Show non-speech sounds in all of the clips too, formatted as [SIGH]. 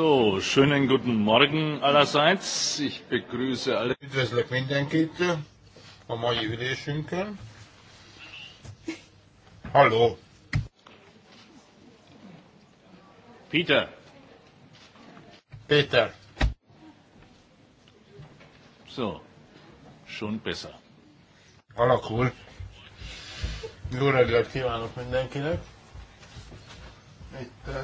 So, schönen guten Morgen allerseits. Ich begrüße alle. Üdvözlök mindenkit a mai ülésünkön. Halló! Peter! Peter! So, schon besser. Alakul. Jó reggelt kívánok mindenkinek! Itt eh,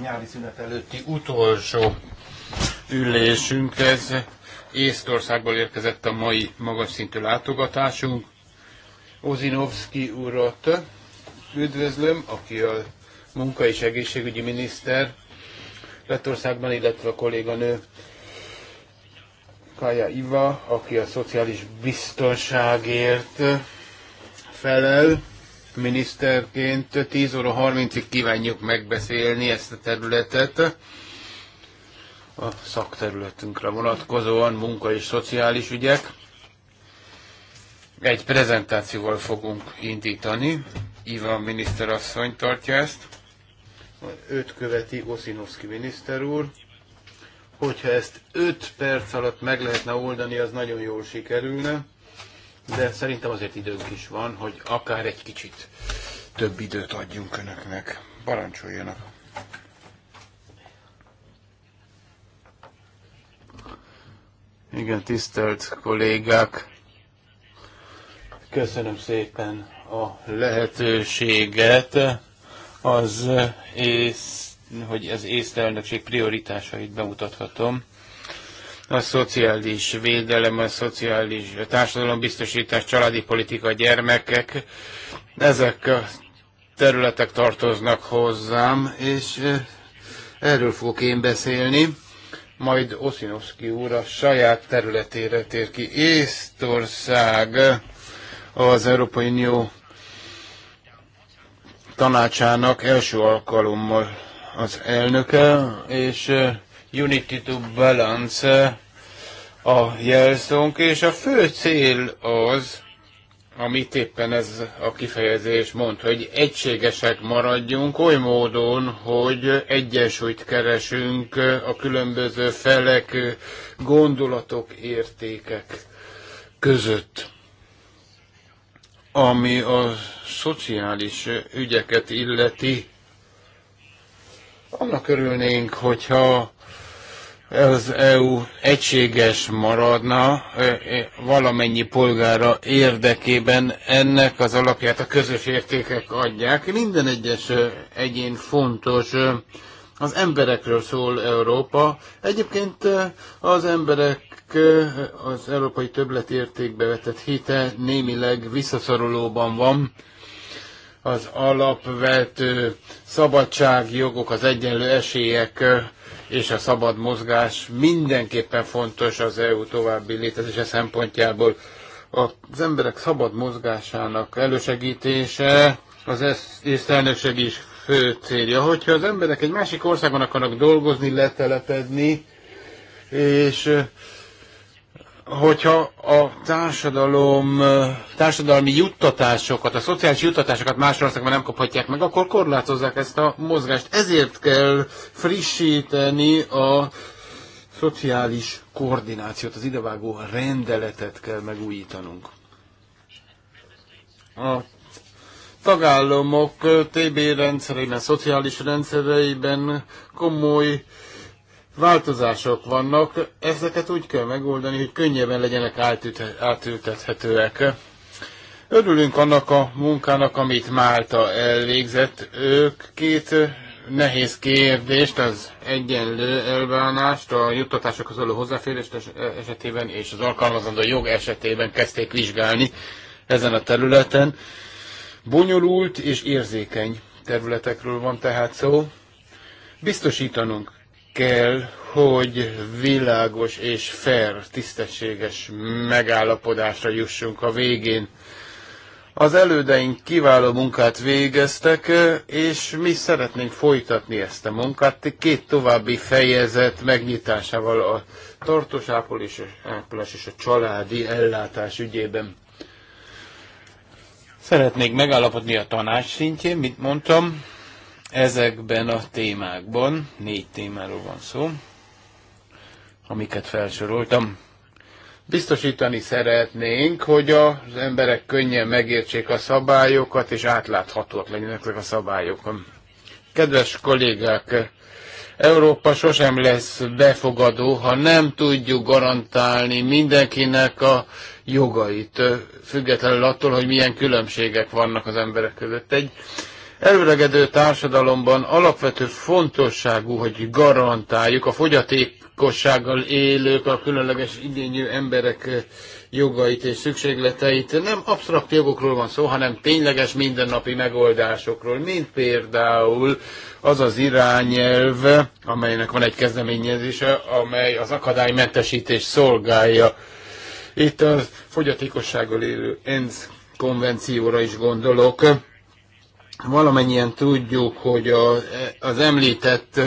nyári szünet előtti utolsó ülésünk. Ez Észtországból érkezett a mai magas szintű látogatásunk. Ozinovski urat üdvözlöm, aki a munka és egészségügyi miniszter Lettországban, illetve a kolléganő Kaja Iva, aki a szociális biztonságért felel miniszterként 10 óra 30-ig kívánjuk megbeszélni ezt a területet a szakterületünkre vonatkozóan, munka és szociális ügyek. Egy prezentációval fogunk indítani. Ivan asszony tartja ezt. Őt követi Oszinovszki miniszter úr. Hogyha ezt 5 perc alatt meg lehetne oldani, az nagyon jól sikerülne de szerintem azért időnk is van, hogy akár egy kicsit több időt adjunk önöknek. Parancsoljanak! Igen, tisztelt kollégák! Köszönöm szépen a lehetőséget az ész, hogy az észlelnökség prioritásait bemutathatom a szociális védelem, a szociális a társadalombiztosítás, családi politika, gyermekek, ezek a területek tartoznak hozzám, és erről fogok én beszélni. Majd Oszinovszki úr a saját területére tér ki. Észtország az Európai Unió tanácsának első alkalommal az elnöke, és Unity to Balance a jelszónk, és a fő cél az, amit éppen ez a kifejezés mond, hogy egységesek maradjunk oly módon, hogy egyensúlyt keresünk a különböző felek, gondolatok, értékek között. Ami a szociális ügyeket illeti, annak örülnénk, hogyha az EU egységes maradna valamennyi polgára érdekében, ennek az alapját a közös értékek adják. Minden egyes egyén fontos, az emberekről szól Európa. Egyébként az emberek az európai többletértékbe vetett hite némileg visszaszorulóban van az alapvető szabadságjogok, az egyenlő esélyek és a szabad mozgás mindenképpen fontos az EU további létezése szempontjából. Az emberek szabad mozgásának elősegítése az észt elnökség is fő célja. Hogyha az emberek egy másik országban akarnak dolgozni, letelepedni, és hogyha a társadalom, társadalmi juttatásokat, a szociális juttatásokat más országban nem kaphatják meg, akkor korlátozzák ezt a mozgást. Ezért kell frissíteni a szociális koordinációt, az idevágó rendeletet kell megújítanunk. A tagállamok TB rendszerében, szociális rendszereiben komoly változások vannak, ezeket úgy kell megoldani, hogy könnyebben legyenek átültethetőek. Örülünk annak a munkának, amit Málta elvégzett. Ők két nehéz kérdést, az egyenlő elbánást, a juttatásokhoz való hozzáférés esetében és az alkalmazandó jog esetében kezdték vizsgálni ezen a területen. Bonyolult és érzékeny területekről van tehát szó. Biztosítanunk kell, hogy világos és fair, tisztességes megállapodásra jussunk a végén. Az elődeink kiváló munkát végeztek, és mi szeretnénk folytatni ezt a munkát két további fejezet megnyitásával a tartós ápolás és a családi ellátás ügyében. Szeretnék megállapodni a tanács szintjén, mint mondtam, ezekben a témákban, négy témáról van szó, amiket felsoroltam. Biztosítani szeretnénk, hogy az emberek könnyen megértsék a szabályokat, és átláthatóak legyenek ezek a szabályok. Kedves kollégák, Európa sosem lesz befogadó, ha nem tudjuk garantálni mindenkinek a jogait, függetlenül attól, hogy milyen különbségek vannak az emberek között. Egy előregedő társadalomban alapvető fontosságú, hogy garantáljuk a fogyatékossággal élők, a különleges igényű emberek eh, jogait és szükségleteit. Nem absztrakt jogokról van szó, hanem tényleges mindennapi megoldásokról, mint például az az irányelv, amelynek van egy kezdeményezése, amely az akadálymentesítés szolgálja. Itt a fogyatékossággal élő ENSZ konvencióra is gondolok Valamennyien tudjuk, hogy a, az említett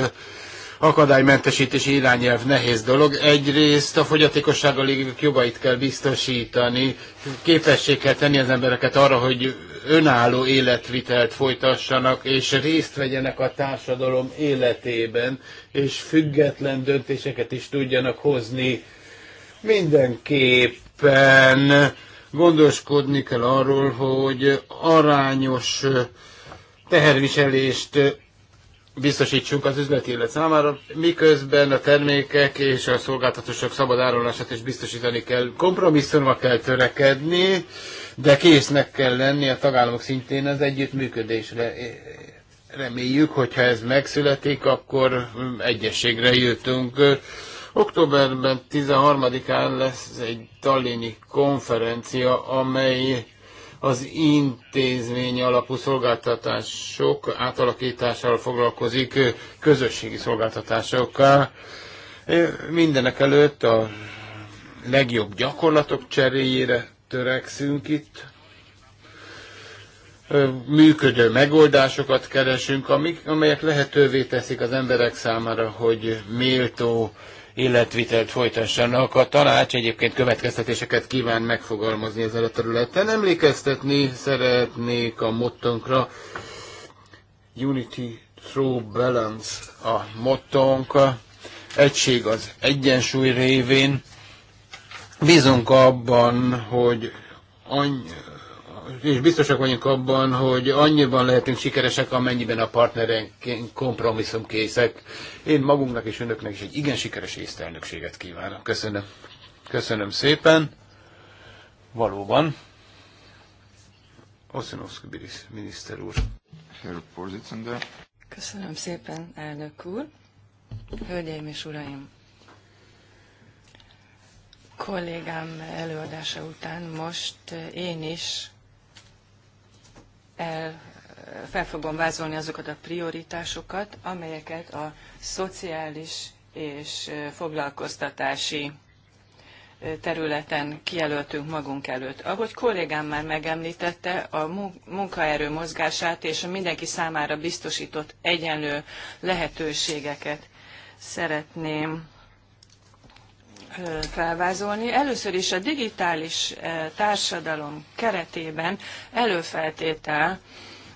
akadálymentesítési irányelv nehéz dolog. Egyrészt a fogyatékossággal élők jogait kell biztosítani, képesség kell tenni az embereket arra, hogy önálló életvitelt folytassanak, és részt vegyenek a társadalom életében, és független döntéseket is tudjanak hozni. Mindenképpen gondoskodni kell arról, hogy arányos teherviselést biztosítsunk az üzleti élet számára, miközben a termékek és a szolgáltatások szabad árulását is biztosítani kell. Kompromisszumra kell törekedni, de késznek kell lenni a tagállamok szintén az együttműködésre. Reméljük, hogyha ez megszületik, akkor egyességre jutunk. Októberben 13-án lesz egy Tallini konferencia, amely az intézmény alapú szolgáltatások átalakításával foglalkozik közösségi szolgáltatásokkal. Mindenek előtt a legjobb gyakorlatok cseréjére törekszünk itt. Működő megoldásokat keresünk, amik, amelyek lehetővé teszik az emberek számára, hogy méltó életvitelt folytassanak. A tanács egyébként következtetéseket kíván megfogalmazni ezzel a területen. Emlékeztetni szeretnék a mottonkra Unity through balance a mottonk, egység az egyensúly révén. Bízunk abban, hogy any- és biztosak vagyunk abban, hogy annyiban lehetünk sikeresek, amennyiben a partnerek kompromisszumkészek. Én magunknak és önöknek is egy igen sikeres észtelnökséget kívánok. Köszönöm. Köszönöm szépen. Valóban. Oszinovszki miniszter úr. Köszönöm szépen, elnök úr. Hölgyeim és uraim! kollégám előadása után most eh, én is el, fel fogom vázolni azokat a prioritásokat, amelyeket a szociális és foglalkoztatási területen kijelöltünk magunk előtt. Ahogy kollégám már megemlítette, a munkaerő mozgását és a mindenki számára biztosított egyenlő lehetőségeket szeretném felvázolni. Először is a digitális társadalom keretében előfeltétel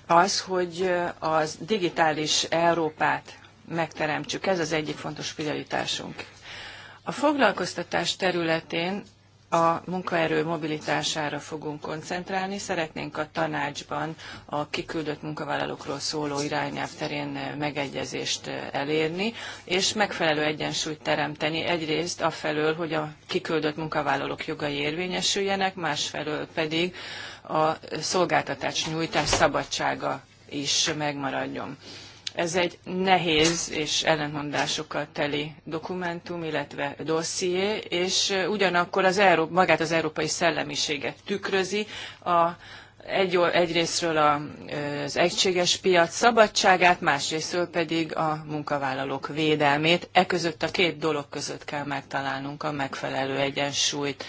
az, hogy az digitális Európát megteremtsük. Ez az egyik fontos prioritásunk. A foglalkoztatás területén a munkaerő mobilitására fogunk koncentrálni. Szeretnénk a tanácsban a kiküldött munkavállalókról szóló irányelv terén megegyezést elérni, és megfelelő egyensúlyt teremteni egyrészt afelől, hogy a kiküldött munkavállalók jogai érvényesüljenek, másfelől pedig a szolgáltatás nyújtás szabadsága is megmaradjon. Ez egy nehéz és ellentmondásokkal teli dokumentum, illetve dosszié, és ugyanakkor az Euró- magát az európai szellemiséget tükrözi. A, egy, egyrésztről a, az egységes piac szabadságát, másrésztről pedig a munkavállalók védelmét. E között a két dolog között kell megtalálnunk a megfelelő egyensúlyt.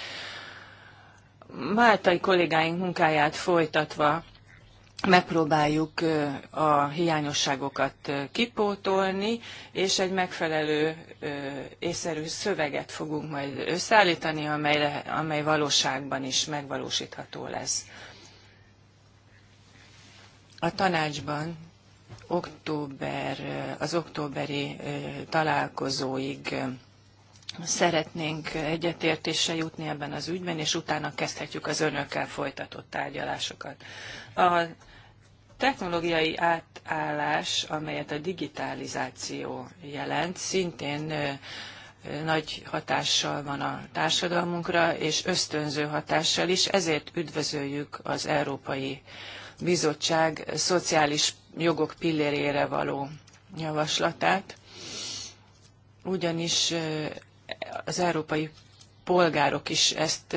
Máltai kollégáink munkáját folytatva megpróbáljuk a hiányosságokat kipótolni, és egy megfelelő észszerű szöveget fogunk majd összeállítani, amely, amely valóságban is megvalósítható lesz. A tanácsban október, az októberi találkozóig szeretnénk egyetértésre jutni ebben az ügyben, és utána kezdhetjük az önökkel folytatott tárgyalásokat. A technológiai átállás, amelyet a digitalizáció jelent, szintén nagy hatással van a társadalmunkra, és ösztönző hatással is, ezért üdvözöljük az Európai Bizottság szociális jogok pillérére való javaslatát, ugyanis az európai polgárok is ezt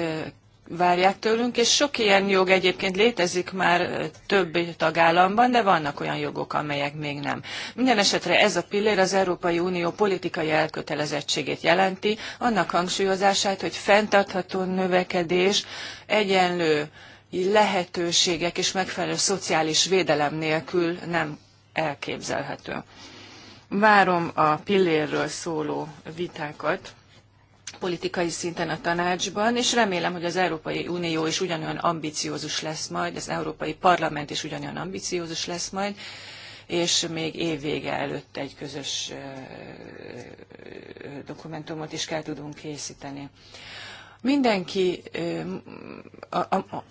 várják tőlünk, és sok ilyen jog egyébként létezik már több tagállamban, de vannak olyan jogok, amelyek még nem. Minden esetre ez a pillér az Európai Unió politikai elkötelezettségét jelenti, annak hangsúlyozását, hogy fenntartható növekedés, egyenlő lehetőségek és megfelelő szociális védelem nélkül nem elképzelhető. Várom a pillérről szóló vitákat politikai szinten a tanácsban, és remélem, hogy az Európai Unió is ugyanolyan ambiciózus lesz majd, az Európai Parlament is ugyanolyan ambiciózus lesz majd, és még évvége előtt egy közös dokumentumot is kell tudunk készíteni. Mindenki,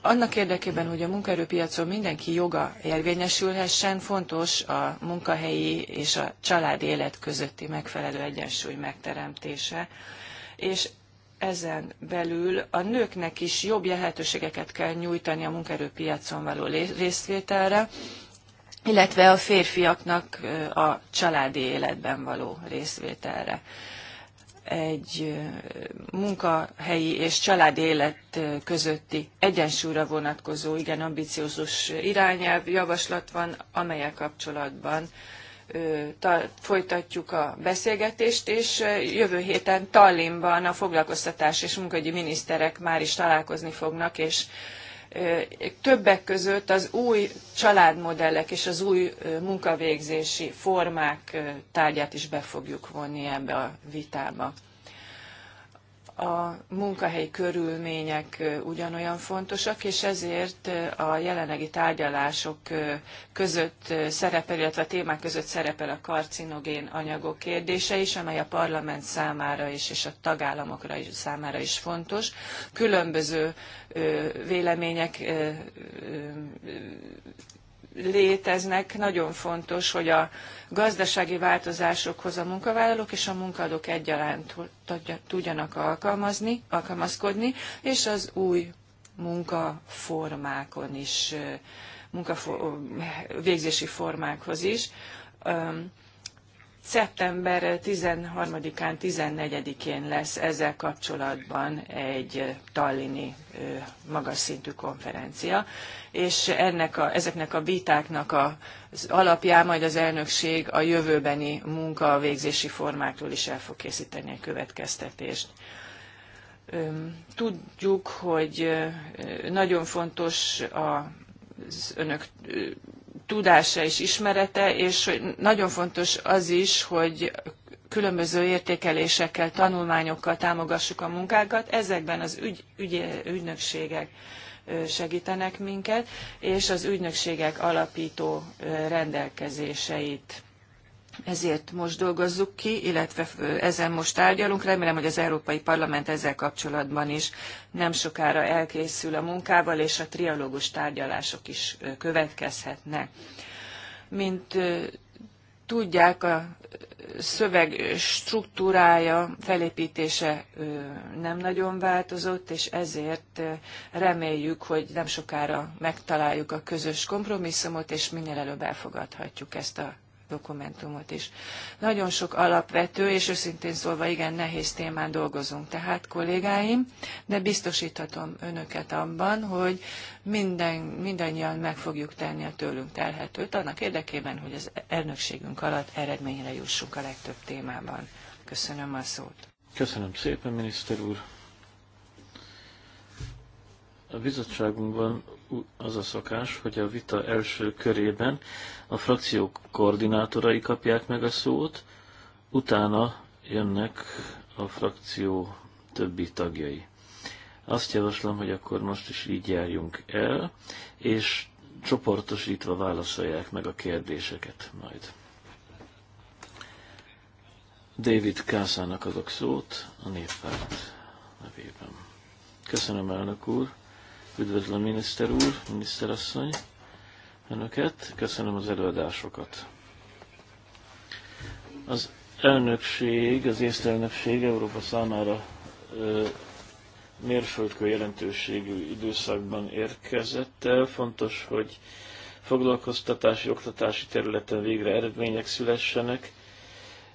annak érdekében, hogy a munkaerőpiacon mindenki joga érvényesülhessen, fontos a munkahelyi és a család élet közötti megfelelő egyensúly megteremtése és ezen belül a nőknek is jobb lehetőségeket kell nyújtani a munkerőpiacon való részvételre, illetve a férfiaknak a családi életben való részvételre. Egy munkahelyi és családi élet közötti egyensúlyra vonatkozó igen ambiciózus irányelv javaslat van, amelyel kapcsolatban folytatjuk a beszélgetést, és jövő héten Tallinnban a foglalkoztatás és munkahogyi miniszterek már is találkozni fognak, és többek között az új családmodellek és az új munkavégzési formák tárgyát is be fogjuk vonni ebbe a vitába a munkahelyi körülmények ugyanolyan fontosak, és ezért a jelenlegi tárgyalások között szerepel, illetve a témák között szerepel a karcinogén anyagok kérdése is, amely a parlament számára is, és a tagállamokra is, számára is fontos. Különböző vélemények léteznek, nagyon fontos, hogy a gazdasági változásokhoz a munkavállalók és a munkaadók egyaránt tudjanak alkalmazni, alkalmazkodni, és az új munkaformákon is, munka végzési formákhoz is. Szeptember 13-án, 14-én lesz ezzel kapcsolatban egy tallini magas szintű konferencia, és ennek a, ezeknek a vitáknak a, az alapján majd az elnökség a jövőbeni munkavégzési formákról is el fog készíteni a következtetést. Tudjuk, hogy nagyon fontos az önök tudása és ismerete, és nagyon fontos az is, hogy különböző értékelésekkel, tanulmányokkal támogassuk a munkákat. Ezekben az ügy, ügy, ügynökségek segítenek minket, és az ügynökségek alapító rendelkezéseit ezért most dolgozzuk ki, illetve ezen most tárgyalunk. Remélem, hogy az Európai Parlament ezzel kapcsolatban is nem sokára elkészül a munkával, és a trialógus tárgyalások is következhetnek. Mint tudják, a szöveg struktúrája, felépítése nem nagyon változott, és ezért reméljük, hogy nem sokára megtaláljuk a közös kompromisszumot, és minél előbb elfogadhatjuk ezt a dokumentumot is. Nagyon sok alapvető és őszintén szólva igen nehéz témán dolgozunk tehát, kollégáim, de biztosíthatom önöket abban, hogy minden, mindannyian meg fogjuk tenni a tőlünk telhetőt annak érdekében, hogy az elnökségünk alatt eredményre jussunk a legtöbb témában. Köszönöm a szót. Köszönöm szépen, miniszter úr. A bizottságunkban az a szokás, hogy a vita első körében a frakciók koordinátorai kapják meg a szót, utána jönnek a frakció többi tagjai. Azt javaslom, hogy akkor most is így járjunk el, és csoportosítva válaszolják meg a kérdéseket majd. David Kászának adok szót a néppárt nevében. Köszönöm, elnök úr! Üdvözlöm miniszter úr, miniszterasszony, önöket. Köszönöm az előadásokat. Az elnökség, az észtelnökség Európa számára ö, mérföldkő jelentőségű időszakban érkezett el. Fontos, hogy foglalkoztatási, oktatási területen végre eredmények szülessenek,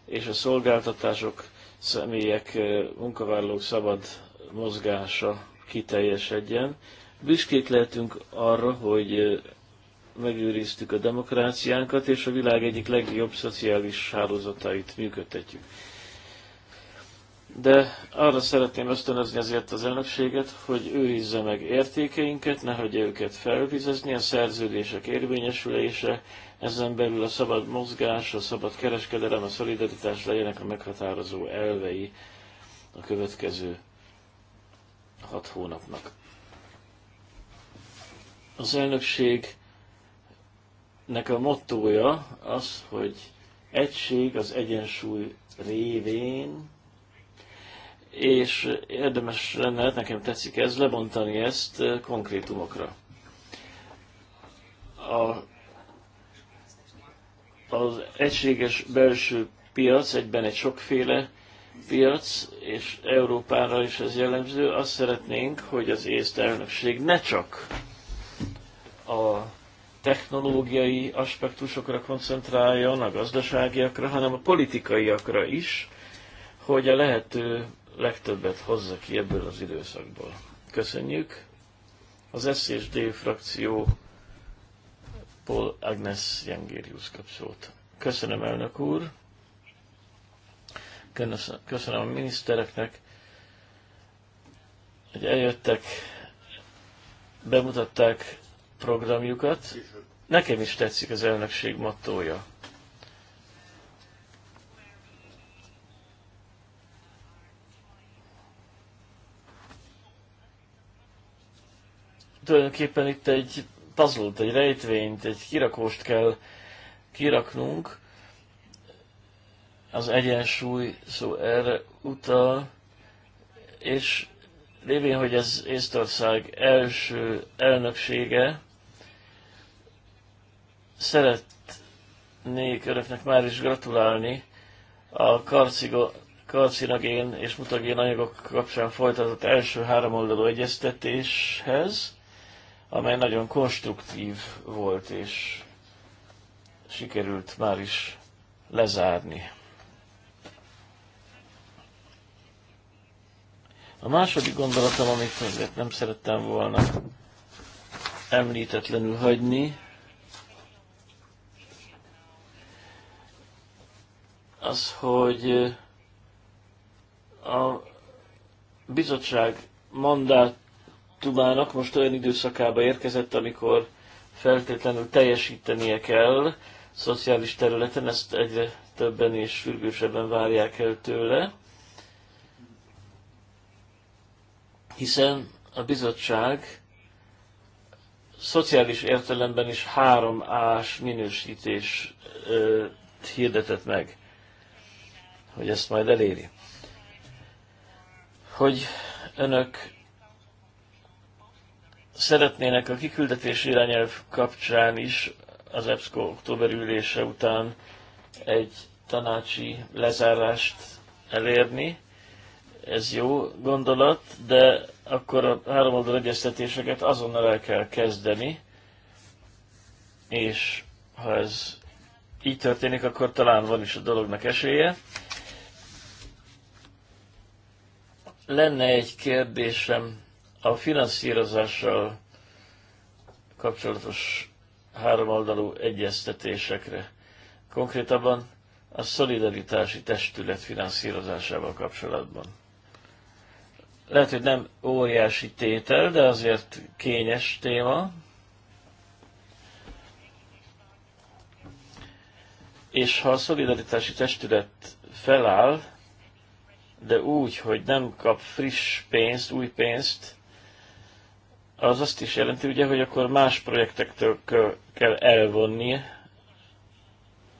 és a szolgáltatások, személyek, munkavállalók szabad mozgása kiteljesedjen. Büszkék lehetünk arra, hogy megőriztük a demokráciánkat, és a világ egyik legjobb szociális hálózatait működtetjük. De arra szeretném ösztönözni azért az elnökséget, hogy őrizze meg értékeinket, ne hagyja őket felvizezni, a szerződések érvényesülése, ezen belül a szabad mozgás, a szabad kereskedelem, a szolidaritás legyenek a meghatározó elvei a következő hat hónapnak. Az elnökségnek a mottója az, hogy egység az egyensúly révén, és érdemes lenne, hát nekem tetszik ez, lebontani ezt konkrétumokra. A, az egységes belső piac egyben egy sokféle piac, és Európára is ez jellemző. Azt szeretnénk, hogy az észt elnökség ne csak a technológiai aspektusokra koncentráljon, a gazdaságiakra, hanem a politikaiakra is, hogy a lehető legtöbbet hozza ki ebből az időszakból. Köszönjük! Az SZSD frakció Paul Agnes Jengérius kapcsolt. Köszönöm, elnök úr! Köszönöm a minisztereknek, hogy eljöttek, bemutatták programjukat. Nekem is tetszik az elnökség mattója. Tulajdonképpen itt egy puzzle egy rejtvényt, egy kirakóst kell kiraknunk. Az egyensúly szó erre utal, és lévén, hogy ez Észtország első elnöksége, Szeretnék önöknek már is gratulálni a karcigo, karcinogén és mutagén anyagok kapcsán folytatott első háromoldalú egyeztetéshez, amely nagyon konstruktív volt, és sikerült már is lezárni. A második gondolatom, amit azért nem szerettem volna említetlenül hagyni, az, hogy eh, a bizottság mandátumának most olyan időszakába érkezett, amikor feltétlenül teljesítenie kell szociális területen, ezt egyre többen és sürgősebben várják el tőle, hiszen a bizottság szociális értelemben is három ás minősítés eh, hirdetett meg hogy ezt majd eléri. Hogy önök szeretnének a kiküldetés irányelv kapcsán is az EBSCO október ülése után egy tanácsi lezárást elérni. Ez jó gondolat, de akkor a háromoldal egyeztetéseket azonnal el kell kezdeni, és ha ez így történik, akkor talán van is a dolognak esélye. Lenne egy kérdésem a finanszírozással kapcsolatos háromoldalú egyeztetésekre, konkrétabban a szolidaritási testület finanszírozásával kapcsolatban. Lehet, hogy nem óriási tétel, de azért kényes téma. És ha a szolidaritási testület feláll, de úgy, hogy nem kap friss pénzt, új pénzt, az azt is jelenti ugye, hogy akkor más projektektől kell elvonni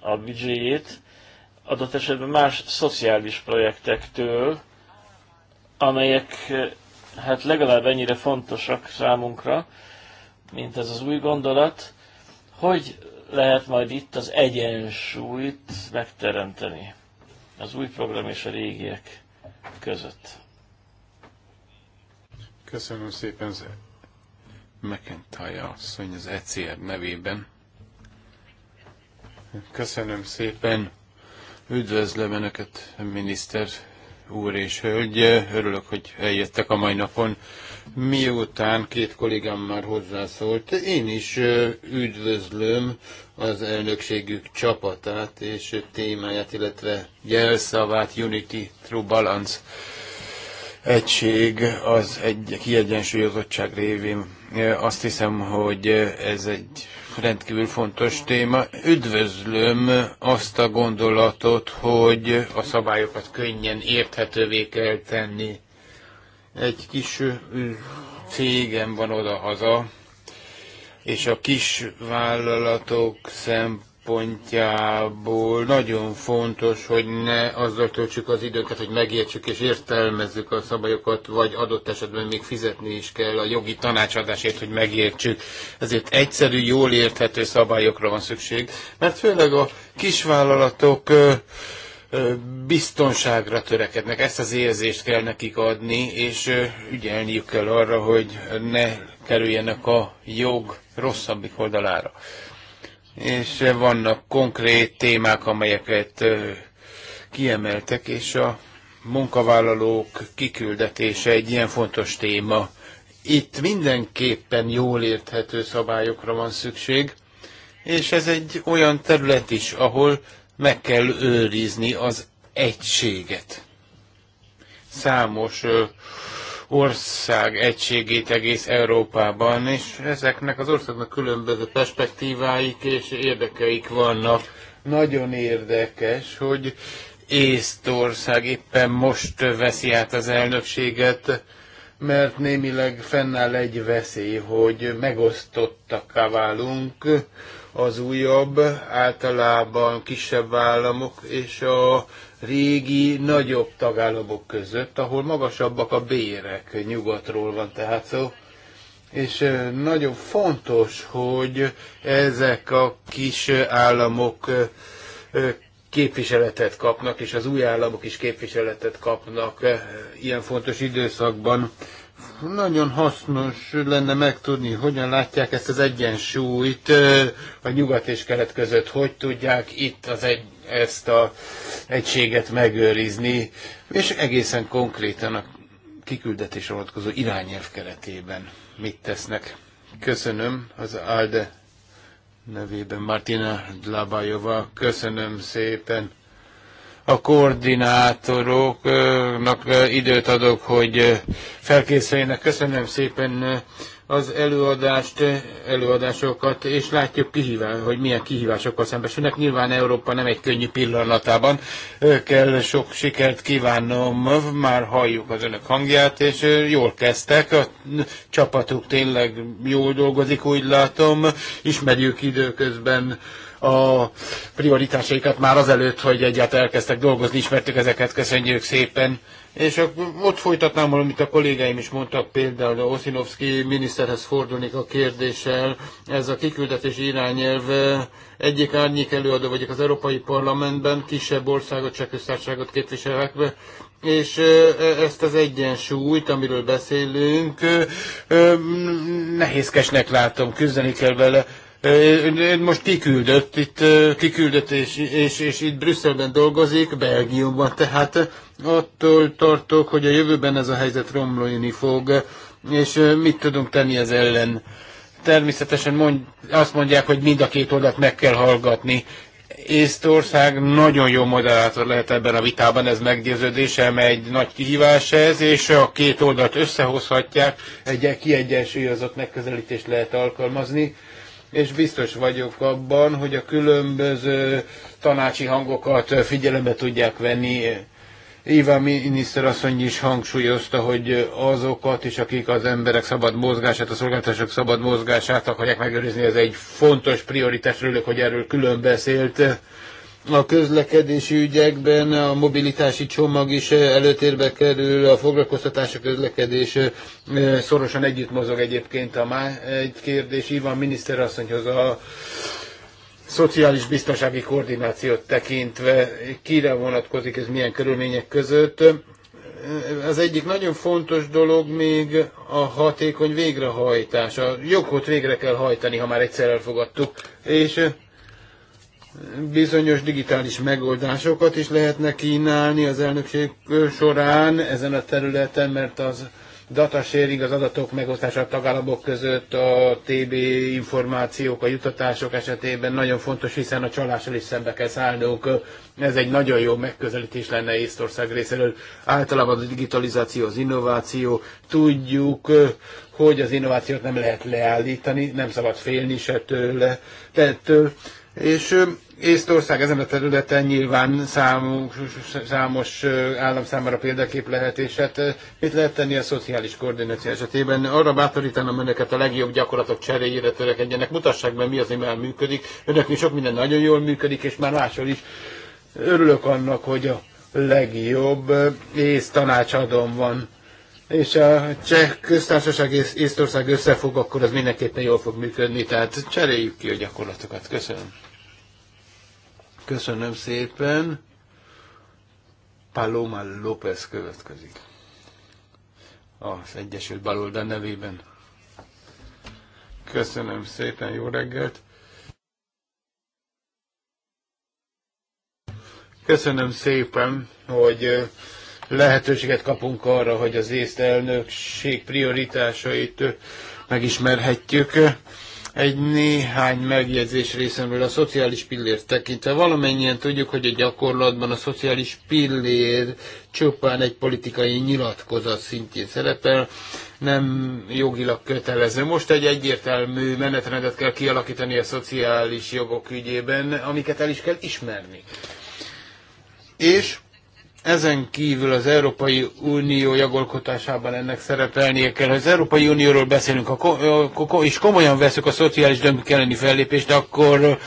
a büdzséjét, adott esetben más szociális projektektől, amelyek hát legalább ennyire fontosak számunkra, mint ez az új gondolat, hogy lehet majd itt az egyensúlyt megteremteni. Az új program és a régiek között. Köszönöm szépen az McIntyre asszony az ECR nevében. Köszönöm szépen. Üdvözlöm Önöket, miniszter úr és hölgy. Örülök, hogy eljöttek a mai napon. Miután két kollégám már hozzászólt, én is üdvözlöm az elnökségük csapatát és témáját, illetve jelszavát Unity True Balance egység az egy kiegyensúlyozottság révén. Azt hiszem, hogy ez egy rendkívül fontos téma. Üdvözlöm azt a gondolatot, hogy a szabályokat könnyen érthetővé kell tenni. Egy kis cégem van oda-haza, és a kis vállalatok szempontjából nagyon fontos, hogy ne azzal töltsük az időket, hogy megértsük és értelmezzük a szabályokat, vagy adott esetben még fizetni is kell a jogi tanácsadásért, hogy megértsük. Ezért egyszerű, jól érthető szabályokra van szükség, mert főleg a kisvállalatok vállalatok biztonságra törekednek, ezt az érzést kell nekik adni, és ügyelniük kell arra, hogy ne kerüljenek a jog rosszabbik oldalára. És vannak konkrét témák, amelyeket kiemeltek, és a munkavállalók kiküldetése egy ilyen fontos téma. Itt mindenképpen jól érthető szabályokra van szükség, és ez egy olyan terület is, ahol meg kell őrizni az egységet. Számos ország egységét egész Európában, és ezeknek az országnak különböző perspektíváik és érdekeik vannak. Nagyon érdekes, hogy Észtország éppen most veszi át az elnökséget, mert némileg fennáll egy veszély, hogy megosztottak válunk, az újabb, általában kisebb államok és a régi, nagyobb tagállamok között, ahol magasabbak a bérek, nyugatról van tehát szó. És nagyon fontos, hogy ezek a kis államok képviseletet kapnak, és az új államok is képviseletet kapnak ilyen fontos időszakban. Nagyon hasznos lenne megtudni, hogyan látják ezt az egyensúlyt a nyugat és kelet között, hogy tudják itt az egy, ezt a egységet megőrizni, és egészen konkrétan a kiküldetés vonatkozó irányelv keretében mit tesznek. Köszönöm az ALDE nevében Martina Dlabajova. Köszönöm szépen a koordinátoroknak időt adok, hogy felkészüljenek. Köszönöm szépen az előadást, előadásokat, és látjuk, kihívás, hogy milyen kihívásokkal szembesülnek. Nyilván Európa nem egy könnyű pillanatában kell sok sikert kívánnom, már halljuk az önök hangját, és jól kezdtek, a csapatuk tényleg jól dolgozik, úgy látom, ismerjük időközben a prioritásaikat már azelőtt, hogy egyáltalán elkezdtek dolgozni, ismertük ezeket, köszönjük szépen. És ott folytatnám, amit a kollégáim is mondtak, például a Oszinovszki miniszterhez fordulnék a kérdéssel. Ez a kiküldetési irányelv eh, egyik árnyék előadó vagyok az Európai Parlamentben, kisebb országot, csak összárságot képviselek, és eh, e- ezt az egyensúlyt, amiről beszélünk, eh, nehézkesnek látom, küzdeni kell vele. Most kiküldött, itt kiküldött, és, és, és itt Brüsszelben dolgozik, Belgiumban, tehát attól tartok, hogy a jövőben ez a helyzet romlóni fog, és mit tudunk tenni ez ellen. Természetesen mond, azt mondják, hogy mind a két oldalt meg kell hallgatni. Észtország nagyon jó moderátor lehet ebben a vitában, ez mert egy nagy kihívás ez, és a két oldalt összehozhatják, egy kiegyensúlyozott megközelítést lehet alkalmazni és biztos vagyok abban, hogy a különböző tanácsi hangokat figyelembe tudják venni. Éva miniszterasszony is hangsúlyozta, hogy azokat is, akik az emberek szabad mozgását, a szolgáltatások szabad mozgását akarják megőrizni, ez egy fontos prioritás, örülök, hogy erről külön beszélt a közlekedési ügyekben a mobilitási csomag is eh, előtérbe kerül, a foglalkoztatás, a közlekedés eh, eh, szorosan együtt mozog egyébként a már egy kérdés. Ivan miniszterasszonyhoz a szociális biztonsági koordinációt tekintve kire vonatkozik ez milyen körülmények között. Az egyik nagyon fontos dolog még a hatékony végrehajtás. A jogot végre kell hajtani, ha már egyszer elfogadtuk. És bizonyos digitális megoldásokat is lehetne kínálni az elnökség során ezen a területen, mert az data sharing, az adatok megosztása a tagállamok között, a TB információk, a jutatások esetében nagyon fontos, hiszen a csalással is szembe kell szállnunk. Ez egy nagyon jó megközelítés lenne Észtország részéről. Általában a digitalizáció, az innováció. Tudjuk, hogy az innovációt nem lehet leállítani, nem szabad félni se tőle. Tehát és Észtország ezen a területen nyilván számos, számos állam számára példakép lehet, és hát mit lehet tenni a szociális koordináció esetében? Arra bátorítanom önöket a legjobb gyakorlatok cseréjére törekedjenek, mutassák be mi az, ami működik. működik. Önöknél sok minden nagyon jól működik, és már máshol is örülök annak, hogy a legjobb ész tanácsadom van és a cseh köztársaság és Észtország összefog, akkor az mindenképpen jól fog működni, tehát cseréljük ki a gyakorlatokat. Köszönöm. Köszönöm szépen. Paloma López következik. Az Egyesült Baloldal nevében. Köszönöm szépen, jó reggelt. Köszönöm szépen, hogy lehetőséget kapunk arra, hogy az észt elnökség prioritásait megismerhetjük. Egy néhány megjegyzés részemről a szociális pillér tekintve. Valamennyien tudjuk, hogy a gyakorlatban a szociális pillér csupán egy politikai nyilatkozat szintjén szerepel, nem jogilag kötelező. Most egy egyértelmű menetrendet kell kialakítani a szociális jogok ügyében, amiket el is kell ismerni. És ezen kívül az Európai Unió jogalkotásában ennek szerepelnie kell. Ha az Európai Unióról beszélünk, ha és komolyan veszük a szociális dömping elleni fellépést, akkor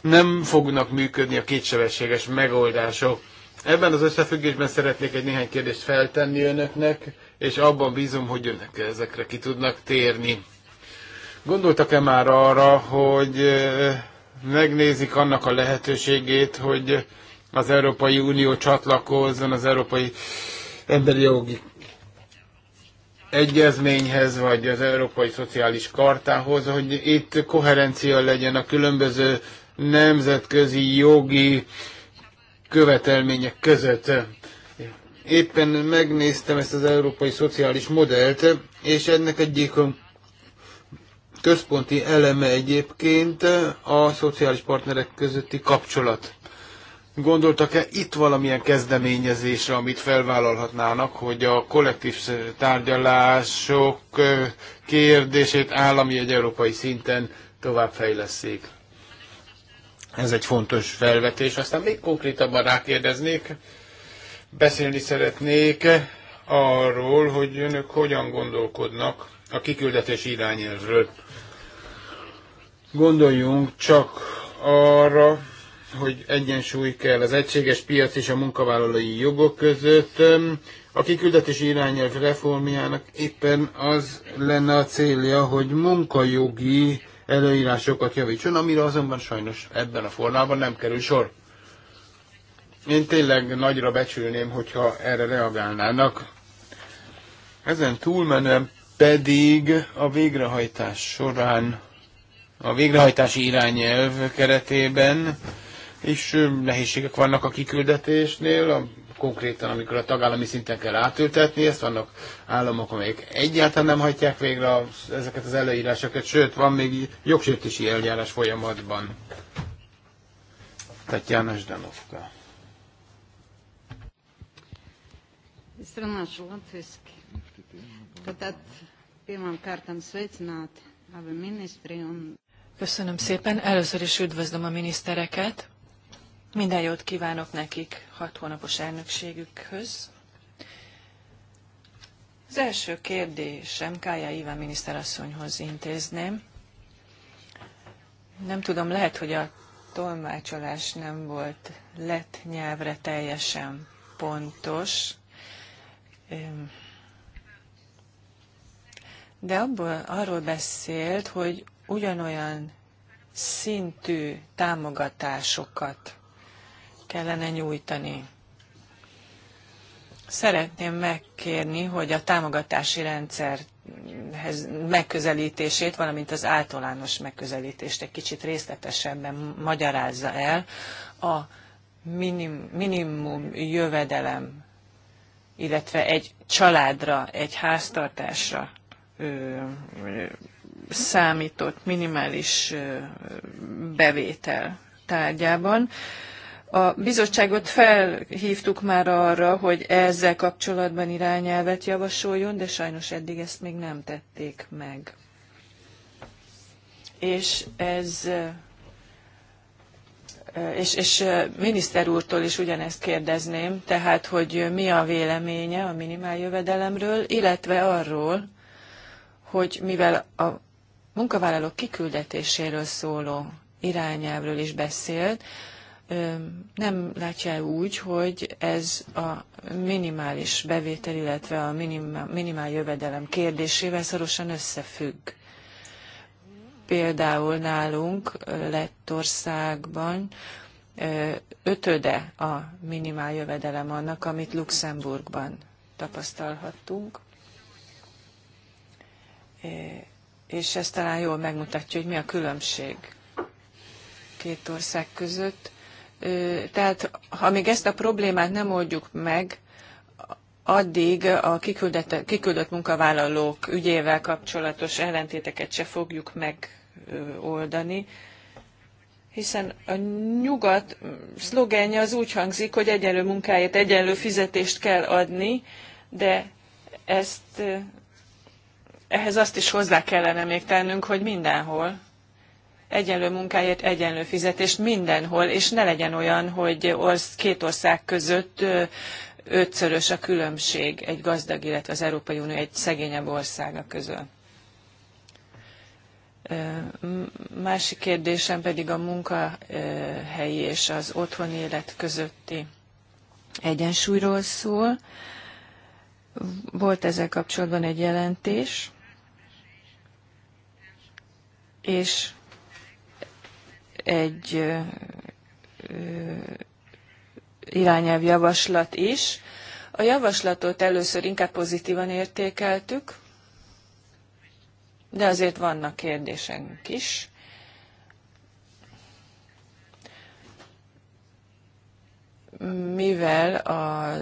nem fognak működni a kétsebességes megoldások. Ebben az összefüggésben szeretnék egy néhány kérdést feltenni önöknek, és abban bízom, hogy önök ezekre ki tudnak térni. Gondoltak-e már arra, hogy megnézik annak a lehetőségét, hogy az Európai Unió csatlakozzon az Európai Emberi Jogi Egyezményhez, vagy az Európai Szociális Kartához, hogy itt koherencia legyen a különböző nemzetközi jogi követelmények között. Éppen megnéztem ezt az európai szociális modellt, és ennek egyik központi eleme egyébként a szociális partnerek közötti kapcsolat. Gondoltak-e itt valamilyen kezdeményezésre, amit felvállalhatnának, hogy a kollektív tárgyalások kérdését állami egy európai szinten továbbfejleszék? Ez egy fontos felvetés. Aztán még konkrétabban rákérdeznék, beszélni szeretnék arról, hogy önök hogyan gondolkodnak a kiküldetés irányelvről. Gondoljunk csak arra, hogy egyensúly kell az egységes piac és a munkavállalói jogok között. A kiküldetési irányelv reformjának éppen az lenne a célja, hogy munkajogi előírásokat javítson, amire azonban sajnos ebben a formában nem kerül sor. Én tényleg nagyra becsülném, hogyha erre reagálnának. Ezen túlmenően pedig a végrehajtás során, a végrehajtási irányelv keretében és nehézségek vannak a kiküldetésnél, a, konkrétan amikor a tagállami szinten kell átültetni, ezt vannak államok, amelyek egyáltalán nem hajtják végre ezeket az előírásokat, sőt, van még jogsértési eljárás folyamatban. Tatjana Zdanovka. Страна шла тиски. имам картам свет а министри Köszönöm szépen. Először is üdvözlöm a minisztereket. Minden jót kívánok nekik hat hónapos elnökségükhöz. Az első kérdésem Kája Iván miniszterasszonyhoz intézném. Nem tudom, lehet, hogy a tolmácsolás nem volt lett nyelvre teljesen pontos, de abból arról beszélt, hogy ugyanolyan szintű támogatásokat kellene nyújtani. Szeretném megkérni, hogy a támogatási rendszerhez megközelítését, valamint az általános megközelítést egy kicsit részletesebben magyarázza el. A minim, minimum jövedelem, illetve egy családra, egy háztartásra ö, számított minimális bevétel tárgyában. A bizottságot felhívtuk már arra, hogy ezzel kapcsolatban irányelvet javasoljon, de sajnos eddig ezt még nem tették meg. És ez eh, és, és eh, miniszter úrtól is ugyanezt kérdezném, tehát hogy mi a véleménye a minimál jövedelemről, illetve arról, hogy mivel a munkavállalók kiküldetéséről szóló irányelvről is beszélt, nem látja úgy, hogy ez a minimális bevétel, illetve a minimál, minimál jövedelem kérdésével szorosan összefügg. Például nálunk Lettországban ötöde a minimál jövedelem annak, amit Luxemburgban tapasztalhattunk. És ez talán jól megmutatja, hogy mi a különbség két ország között tehát ha még ezt a problémát nem oldjuk meg, addig a kiküldett, kiküldött munkavállalók ügyével kapcsolatos ellentéteket se fogjuk megoldani, hiszen a nyugat szlogenje az úgy hangzik, hogy egyenlő munkáját, egyenlő fizetést kell adni, de ezt ehhez azt is hozzá kellene még tennünk, hogy mindenhol egyenlő munkáért egyenlő fizetést mindenhol, és ne legyen olyan, hogy orsz, két ország között ötszörös a különbség egy gazdag, illetve az Európai Unió egy szegényebb országa közül. Másik kérdésem pedig a munkahelyi és az otthoni élet közötti egyensúlyról szól. Volt ezzel kapcsolatban egy jelentés, és egy irányelvjavaslat is. A javaslatot először inkább pozitívan értékeltük, de azért vannak kérdéseink is. Mivel a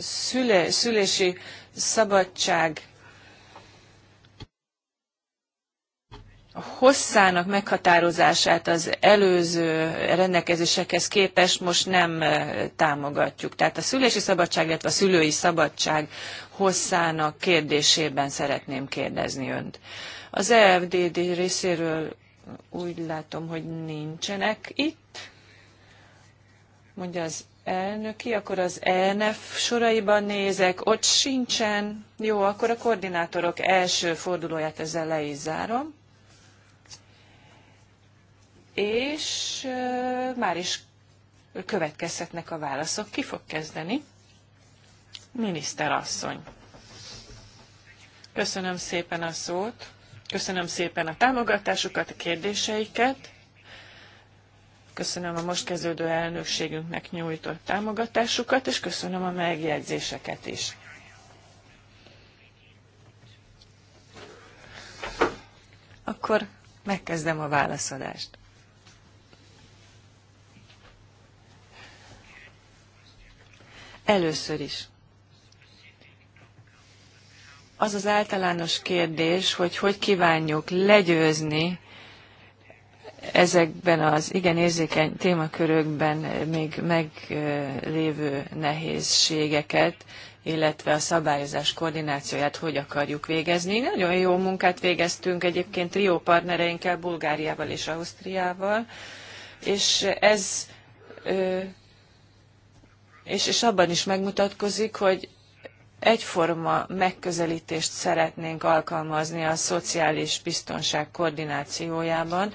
szüle, szülési szabadság hosszának meghatározását az előző rendelkezésekhez képest most nem eh, támogatjuk. Tehát a szülési szabadság, illetve a szülői szabadság hosszának kérdésében szeretném kérdezni önt. Az EFDD részéről úgy látom, hogy nincsenek itt. Mondja az elnöki, akkor az ENF soraiban nézek, ott sincsen. Jó, akkor a koordinátorok első fordulóját ezzel le is zárom és már is következhetnek a válaszok. Ki fog kezdeni? Miniszterasszony. Köszönöm szépen a szót, köszönöm szépen a támogatásukat, a kérdéseiket, köszönöm a most kezdődő elnökségünknek nyújtott támogatásukat, és köszönöm a megjegyzéseket is. Akkor megkezdem a válaszadást. Először is. Az az általános kérdés, hogy hogy kívánjuk legyőzni ezekben az igen érzékeny témakörökben még meglévő nehézségeket, illetve a szabályozás koordinációját hogy akarjuk végezni. Nagyon jó munkát végeztünk egyébként Rio partnereinkkel, Bulgáriával és Ausztriával, és ez és, és abban is megmutatkozik, hogy egyforma megközelítést szeretnénk alkalmazni a szociális biztonság koordinációjában,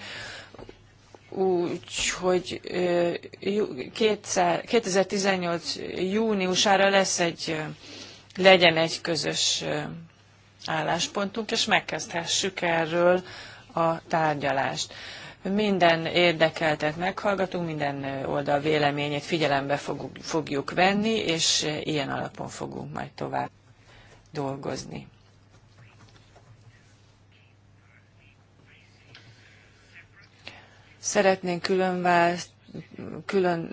úgyhogy 2018 júniusára lesz egy, legyen egy közös álláspontunk, és megkezdhessük erről a tárgyalást. Minden érdekeltet meghallgatunk, minden oldal véleményét figyelembe fogjuk, fogjuk venni, és ilyen alapon fogunk majd tovább dolgozni. Szeretnénk külön vált külön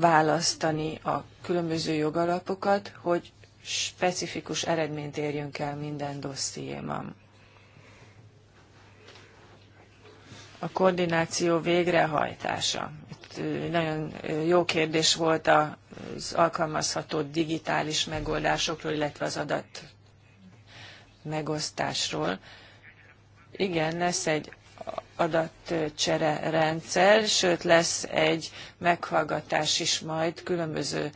választani a különböző jogalapokat, hogy specifikus eredményt érjünk el minden dossziéban. a koordináció végrehajtása. Itt nagyon jó kérdés volt az alkalmazható digitális megoldásokról, illetve az adat megosztásról. Igen, lesz egy adatcsere rendszer, sőt lesz egy meghallgatás is majd különböző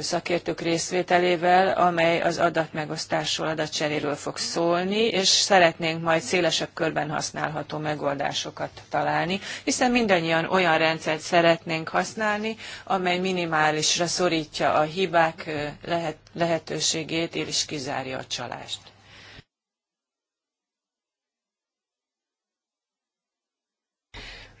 szakértők részvételével, amely az adatmegosztásról, adatcseréről fog szólni, és szeretnénk majd szélesebb körben használható megoldásokat találni, hiszen mindannyian olyan rendszert szeretnénk használni, amely minimálisra szorítja a hibák lehet, lehetőségét, és kizárja a csalást.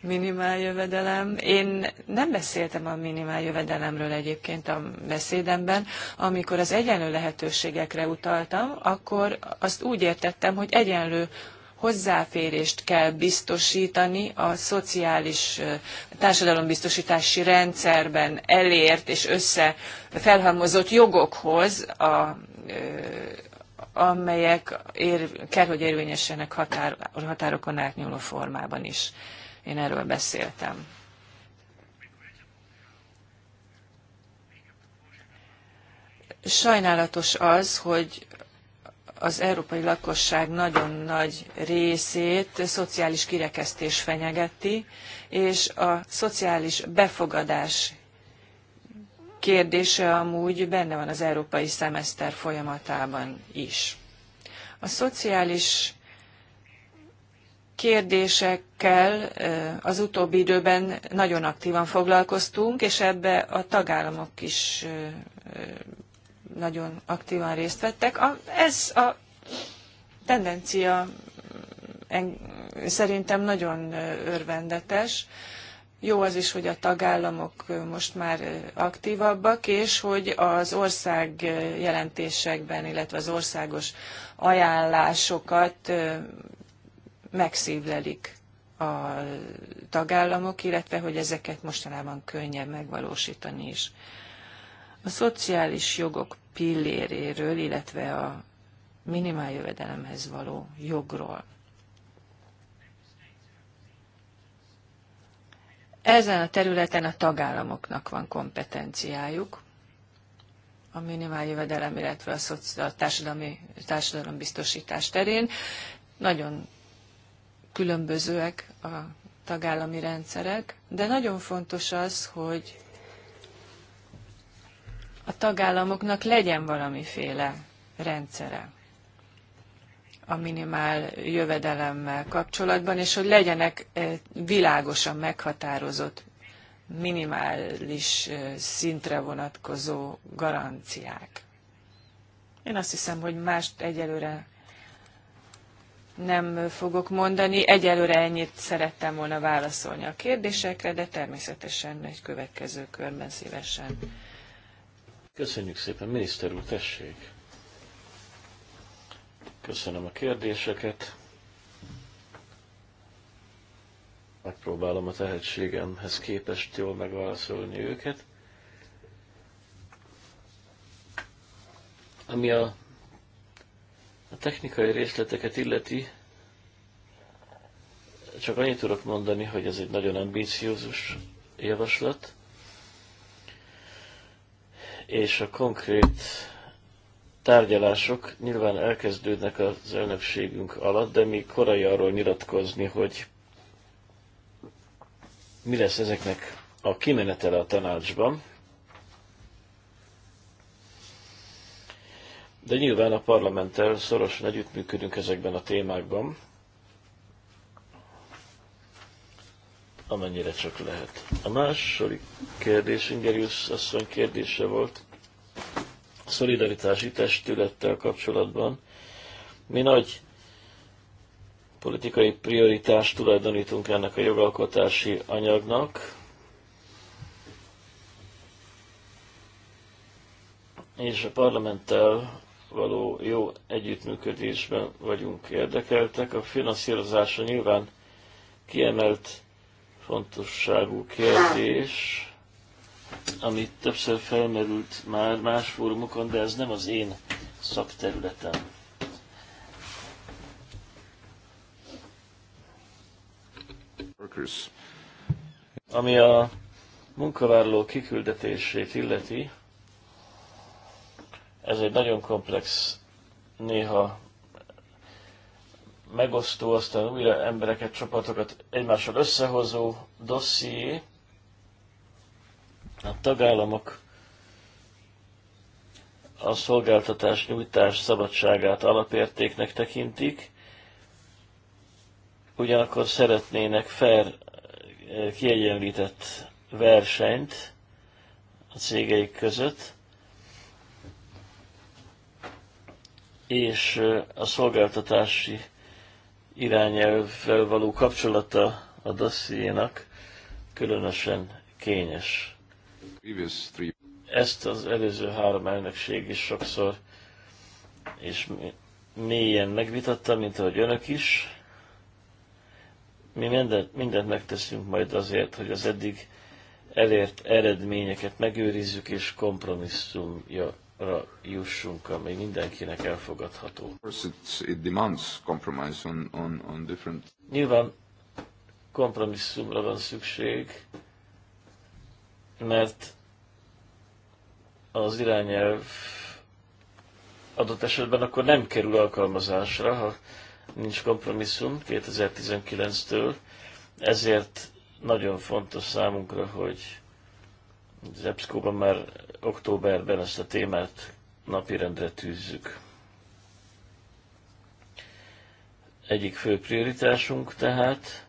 minimál jövedelem. Én nem beszéltem a minimál jövedelemről egyébként a beszédemben. Amikor az egyenlő lehetőségekre utaltam, akkor azt úgy értettem, hogy egyenlő hozzáférést kell biztosítani a szociális társadalombiztosítási rendszerben elért és össze felhalmozott jogokhoz, a, amelyek ér, kell, hogy érvényesenek határ, határokon átnyúló formában is. Én erről beszéltem. Sajnálatos az, hogy az európai lakosság nagyon nagy részét szociális kirekesztés fenyegeti, és a szociális befogadás kérdése amúgy benne van az európai szemeszter folyamatában is. A szociális kérdésekkel az utóbbi időben nagyon aktívan foglalkoztunk, és ebbe a tagállamok is nagyon aktívan részt vettek. A, ez a tendencia en, szerintem nagyon örvendetes. Jó az is, hogy a tagállamok most már aktívabbak, és hogy az ország jelentésekben, illetve az országos ajánlásokat megszívlelik a tagállamok, illetve hogy ezeket mostanában könnyebb megvalósítani is. A szociális jogok pilléréről, illetve a minimál jövedelemhez való jogról. Ezen a területen a tagállamoknak van kompetenciájuk, a minimál jövedelem, illetve a, szoci- a társadalmi, társadalombiztosítás terén. Nagyon különbözőek a tagállami rendszerek, de nagyon fontos az, hogy a tagállamoknak legyen valamiféle rendszere a minimál jövedelemmel kapcsolatban, és hogy legyenek eh, világosan meghatározott minimális eh, szintre vonatkozó garanciák. Én azt hiszem, hogy mást egyelőre nem fogok mondani. Egyelőre ennyit szerettem volna válaszolni a kérdésekre, de természetesen egy következő körben szívesen. Köszönjük szépen, miniszter úr, tessék! Köszönöm a kérdéseket. Megpróbálom a tehetségemhez képest jól megválaszolni őket. Ami a a technikai részleteket illeti, csak annyit tudok mondani, hogy ez egy nagyon ambíciózus javaslat, és a konkrét tárgyalások nyilván elkezdődnek az elnökségünk alatt, de még korai arról nyilatkozni, hogy mi lesz ezeknek a kimenetele a tanácsban. de nyilván a parlamenttel szorosan együttműködünk ezekben a témákban, amennyire csak lehet. A második kérdés, Ingerius asszony kérdése volt, a szolidaritási testülettel kapcsolatban. Mi nagy politikai prioritást tulajdonítunk ennek a jogalkotási anyagnak, és a parlamenttel való jó együttműködésben vagyunk érdekeltek. A finanszírozása nyilván kiemelt fontosságú kérdés, amit többször felmerült már más fórumokon, de ez nem az én szakterületem. Ami a munkavállaló kiküldetését illeti, ez egy nagyon komplex, néha megosztó, aztán újra embereket, csapatokat egymással összehozó dosszié. A tagállamok a szolgáltatás nyújtás szabadságát alapértéknek tekintik, ugyanakkor szeretnének fair, eh, kiegyenlített versenyt a cégeik között, és a szolgáltatási irányelvvel való kapcsolata a dossziénak különösen kényes. Ezt az előző három elnökség is sokszor és mélyen megvitatta, mint ahogy önök is. Mi mindent, mindent megteszünk majd azért, hogy az eddig elért eredményeket megőrizzük és kompromisszumja jussunk, ami mindenkinek elfogadható. It demands compromise on, on, on different... Nyilván kompromisszumra van szükség, mert az irányelv adott esetben akkor nem kerül alkalmazásra, ha nincs kompromisszum 2019-től. Ezért nagyon fontos számunkra, hogy az EBSCO-ban már októberben ezt a témát napirendre tűzzük. Egyik fő prioritásunk tehát,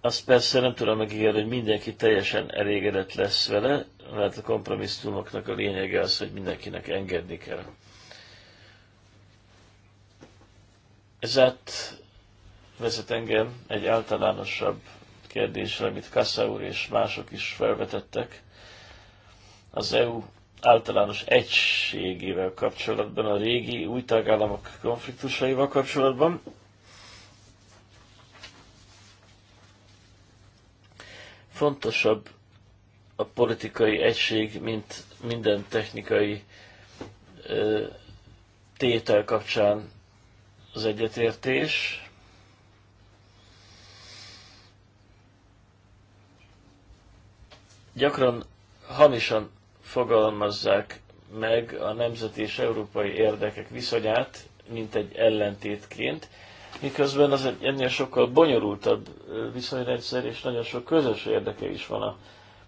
azt persze nem tudom megígérni, hogy mindenki teljesen elégedett lesz vele, mert a kompromisszumoknak a lényege az, hogy mindenkinek engedni kell. Ez át vezet engem egy általánosabb kérdésre, amit Kassa úr és mások is felvetettek, az EU általános egységével kapcsolatban, a régi új tagállamok konfliktusaival kapcsolatban. Fontosabb a politikai egység, mint minden technikai ö, tétel kapcsán az egyetértés. gyakran hamisan fogalmazzák meg a nemzeti és európai érdekek viszonyát, mint egy ellentétként, miközben az egy ennél sokkal bonyolultabb viszonyrendszer, és nagyon sok közös érdeke is van a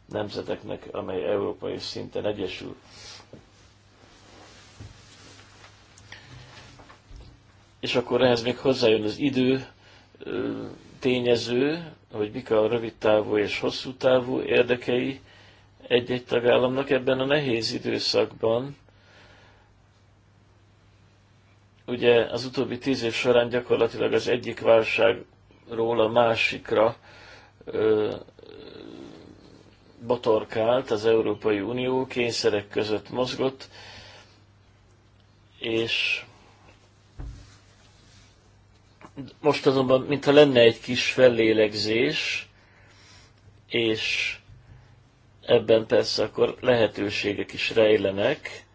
nemzeteknek, amely európai szinten egyesül. És akkor ehhez még hozzájön az idő tényező, hogy mik a rövid távú és hosszú távú érdekei egy-egy tagállamnak ebben a nehéz időszakban. Ugye az utóbbi tíz év során gyakorlatilag az egyik válságról a másikra ö, botorkált, az Európai Unió kényszerek között mozgott, és most azonban, mintha lenne egy kis fellélegzés, és ebben persze akkor lehetőségek is rejlenek,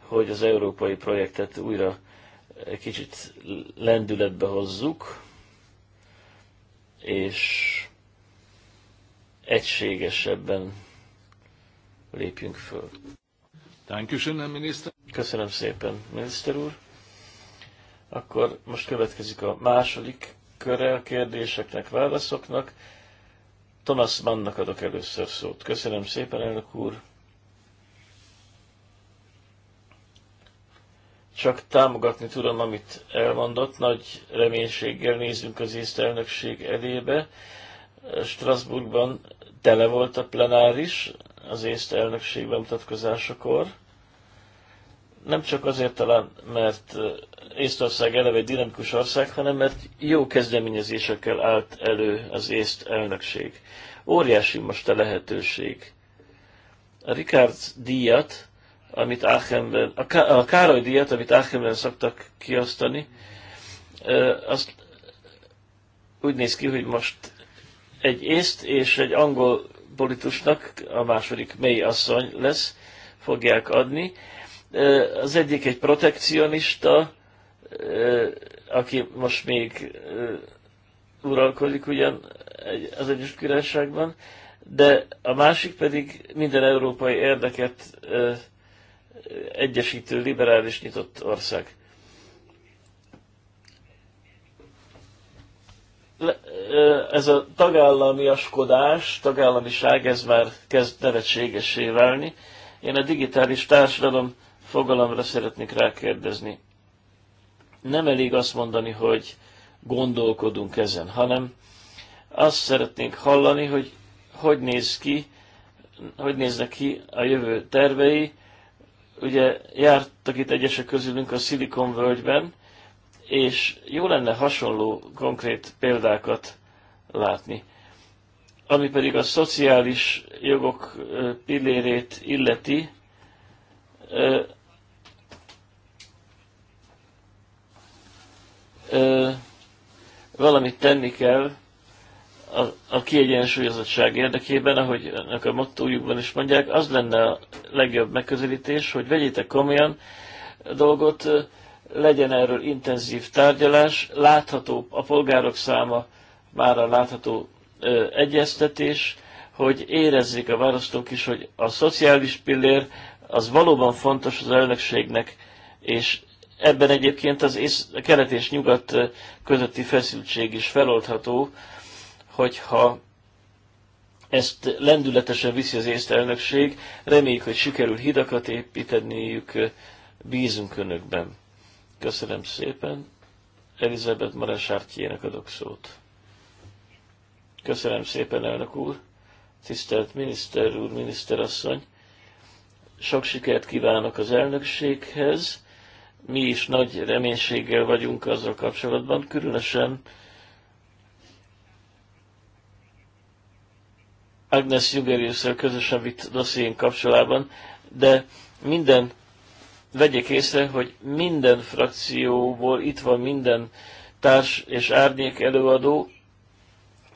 hogy az európai projektet újra kicsit lendületbe hozzuk, és egységesebben lépjünk föl. Köszönöm szépen, miniszter úr! Akkor most következik a második köre a kérdéseknek, válaszoknak. Thomas Mannnak adok először szót. Köszönöm szépen, elnök úr. Csak támogatni tudom, amit elmondott. Nagy reménységgel nézünk az észtelnökség elébe. Strasbourgban tele volt a plenáris az észtelnökség bemutatkozásakor nem csak azért talán, mert Észtország eleve egy dinamikus ország, hanem mert jó kezdeményezésekkel állt elő az észt elnökség. Óriási most a lehetőség. A Ricard díjat, amit Aachenben, a, Ká- a Károly díjat, amit Aachenben szoktak kiosztani, azt úgy néz ki, hogy most egy észt és egy angol politusnak, a második mély asszony lesz, fogják adni. Az egyik egy protekcionista, aki most még uralkodik ugyan az Egyesült Királyságban, de a másik pedig minden európai érdeket egyesítő, liberális, nyitott ország. ez a tagállami askodás, tagállamiság, ez már kezd nevetségesé válni. Én a digitális társadalom fogalomra szeretnék rákérdezni. Nem elég azt mondani, hogy gondolkodunk ezen, hanem azt szeretnénk hallani, hogy hogy néz ki, hogy néznek ki a jövő tervei. Ugye jártak itt egyesek közülünk a Silicon völgyben, és jó lenne hasonló konkrét példákat látni. Ami pedig a szociális jogok pillérét illeti, ö, valamit tenni kell a, a kiegyensúlyozottság érdekében, ahogy önök a mottójukban is mondják, az lenne a legjobb megközelítés, hogy vegyétek komolyan a dolgot, legyen erről intenzív tárgyalás, látható a polgárok száma, már a látható ö, egyeztetés, hogy érezzék a választók is, hogy a szociális pillér az valóban fontos az elnökségnek, és Ebben egyébként az ész, a kelet és nyugat közötti feszültség is feloldható, hogyha ezt lendületesen viszi az észt elnökség. Reméljük, hogy sikerül hidakat építeniük, bízunk önökben. Köszönöm szépen. Elizabeth Maresártyének adok szót. Köszönöm szépen, elnök úr. Tisztelt miniszter úr, miniszterasszony. Sok sikert kívánok az elnökséghez mi is nagy reménységgel vagyunk azzal kapcsolatban, különösen Agnes jugerius közösen vitt dossziénk kapcsolában, de minden, vegyék észre, hogy minden frakcióból itt van minden társ és árnyék előadó,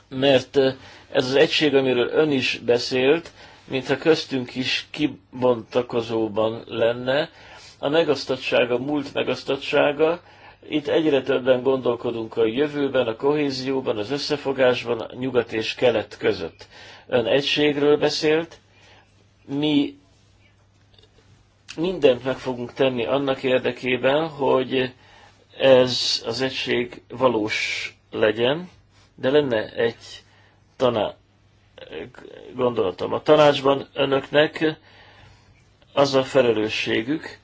mert eh, ez az egység, amiről ön is beszélt, mintha köztünk is kibontakozóban lenne, a megasztatság, a múlt megasztatsága, itt egyre többen gondolkodunk a jövőben, a kohézióban, az összefogásban, a nyugat és kelet között. Ön egységről beszélt, mi mindent meg fogunk tenni annak érdekében, hogy ez az egység valós legyen, de lenne egy taná gondoltam. A tanácsban önöknek az a felelősségük,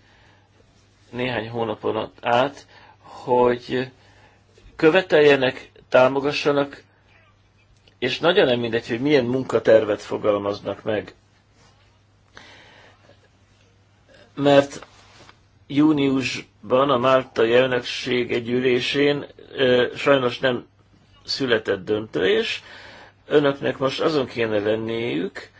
néhány hónapon át, hogy követeljenek, támogassanak, és nagyon nem mindegy, hogy milyen munkatervet fogalmaznak meg. Mert júniusban a Máltai elnökség egy ülésén ö, sajnos nem született döntés. Önöknek most azon kéne lenniük,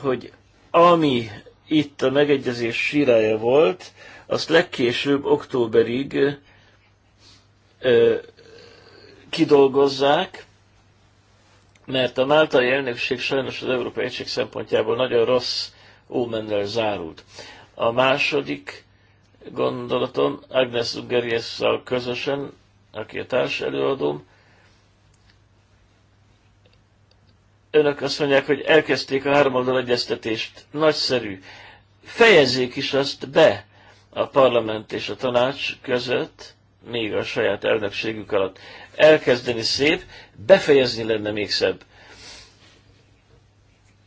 hogy ami itt a megegyezés sírája volt, azt legkésőbb októberig ö, kidolgozzák, mert a máltai elnökség sajnos az Európai Egység szempontjából nagyon rossz ómennel zárult. A második gondolatom Agnes Ungeriessal közösen, aki a társ előadóm, önök azt mondják, hogy elkezdték a háromoldal egyeztetést. Nagyszerű. Fejezzék is azt be, a parlament és a tanács között, még a saját elnökségük alatt. Elkezdeni szép, befejezni lenne még szebb.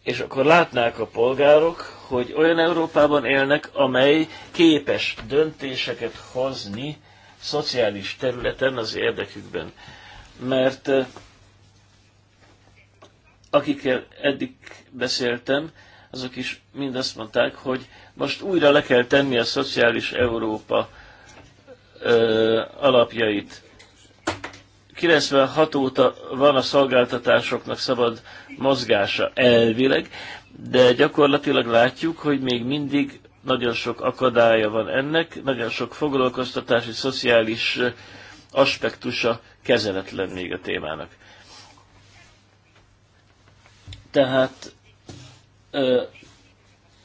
És akkor látnák a polgárok, hogy olyan Európában élnek, amely képes döntéseket hozni szociális területen az érdekükben. Mert eh, akikkel eddig beszéltem, azok is mind azt mondták, hogy most újra le kell tenni a szociális Európa ö, alapjait. 96 óta van a szolgáltatásoknak szabad mozgása elvileg, de gyakorlatilag látjuk, hogy még mindig nagyon sok akadálya van ennek, nagyon sok foglalkoztatási, szociális aspektusa kezeletlen még a témának. Tehát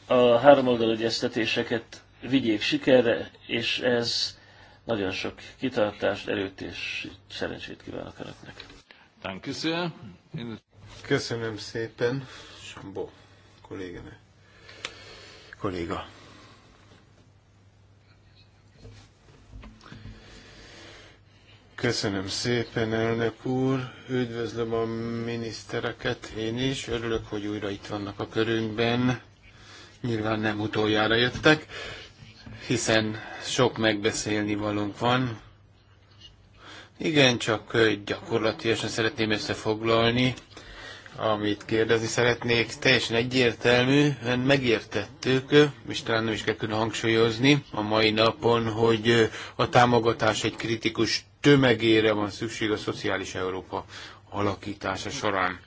a háromoldal egyeztetéseket vigyék sikerre, és ez nagyon sok kitartást, erőt és szerencsét kívánok Önöknek. Köszönöm szépen, Sambó kollégene. Kolléga. Köszönöm szépen, elnök úr. Üdvözlöm a minisztereket, én is. Örülök, hogy újra itt vannak a körünkben nyilván nem utoljára jöttek, hiszen sok megbeszélni valunk van. Igen, csak gyakorlatilag szeretném összefoglalni, amit kérdezni szeretnék. Teljesen egyértelmű, megértettük, és talán nem is kell külön hangsúlyozni a mai napon, hogy a támogatás egy kritikus tömegére van szükség a szociális Európa alakítása során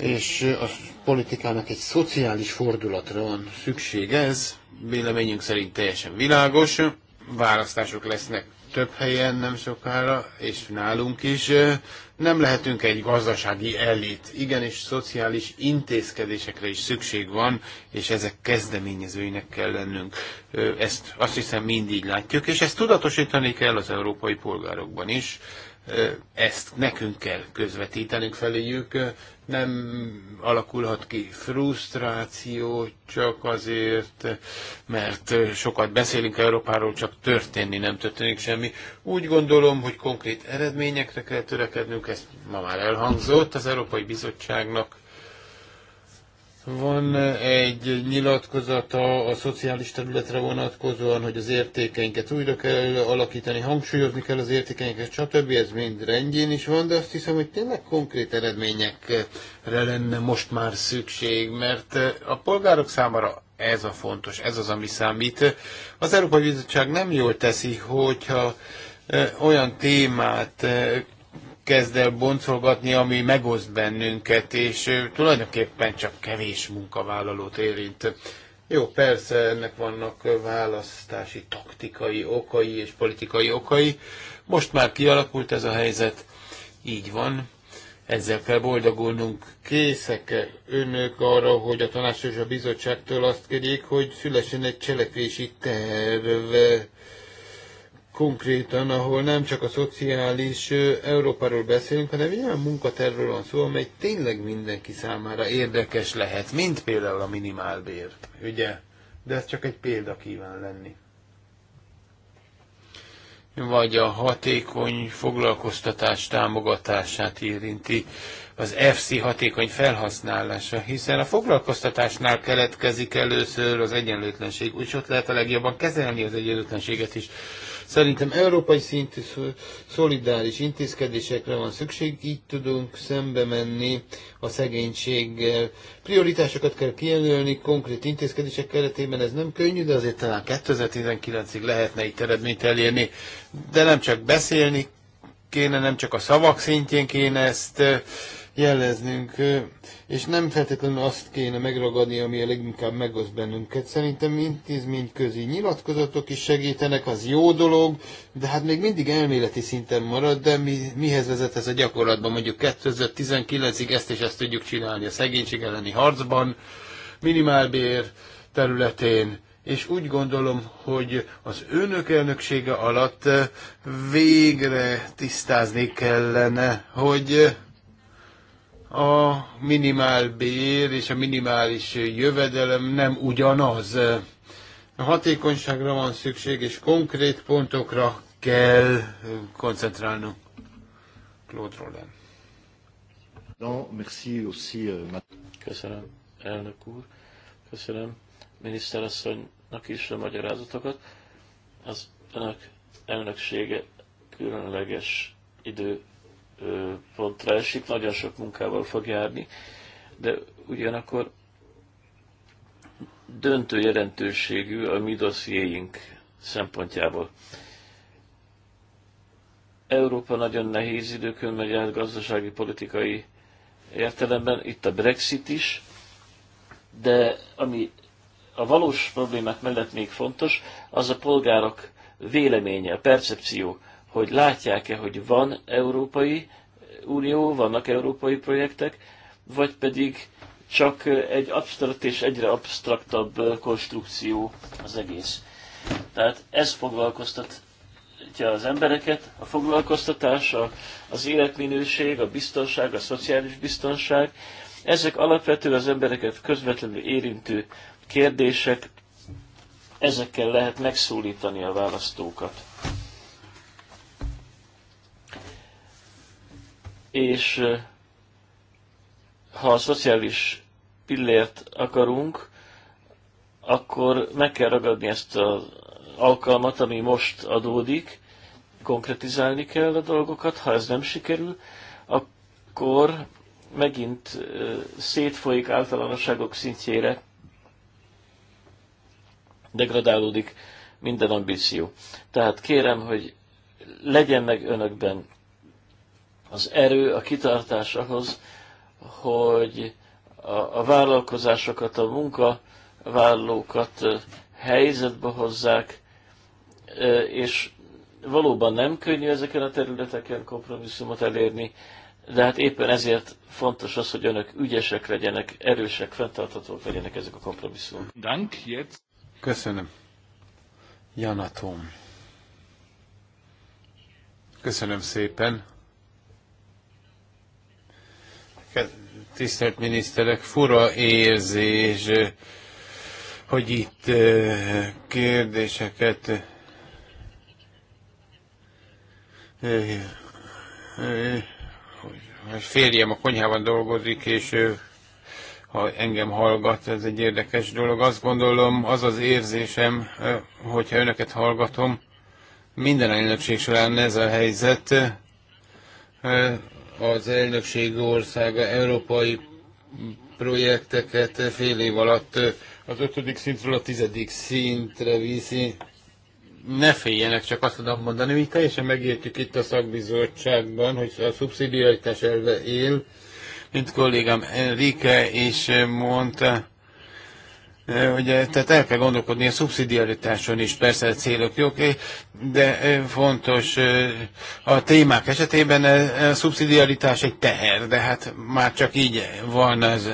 és a politikának egy szociális fordulatra van szükség ez. Véleményünk szerint teljesen világos. Választások lesznek több helyen nem sokára, és nálunk is nem lehetünk egy gazdasági elit. Igenis, szociális intézkedésekre is szükség van, és ezek kezdeményezőinek kell lennünk. Ezt azt hiszem mindig látjuk, és ezt tudatosítani kell az európai polgárokban is ezt nekünk kell közvetítenünk feléjük, nem alakulhat ki frusztráció csak azért, mert sokat beszélünk Európáról, csak történni nem történik semmi. Úgy gondolom, hogy konkrét eredményekre kell törekednünk, ez ma már elhangzott, az Európai Bizottságnak van egy nyilatkozata a szociális területre vonatkozóan, hogy az értékeinket újra kell alakítani, hangsúlyozni kell az értékeinket, stb. Ez mind rendjén is van, de azt hiszem, hogy tényleg konkrét eredményekre lenne most már szükség, mert a polgárok számára ez a fontos, ez az, ami számít. Az Európai Bizottság nem jól teszi, hogyha eh, olyan témát eh, kezd el boncolgatni, ami megoszt bennünket, és tulajdonképpen csak kevés munkavállalót érint. Jó, persze ennek vannak választási taktikai okai és politikai okai. Most már kialakult ez a helyzet, így van. Ezzel kell boldogulnunk. készek -e önök arra, hogy a tanács és a bizottságtól azt kérjék, hogy szülessen egy cselekvési terv konkrétan, ahol nem csak a szociális Európáról beszélünk, hanem egy olyan munkaterről van szó, amely tényleg mindenki számára érdekes lehet, mint például a minimálbér, ugye? De ez csak egy példa kíván lenni. Vagy a hatékony foglalkoztatás támogatását érinti az FC hatékony felhasználása, hiszen a foglalkoztatásnál keletkezik először az egyenlőtlenség, úgyhogy ott lehet a legjobban kezelni az egyenlőtlenséget is. Szerintem európai szintű szolidáris intézkedésekre van szükség, így tudunk szembe menni a szegénységgel. Prioritásokat kell kijelölni konkrét intézkedések keretében, ez nem könnyű, de azért talán 2019-ig lehetne itt eredményt elérni, de nem csak beszélni kéne, nem csak a szavak szintjén kéne ezt jeleznünk, és nem feltétlenül azt kéne megragadni, ami a leginkább megosz bennünket. Szerintem intézményközi nyilatkozatok is segítenek, az jó dolog, de hát még mindig elméleti szinten marad, de mi, mihez vezet ez a gyakorlatban? Mondjuk 2019-ig ezt és ezt tudjuk csinálni a szegénység elleni harcban, minimálbér területén, és úgy gondolom, hogy az önök elnöksége alatt végre tisztázni kellene, hogy a minimál bér és a minimális jövedelem nem ugyanaz. A hatékonyságra van szükség, és konkrét pontokra kell koncentrálnunk. Claude Roland. Euh, Köszönöm, elnök úr. Köszönöm miniszterasszonynak is a magyarázatokat. Az önök elnöksége különleges idő pontra esik, nagyon sok munkával fog járni, de ugyanakkor döntő jelentőségű a mi dossziéink szempontjából. Európa nagyon nehéz időkön megy át gazdasági, politikai értelemben, itt a Brexit is, de ami a valós problémák mellett még fontos, az a polgárok véleménye, a percepció, hogy látják-e, hogy van Európai Unió, vannak európai projektek, vagy pedig csak egy absztrakt és egyre absztraktabb konstrukció az egész. Tehát ez foglalkoztatja az embereket, a foglalkoztatás, az életminőség, a biztonság, a szociális biztonság. Ezek alapvetően az embereket közvetlenül érintő kérdések, ezekkel lehet megszólítani a választókat. és ha a szociális pillért akarunk, akkor meg kell ragadni ezt az alkalmat, ami most adódik, konkretizálni kell a dolgokat, ha ez nem sikerül, akkor megint szétfolyik általánosságok szintjére, degradálódik minden ambíció. Tehát kérem, hogy legyen meg önökben az erő, a kitartás ahhoz, hogy a, a vállalkozásokat, a munkavállalókat helyzetbe hozzák, és valóban nem könnyű ezeken a területeken kompromisszumot elérni, de hát éppen ezért fontos az, hogy önök ügyesek legyenek, erősek, fenntarthatók legyenek ezek a kompromisszumok. Dank, Köszönöm. Janatom. Köszönöm szépen tisztelt miniszterek, fura érzés, eh, hogy itt eh, kérdéseket eh, férjem a konyhában dolgozik, és ő, ha engem hallgat, ez egy érdekes dolog. Azt gondolom, az az érzésem, hogyha önöket hallgatom, minden elnökség során ez a helyzet az elnökség országa európai projekteket fél év alatt az ötödik szintről a tizedik szintre viszi. Ne féljenek, csak azt tudom mondani, mi teljesen megértjük itt a szakbizottságban, hogy a szubszidiaritás elve él, mint kollégám Enrique is mondta, Ugye, tehát el kell gondolkodni a szubszidiaritáson is, persze a célok jók, eh, de eh, fontos eh, a témák esetében a szubszidiaritás egy teher, de hát már csak így van az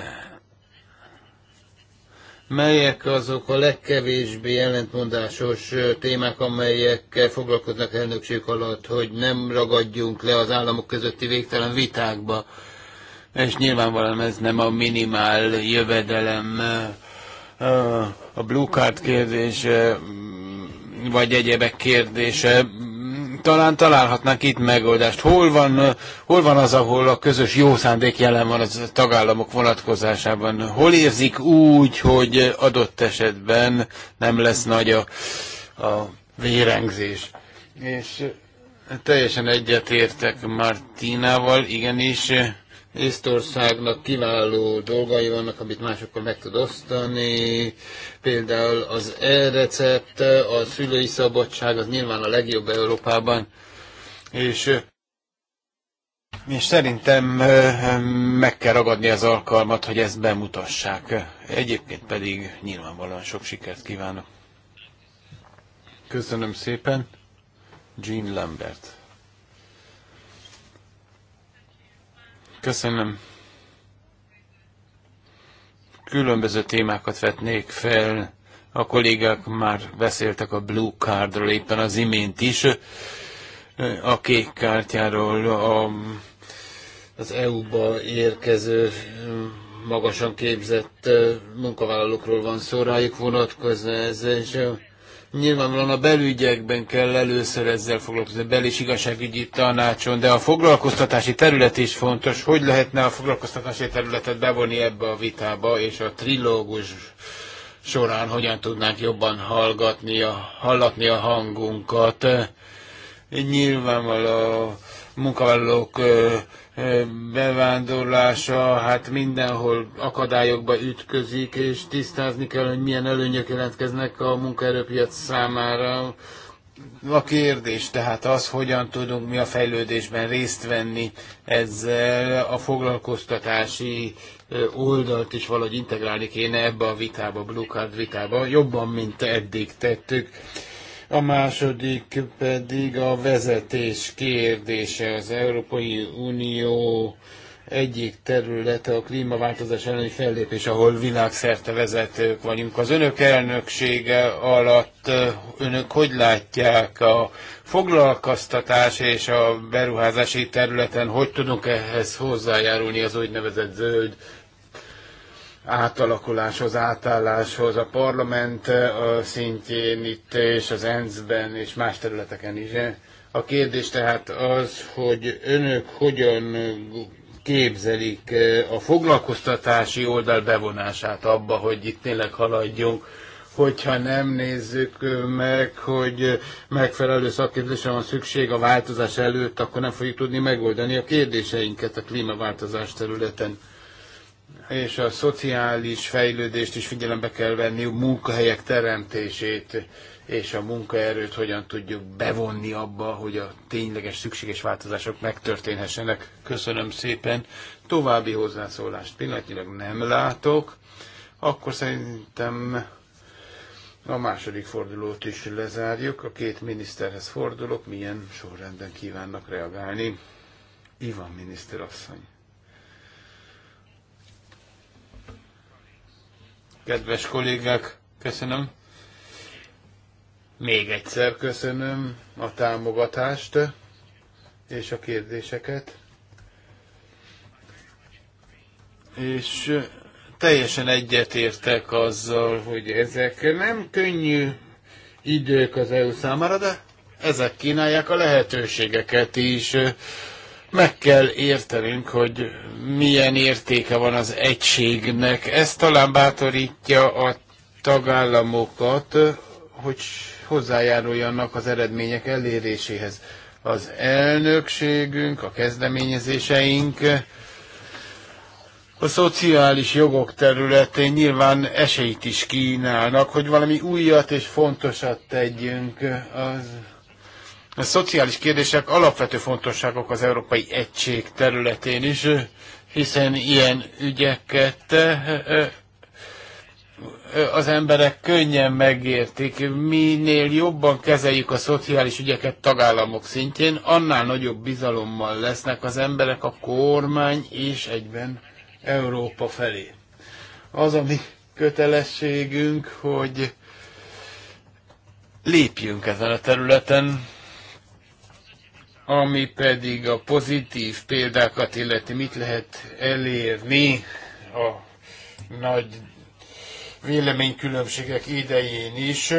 melyek azok a legkevésbé ellentmondásos témák, amelyekkel foglalkoznak elnökség alatt, hogy nem ragadjunk le az államok közötti végtelen vitákba. És nyilvánvalóan ez nem a minimál jövedelem a blue card kérdése, vagy egyebek kérdése, talán találhatnánk itt megoldást. Hol van, hol van az, ahol a közös jó szándék jelen van az tagállamok vonatkozásában? Hol érzik úgy, hogy adott esetben nem lesz nagy a, a vérengzés? És teljesen egyetértek Martinával, igenis Észtországnak kiváló dolgai vannak, amit másokkal meg tud osztani. Például az e-recept, a szülői szabadság, az nyilván a legjobb Európában. És és szerintem meg kell ragadni az alkalmat, hogy ezt bemutassák. Egyébként pedig nyilvánvalóan sok sikert kívánok. Köszönöm szépen. Jean Lambert. Köszönöm. Különböző témákat vetnék fel. A kollégák már beszéltek a Blue Cardról éppen az imént is. A kék kártyáról a, az EU-ba érkező magasan képzett eh, munkavállalókról van szó, rájuk vonatkozna ez, és eh, Nyilvánvalóan a belügyekben kell először ezzel foglalkozni, a bel- és igazságügyi tanácson, de a foglalkoztatási terület is fontos. Hogy lehetne a foglalkoztatási területet bevonni ebbe a vitába, és a trilógus során hogyan tudnánk jobban hallgatni a, hallatni a hangunkat. Nyilvánvalóan munkavállalók bevándorlása, hát mindenhol akadályokba ütközik, és tisztázni kell, hogy milyen előnyök jelentkeznek a munkaerőpiac számára. A kérdés tehát az, hogyan tudunk mi a fejlődésben részt venni ezzel a foglalkoztatási oldalt is valahogy integrálni kéne ebbe a vitába, Blue Card vitába, jobban, mint eddig tettük. A második pedig a vezetés kérdése. Az Európai Unió egyik területe a klímaváltozás elleni fellépés, ahol világszerte vezetők vagyunk. Az önök elnöksége alatt önök hogy látják a foglalkoztatás és a beruházási területen, hogy tudunk ehhez hozzájárulni az úgynevezett zöld átalakuláshoz, átálláshoz a parlament a szintjén itt és az ENSZ-ben és más területeken is. A kérdés tehát az, hogy önök hogyan képzelik a foglalkoztatási oldal bevonását abba, hogy itt tényleg haladjunk, hogyha nem nézzük meg, hogy megfelelő szakképzésre van szükség a változás előtt, akkor nem fogjuk tudni megoldani a kérdéseinket a klímaváltozás területen és a szociális fejlődést is figyelembe kell venni, a munkahelyek teremtését és a munkaerőt hogyan tudjuk bevonni abba, hogy a tényleges szükséges változások megtörténhessenek. Köszönöm szépen. További hozzászólást pillanatnyilag nem látok. Akkor szerintem a második fordulót is lezárjuk. A két miniszterhez fordulok, milyen sorrendben kívánnak reagálni. Ivan miniszterasszony. Kedves kollégák, köszönöm. Még egyszer köszönöm a támogatást és a kérdéseket. És teljesen egyetértek azzal, hogy ezek nem könnyű idők az EU számára, de ezek kínálják a lehetőségeket is meg kell értenünk, hogy milyen értéke van az egységnek. Ez talán bátorítja a tagállamokat, hogy hozzájáruljanak az eredmények eléréséhez. Az elnökségünk, a kezdeményezéseink, a szociális jogok területén nyilván esélyt is kínálnak, hogy valami újat és fontosat tegyünk az a szociális kérdések alapvető fontosságok az Európai Egység területén is, hiszen ilyen ügyeket az emberek könnyen megértik. Minél jobban kezeljük a szociális ügyeket tagállamok szintjén, annál nagyobb bizalommal lesznek az emberek a kormány és egyben Európa felé. Az ami kötelességünk, hogy lépjünk ezen a területen, ami pedig a pozitív példákat illeti, mit lehet elérni a nagy véleménykülönbségek idején is.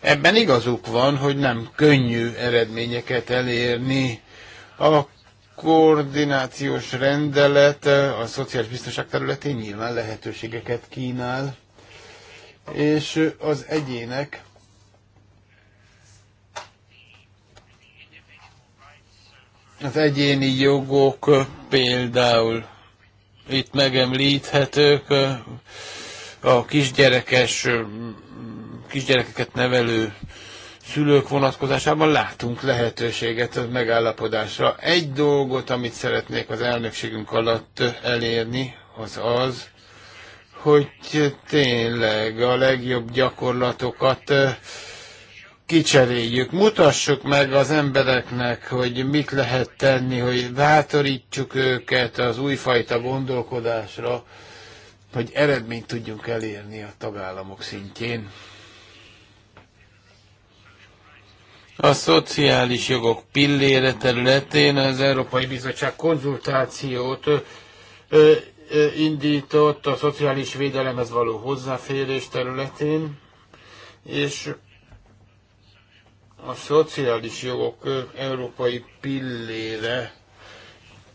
Ebben igazuk van, hogy nem könnyű eredményeket elérni. A koordinációs rendelet a szociális biztonság területén nyilván lehetőségeket kínál, és az egyének Az egyéni jogok például itt megemlíthetők, a kisgyerekes, kisgyerekeket nevelő szülők vonatkozásában látunk lehetőséget a megállapodásra. Egy dolgot, amit szeretnék az elnökségünk alatt elérni, az az, hogy tényleg a legjobb gyakorlatokat kicseréljük, mutassuk meg az embereknek, hogy mit lehet tenni, hogy bátorítsuk őket az újfajta gondolkodásra, hogy eredményt tudjunk elérni a tagállamok szintjén. A szociális jogok pillére területén az Európai Bizottság konzultációt ö, ö, indított a szociális védelemhez való hozzáférés területén, és a szociális jogok európai pillére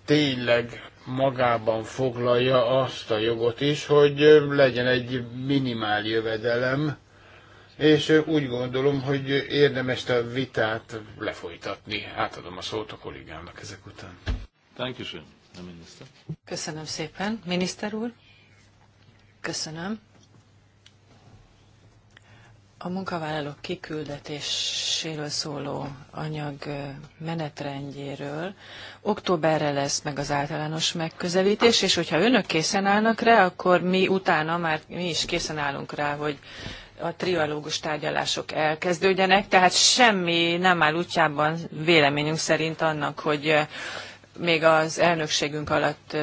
tényleg magában foglalja azt a jogot is, hogy legyen egy minimál jövedelem, és úgy gondolom, hogy érdemes a vitát lefolytatni. Átadom a szót a kollégának ezek után. Thank you, sir. Köszönöm szépen. Miniszter úr, köszönöm a munkavállalók kiküldetéséről szóló anyag menetrendjéről. Októberre lesz meg az általános megközelítés, és hogyha önök készen állnak rá, akkor mi utána már mi is készen állunk rá, hogy a trialógus tárgyalások elkezdődjenek, tehát semmi nem áll útjában véleményünk szerint annak, hogy még az elnökségünk alatt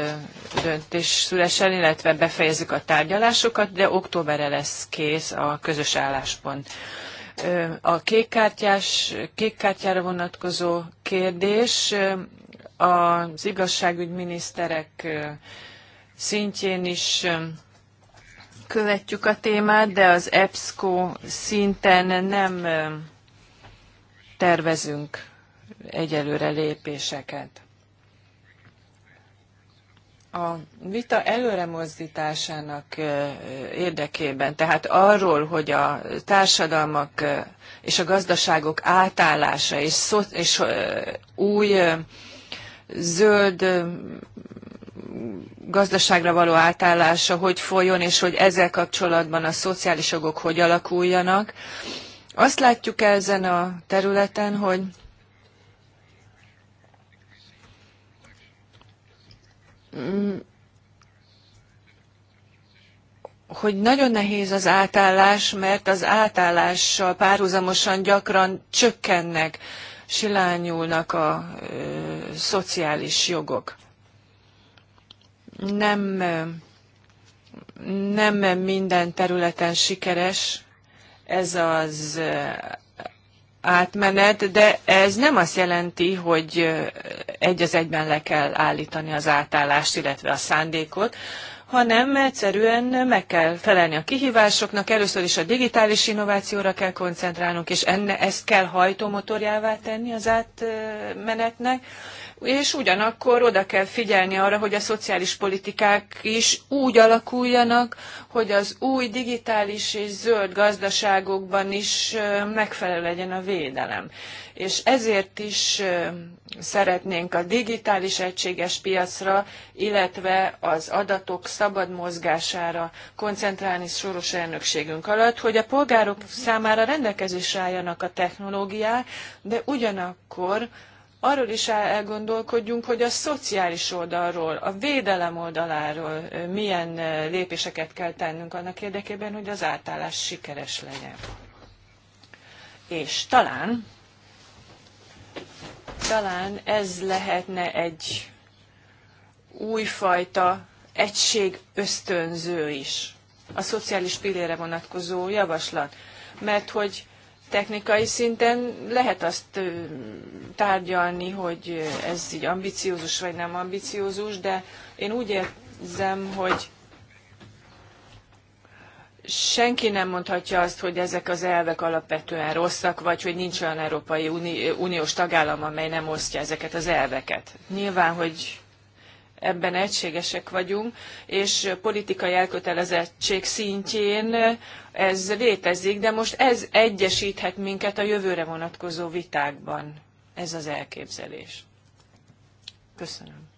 döntés szülesen, illetve befejezzük a tárgyalásokat, de októberre lesz kész a közös álláspont. A kékkártyás, kékkártyára vonatkozó kérdés az igazságügyminiszterek szintjén is követjük a témát, de az EBSCO szinten nem tervezünk egyelőre lépéseket a vita előremozdításának érdekében, tehát arról, hogy a társadalmak és a gazdaságok átállása és, és új zöld gazdaságra való átállása hogy folyjon, és hogy ezzel kapcsolatban a szociális jogok hogy alakuljanak. Azt látjuk ezen a területen, hogy Mm. hogy nagyon nehéz az átállás, mert az átállással párhuzamosan gyakran csökkennek, silányulnak a ö, szociális jogok. Nem, nem minden területen sikeres ez az átmenet, de ez nem azt jelenti, hogy egy az egyben le kell állítani az átállást, illetve a szándékot, hanem egyszerűen meg kell felelni a kihívásoknak, először is a digitális innovációra kell koncentrálnunk, és enne, ezt kell hajtómotorjává tenni az átmenetnek, és ugyanakkor oda kell figyelni arra, hogy a szociális politikák is úgy alakuljanak, hogy az új digitális és zöld gazdaságokban is megfelelő legyen a védelem. És ezért is szeretnénk a digitális egységes piacra, illetve az adatok szabad mozgására koncentrálni soros elnökségünk alatt, hogy a polgárok számára rendelkezésre álljanak a technológiák, de ugyanakkor arról is elgondolkodjunk, hogy a szociális oldalról, a védelem oldaláról milyen lépéseket kell tennünk annak érdekében, hogy az átállás sikeres legyen. És talán, talán ez lehetne egy újfajta egység ösztönző is, a szociális pillére vonatkozó javaslat. Mert hogy technikai szinten lehet azt tárgyalni, hogy ez így ambiciózus vagy nem ambiciózus, de én úgy érzem, hogy senki nem mondhatja azt, hogy ezek az elvek alapvetően rosszak, vagy hogy nincs olyan Európai Uniós tagállam, amely nem osztja ezeket az elveket. Nyilván, hogy ebben egységesek vagyunk, és politikai elkötelezettség szintjén ez létezik, de most ez egyesíthet minket a jövőre vonatkozó vitákban. Ez az elképzelés. Köszönöm.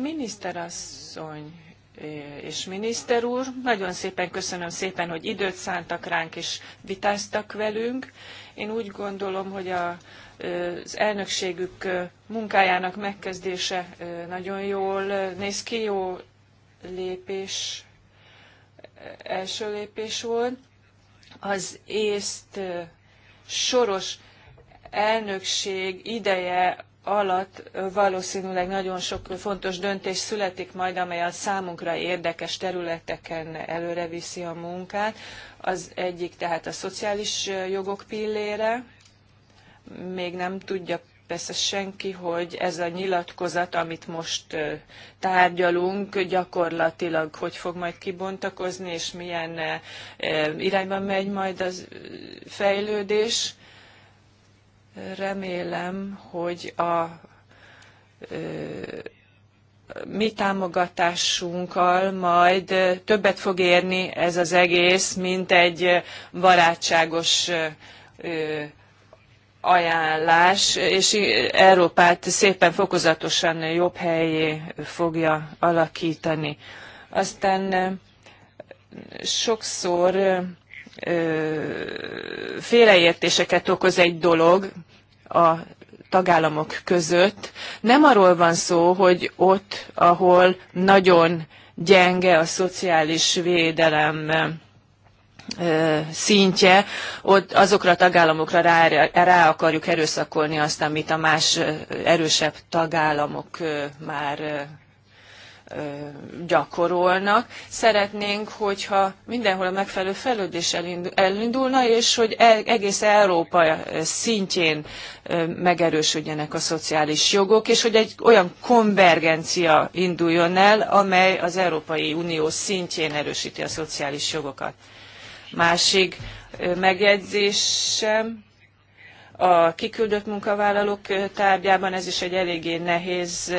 Miniszterasszony eh, és miniszter úr, nagyon szépen köszönöm szépen, hogy időt szántak ránk és vitáztak velünk. Én úgy gondolom, hogy a, eh, az elnökségük eh, munkájának megkezdése nagyon jól néz ki, jó lépés első lépés volt. Az észt soros elnökség ideje alatt valószínűleg nagyon sok fontos döntés születik majd, amely a számunkra érdekes területeken előre viszi a munkát. Az egyik tehát a szociális jogok pillére, még nem tudja persze senki, hogy ez a nyilatkozat, amit most tárgyalunk, gyakorlatilag hogy fog majd kibontakozni, és milyen irányba megy majd az fejlődés. Remélem, hogy a mi támogatásunkkal majd többet fog érni ez az egész, mint egy barátságos ajánlás, és Európát szépen fokozatosan jobb helyé fogja alakítani. Aztán sokszor félreértéseket okoz egy dolog a tagállamok között. Nem arról van szó, hogy ott, ahol nagyon gyenge a szociális védelem, szintje, ott azokra a tagállamokra rá, rá akarjuk erőszakolni azt, amit a más erősebb tagállamok már gyakorolnak. Szeretnénk, hogyha mindenhol a megfelelő fejlődés elindulna, és hogy e, egész Európa szintjén megerősödjenek a szociális jogok, és hogy egy olyan konvergencia induljon el, amely az Európai Unió szintjén erősíti a szociális jogokat másik megjegyzésem a kiküldött munkavállalók tárgyában ez is egy eléggé nehéz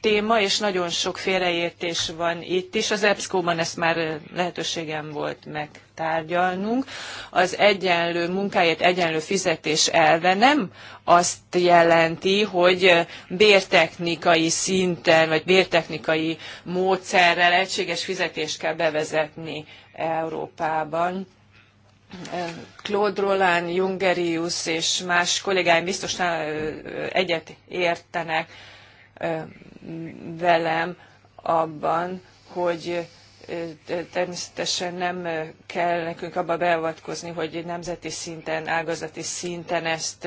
téma, és nagyon sok félreértés van itt is. Az EBSCO-ban ezt már lehetőségem volt megtárgyalnunk. Az egyenlő munkáért egyenlő fizetés elve nem azt jelenti, hogy bértechnikai szinten, vagy bértechnikai módszerrel egységes fizetést kell bevezetni Európában Claude Roland, Jungerius és más kollégáim biztos egyet értenek velem abban, hogy természetesen nem kell nekünk abba beavatkozni, hogy nemzeti szinten, ágazati szinten ezt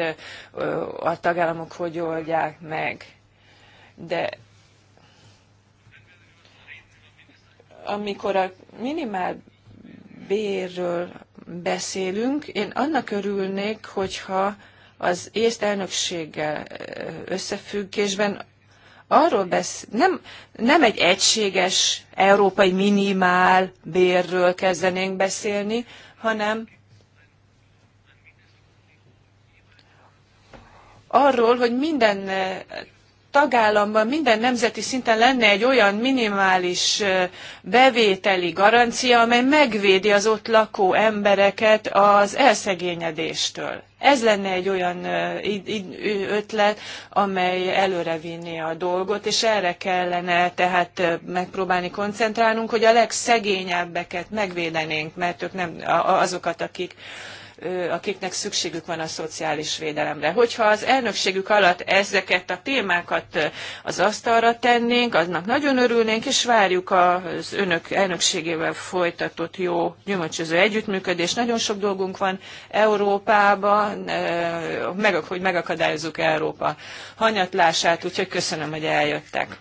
a tagállamok hogy oldják meg. De amikor a minimál bérről beszélünk. Én annak örülnék, hogyha az észt elnökséggel összefüggésben arról besz... nem, nem egy egységes európai minimál bérről kezdenénk beszélni, hanem arról, hogy minden tagállamban minden nemzeti szinten lenne egy olyan minimális bevételi garancia, amely megvédi az ott lakó embereket az elszegényedéstől. Ez lenne egy olyan ötlet, amely előrevinné a dolgot, és erre kellene tehát megpróbálni koncentrálnunk, hogy a legszegényebbeket megvédenénk, mert ők nem azokat, akik akiknek szükségük van a szociális védelemre. Hogyha az elnökségük alatt ezeket a témákat az asztalra tennénk, aznak nagyon örülnénk, és várjuk az önök elnökségével folytatott jó gyümölcsöző együttműködés. Nagyon sok dolgunk van Európában, meg, hogy megakadályozzuk Európa hanyatlását, úgyhogy köszönöm, hogy eljöttek.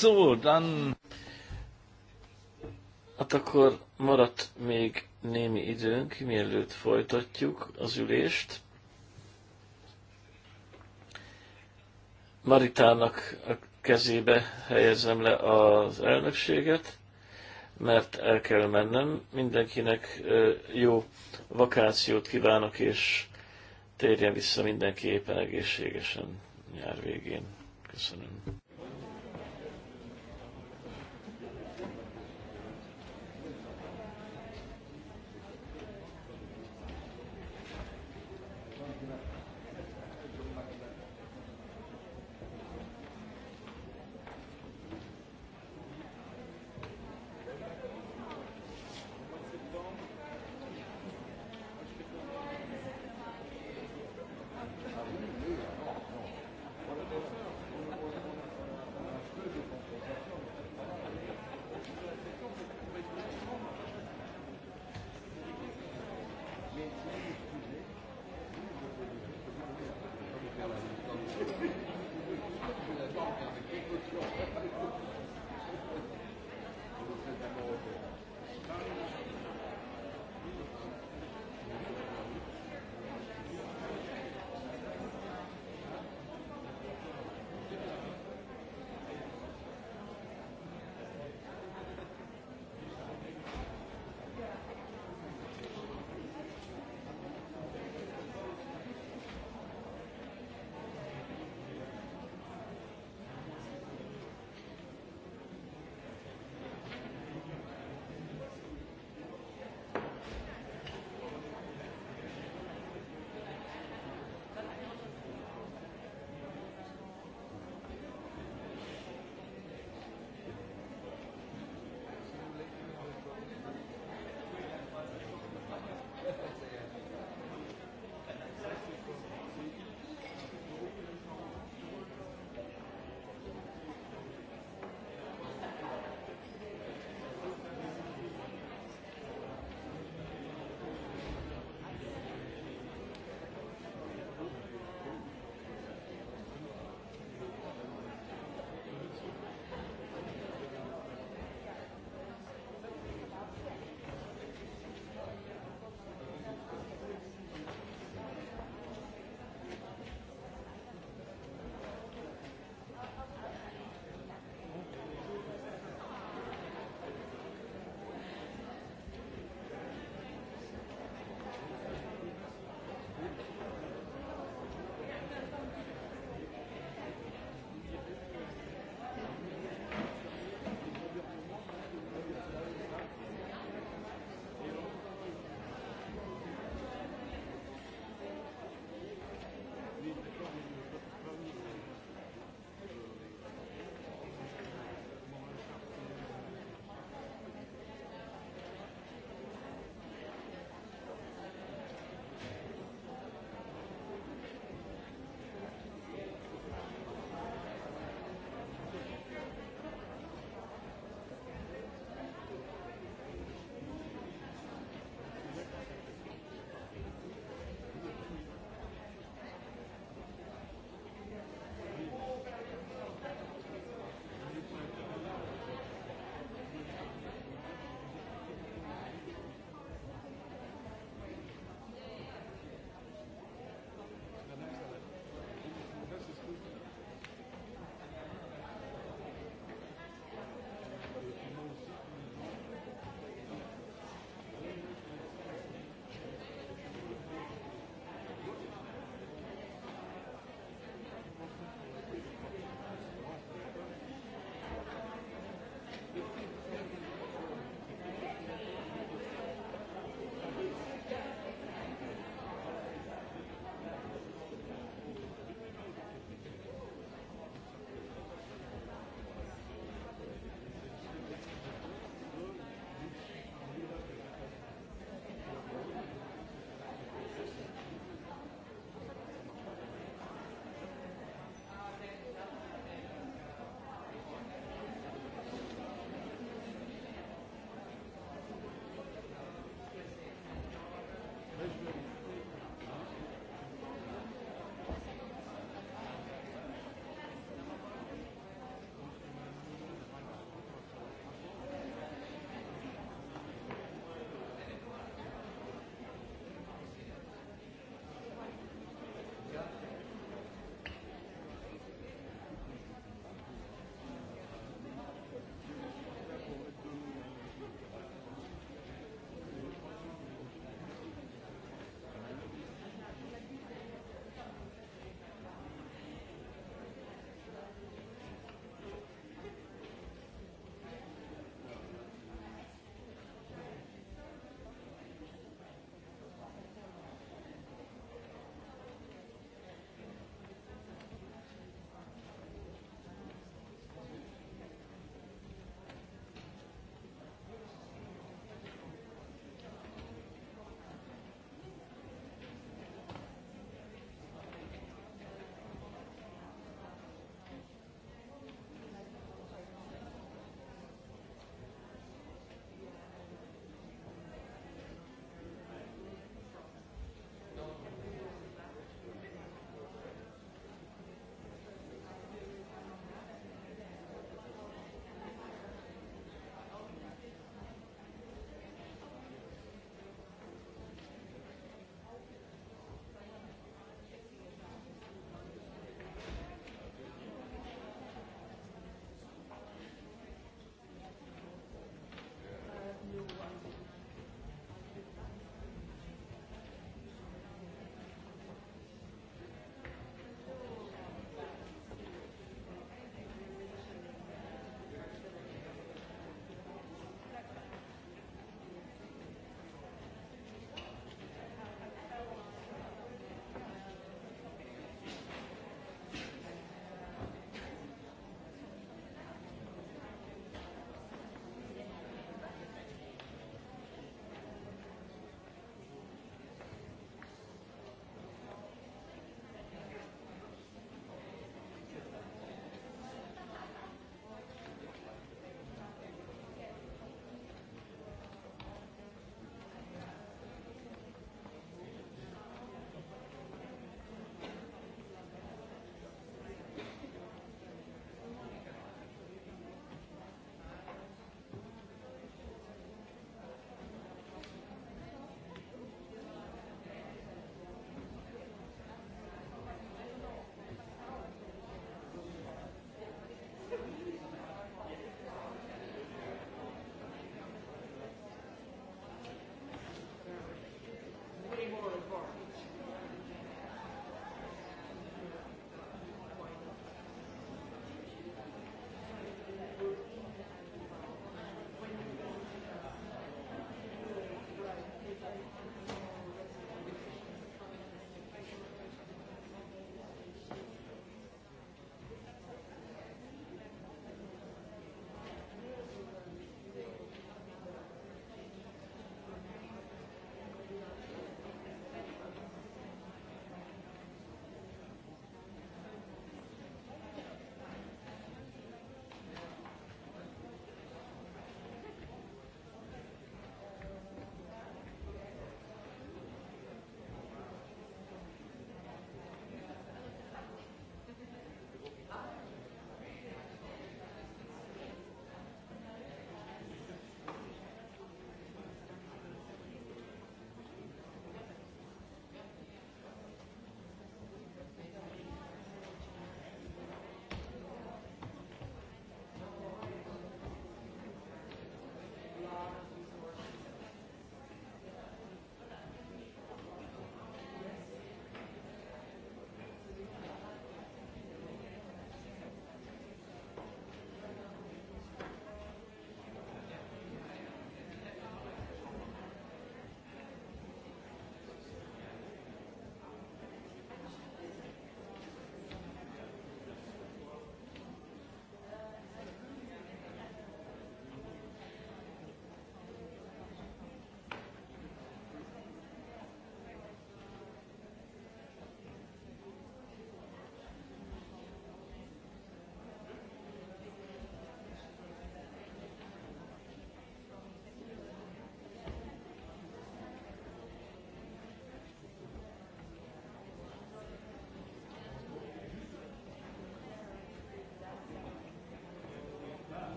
So, dann Hát akkor maradt még némi időnk, mielőtt folytatjuk az ülést. Maritának a kezébe helyezem le az elnökséget, mert el kell mennem. Mindenkinek jó vakációt kívánok, és térjen vissza mindenképpen egészségesen nyár végén. Köszönöm.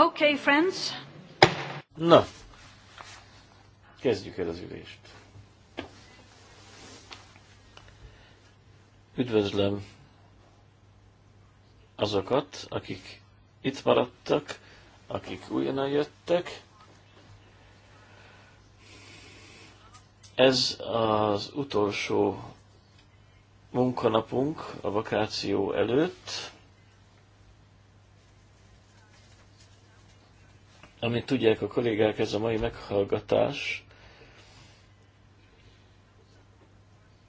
Okay, friends. Na, kezdjük el az ülést. Üdvözlöm azokat, akik itt maradtak, akik újonnan jöttek. Ez az utolsó munkanapunk a vakáció előtt Amint tudják a kollégák, ez a mai meghallgatás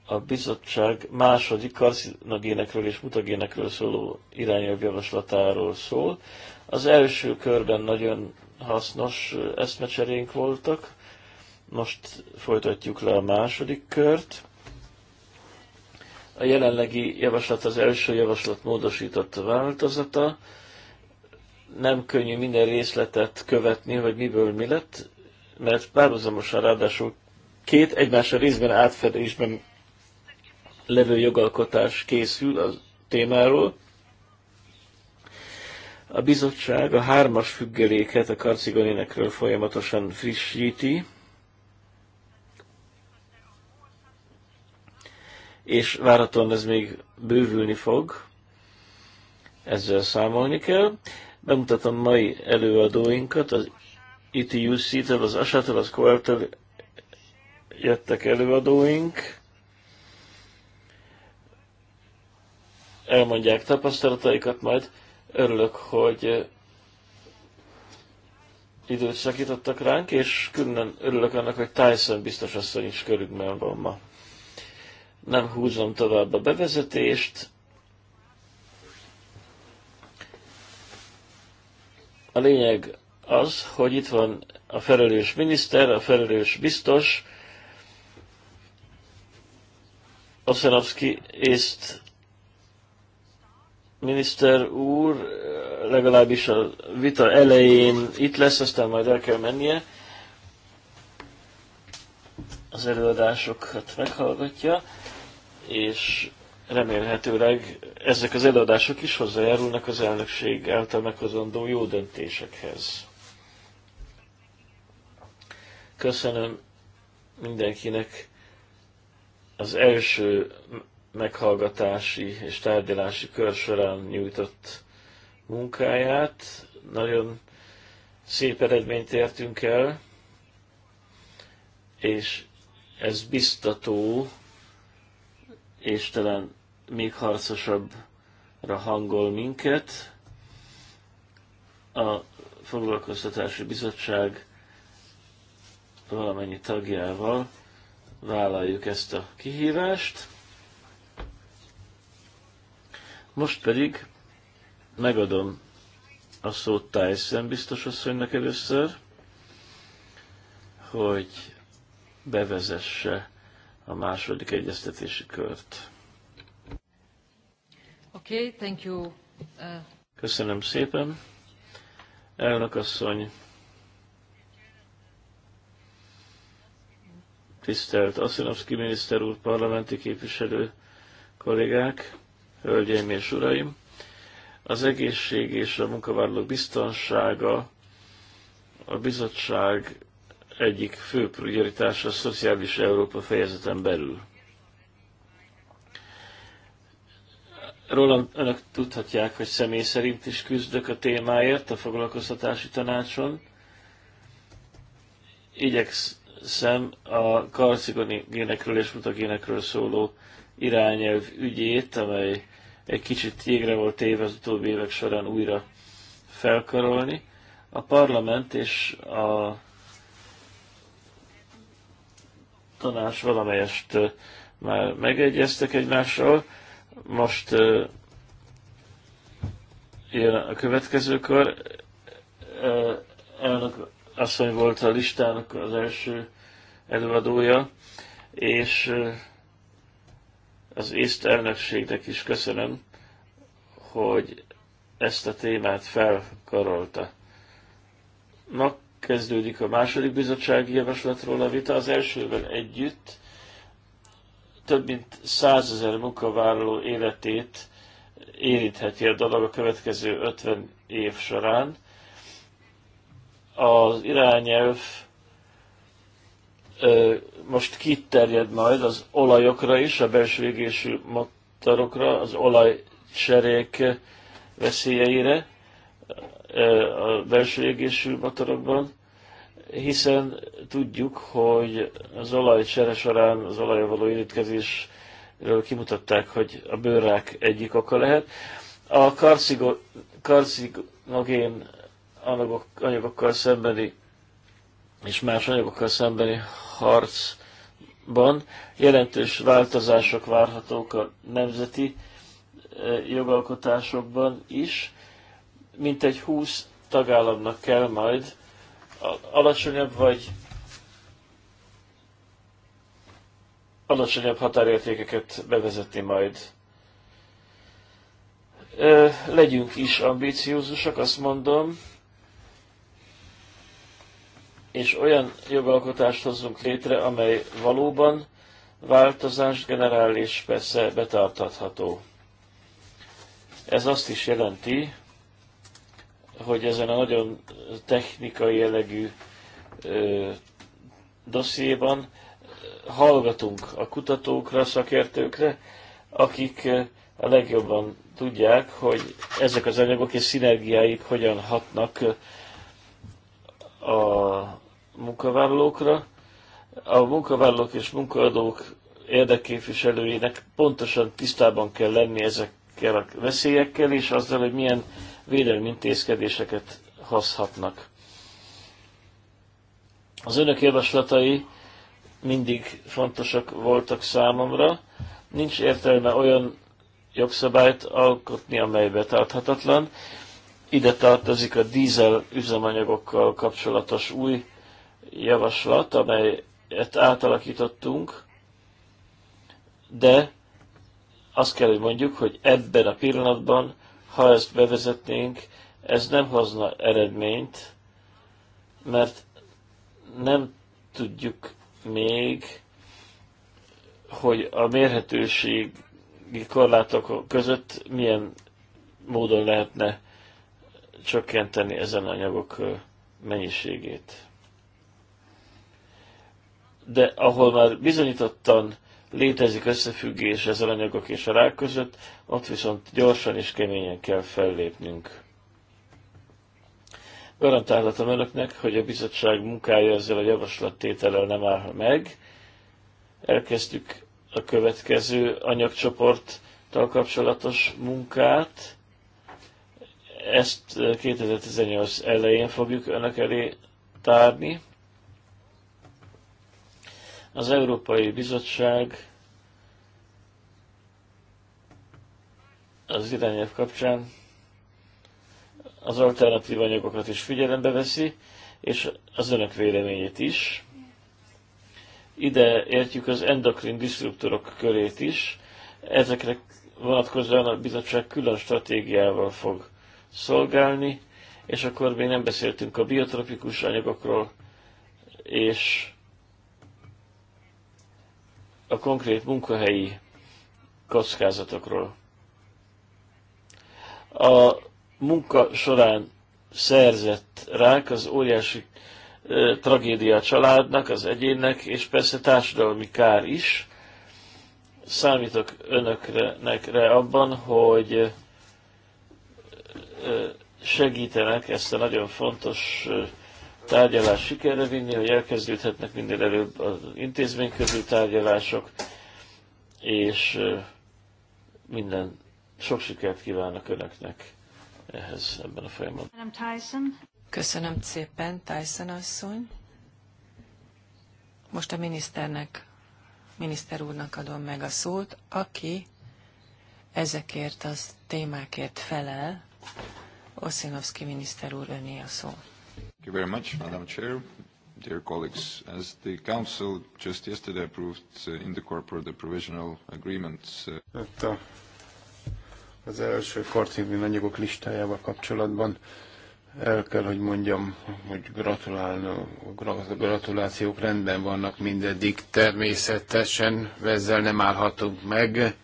a bizottság második karcinogénekről és mutagénekről szóló irányelvjavaslatáról szól. Az első körben nagyon hasznos eszmecserénk voltak, most folytatjuk le a második kört. A jelenlegi javaslat az első javaslat módosított változata, nem könnyű minden részletet követni, hogy miből mi lett, mert párhuzamosan ráadásul két egymásra részben átfedésben levő jogalkotás készül a témáról. A bizottság a hármas függeléket a karcigonénekről folyamatosan frissíti, és várhatóan ez még bővülni fog, ezzel számolni kell. Bemutatom mai előadóinkat, az etuc től az ASA-től, az COEL-től jöttek előadóink. Elmondják tapasztalataikat majd. Örülök, hogy időt szakítottak ránk, és külön örülök annak, hogy Tyson biztos asszony is körünkben van ma. Nem húzom tovább a bevezetést, A lényeg az, hogy itt van a felelős miniszter, a felelős biztos, Oszanovszki észt miniszter úr legalábbis a vita elején itt lesz, aztán majd el kell mennie. Az előadásokat meghallgatja, és remélhetőleg ezek az előadások is hozzájárulnak az elnökség által meghozandó jó döntésekhez. Köszönöm mindenkinek az első meghallgatási és tárgyalási kör során nyújtott munkáját. Nagyon szép eredményt értünk el, és ez biztató, és talán még harcosabbra hangol minket. A Foglalkoztatási Bizottság valamennyi tagjával vállaljuk ezt a kihívást. Most pedig megadom a szót Tyson biztos asszonynak először, hogy bevezesse a második egyeztetési kört. Okay, thank you. Uh... Köszönöm szépen. Elnök asszony, tisztelt Aszinovszki miniszter úr, parlamenti képviselő kollégák, hölgyeim és uraim! Az egészség és a munkavállalók biztonsága a bizottság egyik fő prioritása a szociális Európa fejezeten belül. Rólam önök tudhatják, hogy személy szerint is küzdök a témáért a foglalkoztatási tanácson. Igyekszem a génekről és mutagénekről szóló irányelv ügyét, amely egy kicsit jégre volt téve az utóbbi évek során újra felkarolni. A parlament és a tanács valamelyest már megegyeztek egymással, most jön a következő kör. Elnök asszony volt a listának az első előadója, és az észt elnökségnek is köszönöm, hogy ezt a témát felkarolta. Na, kezdődik a második bizottsági javaslatról a vita, az elsővel együtt több mint százezer munkavállaló életét érintheti a dolog a következő 50 év során. Az irányelv most kiterjed majd az olajokra is, a belső égésű motorokra, az olajcserék veszélyeire a belső égésű motorokban hiszen tudjuk, hogy az olaj csere során az olajra való érintkezésről kimutatták, hogy a bőrrák egyik oka lehet. A karcigo, karcinogén anyagok, anyagokkal szembeni és más anyagokkal szembeni harcban jelentős változások várhatók a nemzeti e, jogalkotásokban is. Mintegy 20 tagállamnak kell majd alacsonyabb vagy alacsonyabb határértékeket bevezetni majd. legyünk is ambíciózusak, azt mondom, és olyan jogalkotást hozzunk létre, amely valóban változást generál és persze betartatható. Ez azt is jelenti, hogy ezen a nagyon technikai jellegű dossziéban hallgatunk a kutatókra, szakértőkre, akik a legjobban tudják, hogy ezek az anyagok és szinergiáik hogyan hatnak a munkavállalókra. A munkavállalók és munkaadók érdekképviselőinek pontosan tisztában kell lenni ezekkel a veszélyekkel, és azzal, hogy milyen védelmi intézkedéseket hozhatnak. Az önök javaslatai mindig fontosak voltak számomra. Nincs értelme olyan jogszabályt alkotni, amely betarthatatlan. Ide tartozik a dízel üzemanyagokkal kapcsolatos új javaslat, amelyet átalakítottunk, de azt kell, hogy mondjuk, hogy ebben a pillanatban ha ezt bevezetnénk, ez nem hozna eredményt, mert nem tudjuk még, hogy a mérhetőségi korlátok között milyen módon lehetne csökkenteni ezen anyagok mennyiségét. De ahol már bizonyítottan létezik összefüggés a anyagok és a rák között, ott viszont gyorsan és keményen kell fellépnünk. Garantálhatom önöknek, hogy a bizottság munkája ezzel a javaslattétellel nem áll meg. Elkezdtük a következő anyagcsoporttal kapcsolatos munkát. Ezt 2018 eh, elején fogjuk önök elé tárni. Az Európai Bizottság az irányelv kapcsán az alternatív anyagokat is figyelembe veszi, és az önök véleményét is. Ide értjük az endokrin diszruptorok körét is. Ezekre vonatkozóan a bizottság külön stratégiával fog szolgálni, és akkor még nem beszéltünk a biotropikus anyagokról, és a konkrét munkahelyi kockázatokról. A munka során szerzett rák az óriási tragédia a családnak, az egyénnek, és persze társadalmi kár is. Számítok önökre abban, hogy segítenek ezt a nagyon fontos tárgyalás sikerre vinni, hogy elkezdődhetnek minél előbb az közül tárgyalások, és minden sok sikert kívánok Önöknek ehhez ebben a folyamatban. Köszönöm szépen, Tyson asszony. Most a miniszternek, miniszter úrnak adom meg a szót, aki ezekért az témákért felel. Oszinovszki miniszter úr öné a szó. Thank you very much, Madam Chair. Dear colleagues, as the Council just yesterday approved uh, in the corporate the provisional agreements. Uh... Hát a, az első korcivil anyagok listájával kapcsolatban el kell, hogy mondjam, hogy gratulálna, gratulációk rendben vannak mindeddig. Természetesen ezzel nem állhatunk meg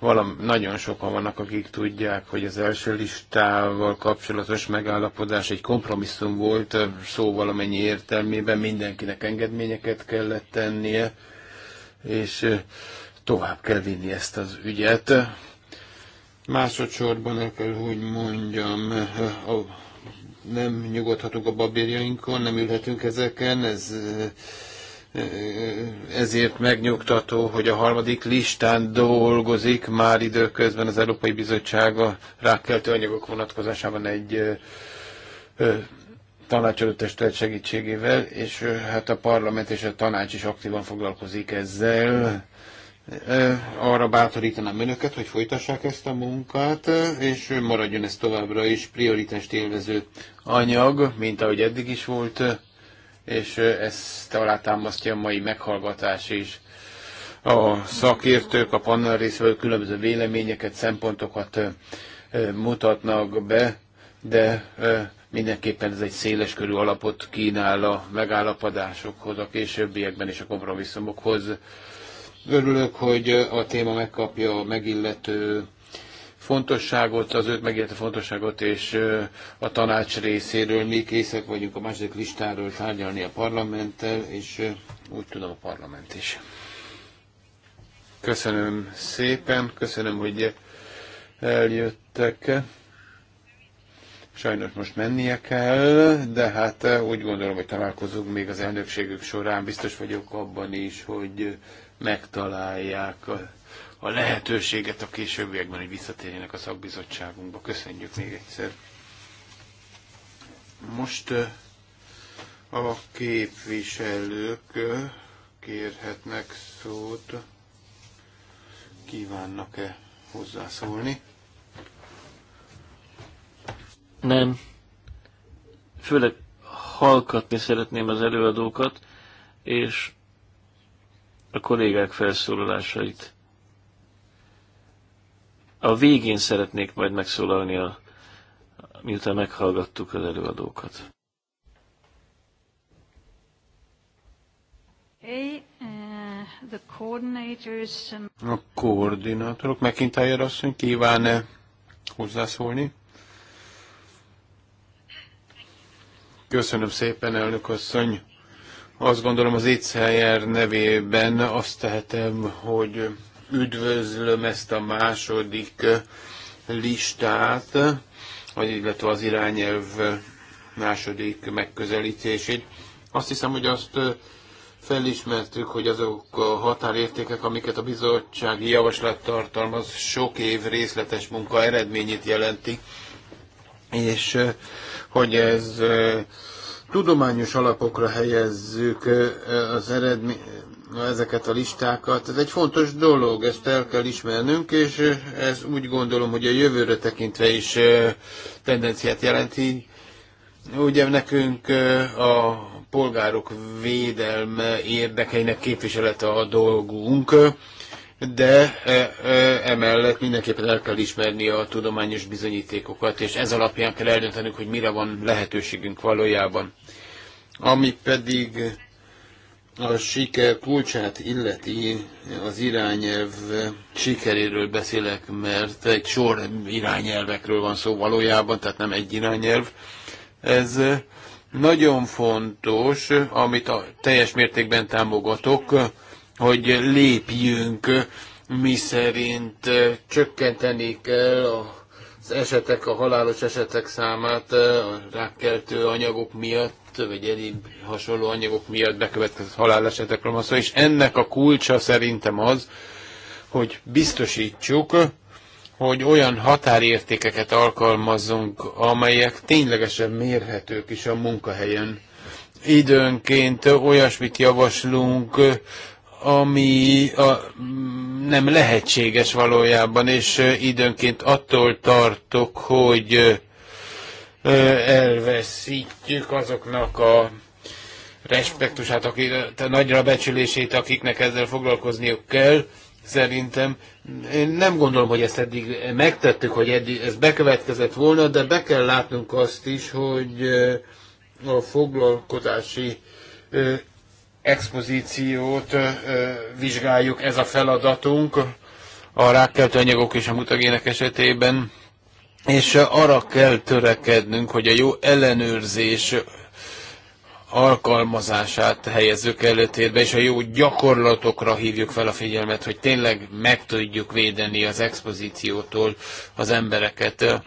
Valam, nagyon sokan vannak, akik tudják, hogy az első listával kapcsolatos megállapodás egy kompromisszum volt, szó valamennyi értelmében mindenkinek engedményeket kellett tennie, és tovább kell vinni ezt az ügyet. Másodszorban el kell, hogy mondjam, nem nyugodhatunk a babérjainkon, nem ülhetünk ezeken, ez ezért megnyugtató, hogy a harmadik listán dolgozik már időközben az Európai Bizottsága a rákkeltő anyagok vonatkozásában egy tanácsadó testület segítségével, és hát a parlament és a tanács is aktívan foglalkozik ezzel. Arra bátorítanám önöket, hogy folytassák ezt a munkát, és maradjon ez továbbra is prioritást élvező anyag, mint ahogy eddig is volt és ezt alátámasztja a mai meghallgatás is. A szakértők, a panel részvevő különböző véleményeket, szempontokat mutatnak be, de mindenképpen ez egy széles körű alapot kínál a megállapodásokhoz, a későbbiekben és a kompromisszumokhoz. Örülök, hogy a téma megkapja a megillető fontosságot, az őt megérte fontosságot, és a tanács részéről mi készek vagyunk a második listáról tárgyalni a parlamenttel, és úgy tudom a parlament is. Köszönöm szépen, köszönöm, hogy eljöttek. Sajnos most mennie kell, de hát úgy gondolom, hogy találkozunk még az elnökségük során. Biztos vagyok abban is, hogy megtalálják a a lehetőséget a későbbiekben, hogy visszatérjenek a szakbizottságunkba. Köszönjük még egyszer. Most a képviselők kérhetnek szót, kívánnak-e hozzászólni? Nem. Főleg hallgatni szeretném az előadókat, és a kollégák felszólalásait a végén szeretnék majd megszólalni, a, miután meghallgattuk az előadókat. Uh, a koordinátorok, McIntyre asszony kíván-e hozzászólni? Köszönöm szépen, elnök asszony. Azt gondolom az ICR nevében azt tehetem, hogy Üdvözlöm ezt a második eh, listát, vagy illetve az irányelv eh, második megközelítését. Azt hiszem, hogy azt eh, felismertük, hogy azok a határértékek, amiket a bizottsági javaslat tartalmaz, sok év részletes munka eredményét jelenti, és hogy ez tudományos alapokra helyezzük az eredmény, ezeket a listákat. Ez egy fontos dolog, ezt el kell ismernünk, és eh, ez úgy gondolom, hogy a jövőre tekintve is eh, tendenciát jelenti. Ugye nekünk eh, a polgárok védelme érdekeinek képviselete a dolgunk, de emellett mindenképpen el kell ismerni a tudományos bizonyítékokat, és ez alapján kell eldöntenünk, hogy mire van lehetőségünk valójában. Ami pedig a siker kulcsát illeti az irányelv sikeréről beszélek, mert egy sor irányelvekről van szó valójában, tehát nem egy irányelv. Ez nagyon fontos, amit a teljes mértékben támogatok, hogy lépjünk, mi szerint csökkenteni kell a az esetek, a halálos esetek számát a rákkeltő anyagok miatt miatt, vagy egyéb hasonló anyagok miatt bekövetkezett halálesetekről van szó, és ennek a kulcsa szerintem az, hogy biztosítsuk, hogy olyan határértékeket alkalmazzunk, amelyek ténylegesen mérhetők is a munkahelyen. Időnként olyasmit javaslunk, ami a, nem lehetséges valójában, és időnként attól tartok, hogy elveszítjük azoknak a respektusát, akik, a nagyra becsülését, akiknek ezzel foglalkozniuk kell, szerintem. Én nem gondolom, hogy ezt eddig megtettük, hogy eddig ez bekövetkezett volna, de be kell látnunk azt is, hogy a foglalkozási expozíciót vizsgáljuk, ez a feladatunk a rákkeltő anyagok és a mutagének esetében és arra kell törekednünk, hogy a jó ellenőrzés alkalmazását helyezzük előtérbe, és a jó gyakorlatokra hívjuk fel a figyelmet, hogy tényleg meg tudjuk védeni az expozíciótól az embereket.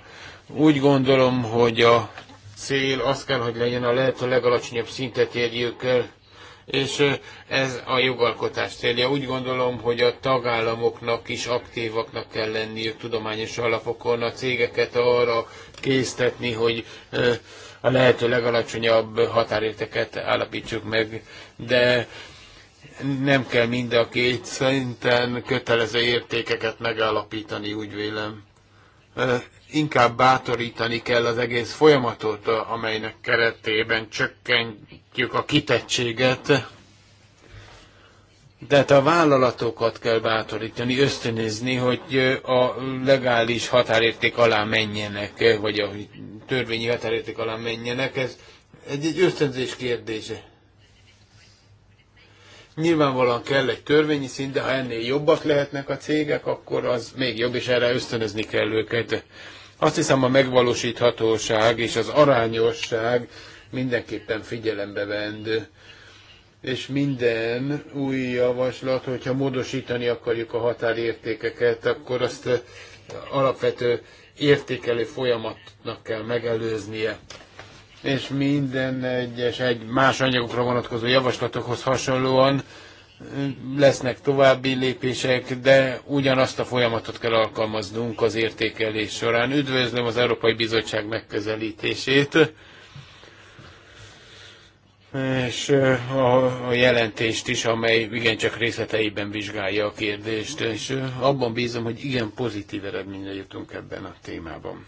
Úgy gondolom, hogy a cél az kell, hogy legyen a lehető legalacsonyabb szintet érjük el, és ez a jogalkotás célja. Úgy gondolom, hogy a tagállamoknak is aktívaknak kell lenniük tudományos alapokon a cégeket arra késztetni, hogy a lehető legalacsonyabb határérteket állapítsuk meg, de nem kell mind a két szinten kötelező értékeket megállapítani, úgy vélem inkább bátorítani kell az egész folyamatot, amelynek keretében csökkentjük a kitettséget, de hát a vállalatokat kell bátorítani, ösztönözni, hogy a legális határérték alá menjenek, vagy a törvényi határérték alá menjenek. Ez egy, egy ösztönzés kérdése. Nyilvánvalóan kell egy törvényi szint, de ha ennél jobbak lehetnek a cégek, akkor az még jobb, és erre ösztönözni kell őket. Azt hiszem a megvalósíthatóság és az arányosság mindenképpen figyelembe vendő. És minden új javaslat, hogyha módosítani akarjuk a határértékeket, akkor azt eh, alapvető értékelő folyamatnak kell megelőznie és minden egyes egy más anyagokra vonatkozó javaslatokhoz hasonlóan lesznek további lépések, de ugyanazt a folyamatot kell alkalmaznunk az értékelés során. Üdvözlöm az Európai Bizottság megközelítését, és a, a jelentést is, amely igencsak részleteiben vizsgálja a kérdést, és abban bízom, hogy igen pozitív eredményre jutunk ebben a témában.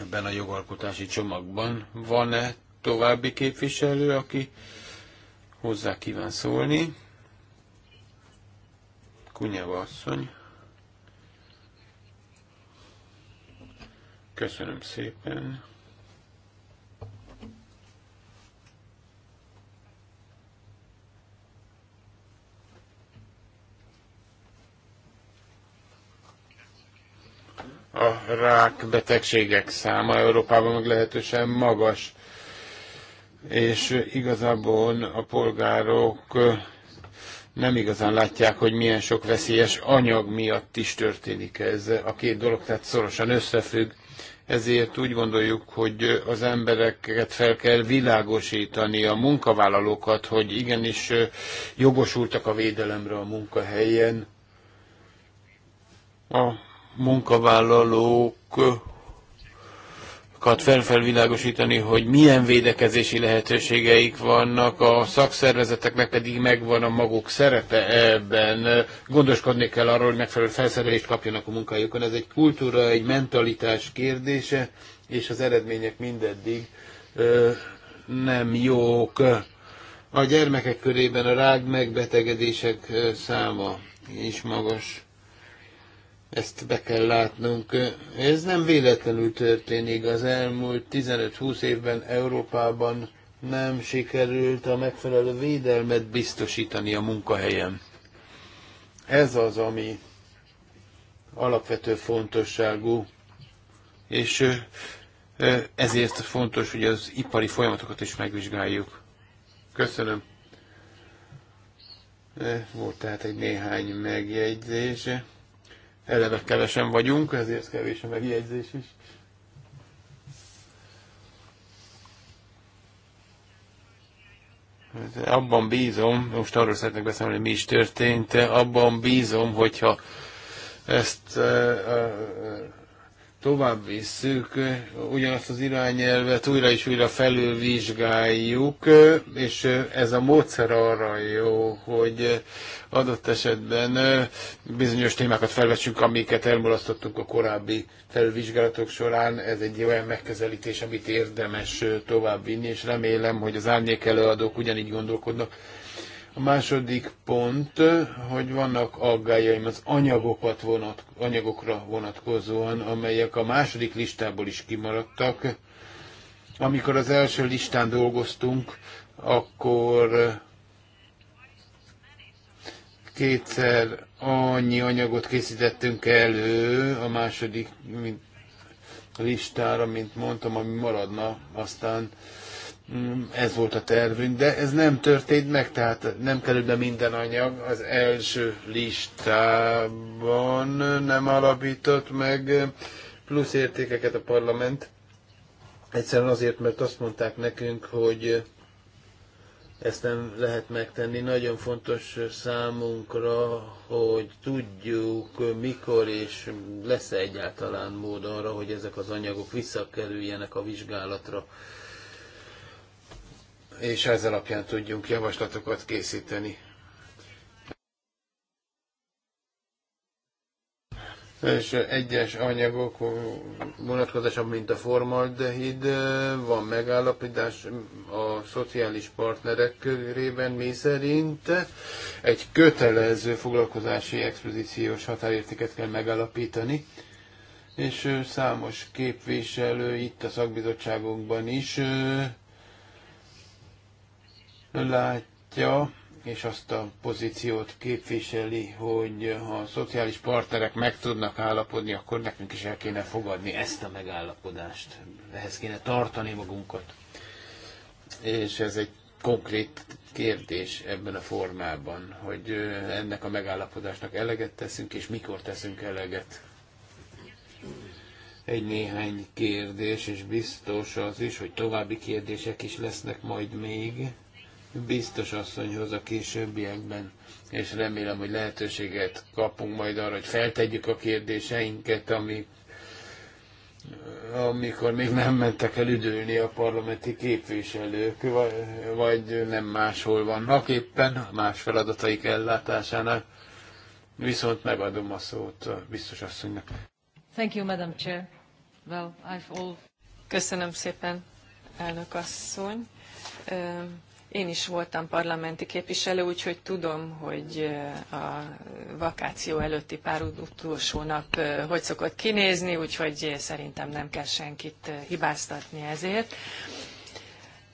Ebben a jogalkotási csomagban van-e további képviselő, aki hozzá kíván szólni. Kunyava asszony. Köszönöm szépen. A rák betegségek száma Európában meglehetősen magas és igazából a polgárok nem igazán látják, hogy milyen sok veszélyes anyag miatt is történik ez. A két dolog tehát szorosan összefügg, ezért úgy gondoljuk, hogy az embereket fel kell világosítani, a munkavállalókat, hogy igenis jogosultak a védelemre a munkahelyen. A munkavállalók kollégákat fel hogy milyen védekezési lehetőségeik vannak, a szakszervezeteknek pedig megvan a maguk szerepe ebben. Gondoskodni kell arról, hogy megfelelő felszerelést kapjanak a munkájukon. Ez egy kultúra, egy mentalitás kérdése, és az eredmények mindeddig ö, nem jók. A gyermekek körében a rág megbetegedések száma is magas ezt be kell látnunk. Ez nem véletlenül történik. Az elmúlt 15-20 évben Európában nem sikerült a megfelelő védelmet biztosítani a munkahelyen. Ez az, ami alapvető fontosságú, és ezért fontos, hogy az ipari folyamatokat is megvizsgáljuk. Köszönöm. Volt tehát egy néhány megjegyzése eleve kevesen vagyunk, ezért kevés a megjegyzés is. Abban bízom, most arról szeretnék beszélni, hogy mi is történt, abban bízom, hogyha ezt eh, eh, tovább visszük, ugyanazt az irányelvet újra és újra felülvizsgáljuk, és ez a módszer arra jó, hogy adott esetben bizonyos témákat felvessünk, amiket elmulasztottunk a korábbi felülvizsgálatok során. Ez egy olyan megközelítés, amit érdemes tovább vinni és remélem, hogy az árnyék előadók ugyanígy gondolkodnak a második pont, hogy vannak aggájaim az anyagokat vonat, anyagokra vonatkozóan, amelyek a második listából is kimaradtak. Amikor az első listán dolgoztunk, akkor kétszer annyi anyagot készítettünk elő a második listára, mint mondtam, ami maradna. Aztán Mm, ez volt a tervünk, de ez nem történt meg, tehát nem került be minden anyag. Az első listában nem alapított meg plusz értékeket a parlament. Egyszerűen azért, mert azt mondták nekünk, hogy ezt nem lehet megtenni. Nagyon fontos számunkra, hogy tudjuk, mikor és lesz -e egyáltalán mód arra, hogy ezek az anyagok visszakerüljenek a vizsgálatra és ez alapján tudjunk javaslatokat készíteni. és egyes anyagok vonatkozásában mint a formaldehid, van megállapítás a szociális partnerek körében, mi szerint egy kötelező foglalkozási expozíciós határértéket kell megállapítani, és számos képviselő itt a szakbizottságunkban is látja, és azt a pozíciót képviseli, hogy ha a szociális partnerek meg tudnak állapodni, akkor nekünk is el kéne fogadni ezt a megállapodást. Ehhez kéne tartani magunkat. És ez egy konkrét kérdés ebben a formában, hogy ennek a megállapodásnak eleget teszünk, és mikor teszünk eleget. Egy néhány kérdés, és biztos az is, hogy további kérdések is lesznek majd még biztos asszonyhoz a későbbiekben, és remélem, hogy lehetőséget kapunk majd arra, hogy feltegyük a kérdéseinket, ami, amikor még nem mentek el üdülni a parlamenti képviselők, vagy, vagy nem máshol vannak éppen, más feladataik ellátásának. Viszont megadom a szót biztos asszonynak. Thank you, Madam Chair. Well, I've all... Köszönöm szépen, elnök asszony. Én is voltam parlamenti képviselő, úgyhogy tudom, hogy eh, a vakáció előtti pár utolsó nap eh, hogy szokott kinézni, úgyhogy szerintem nem kell senkit eh, hibáztatni ezért.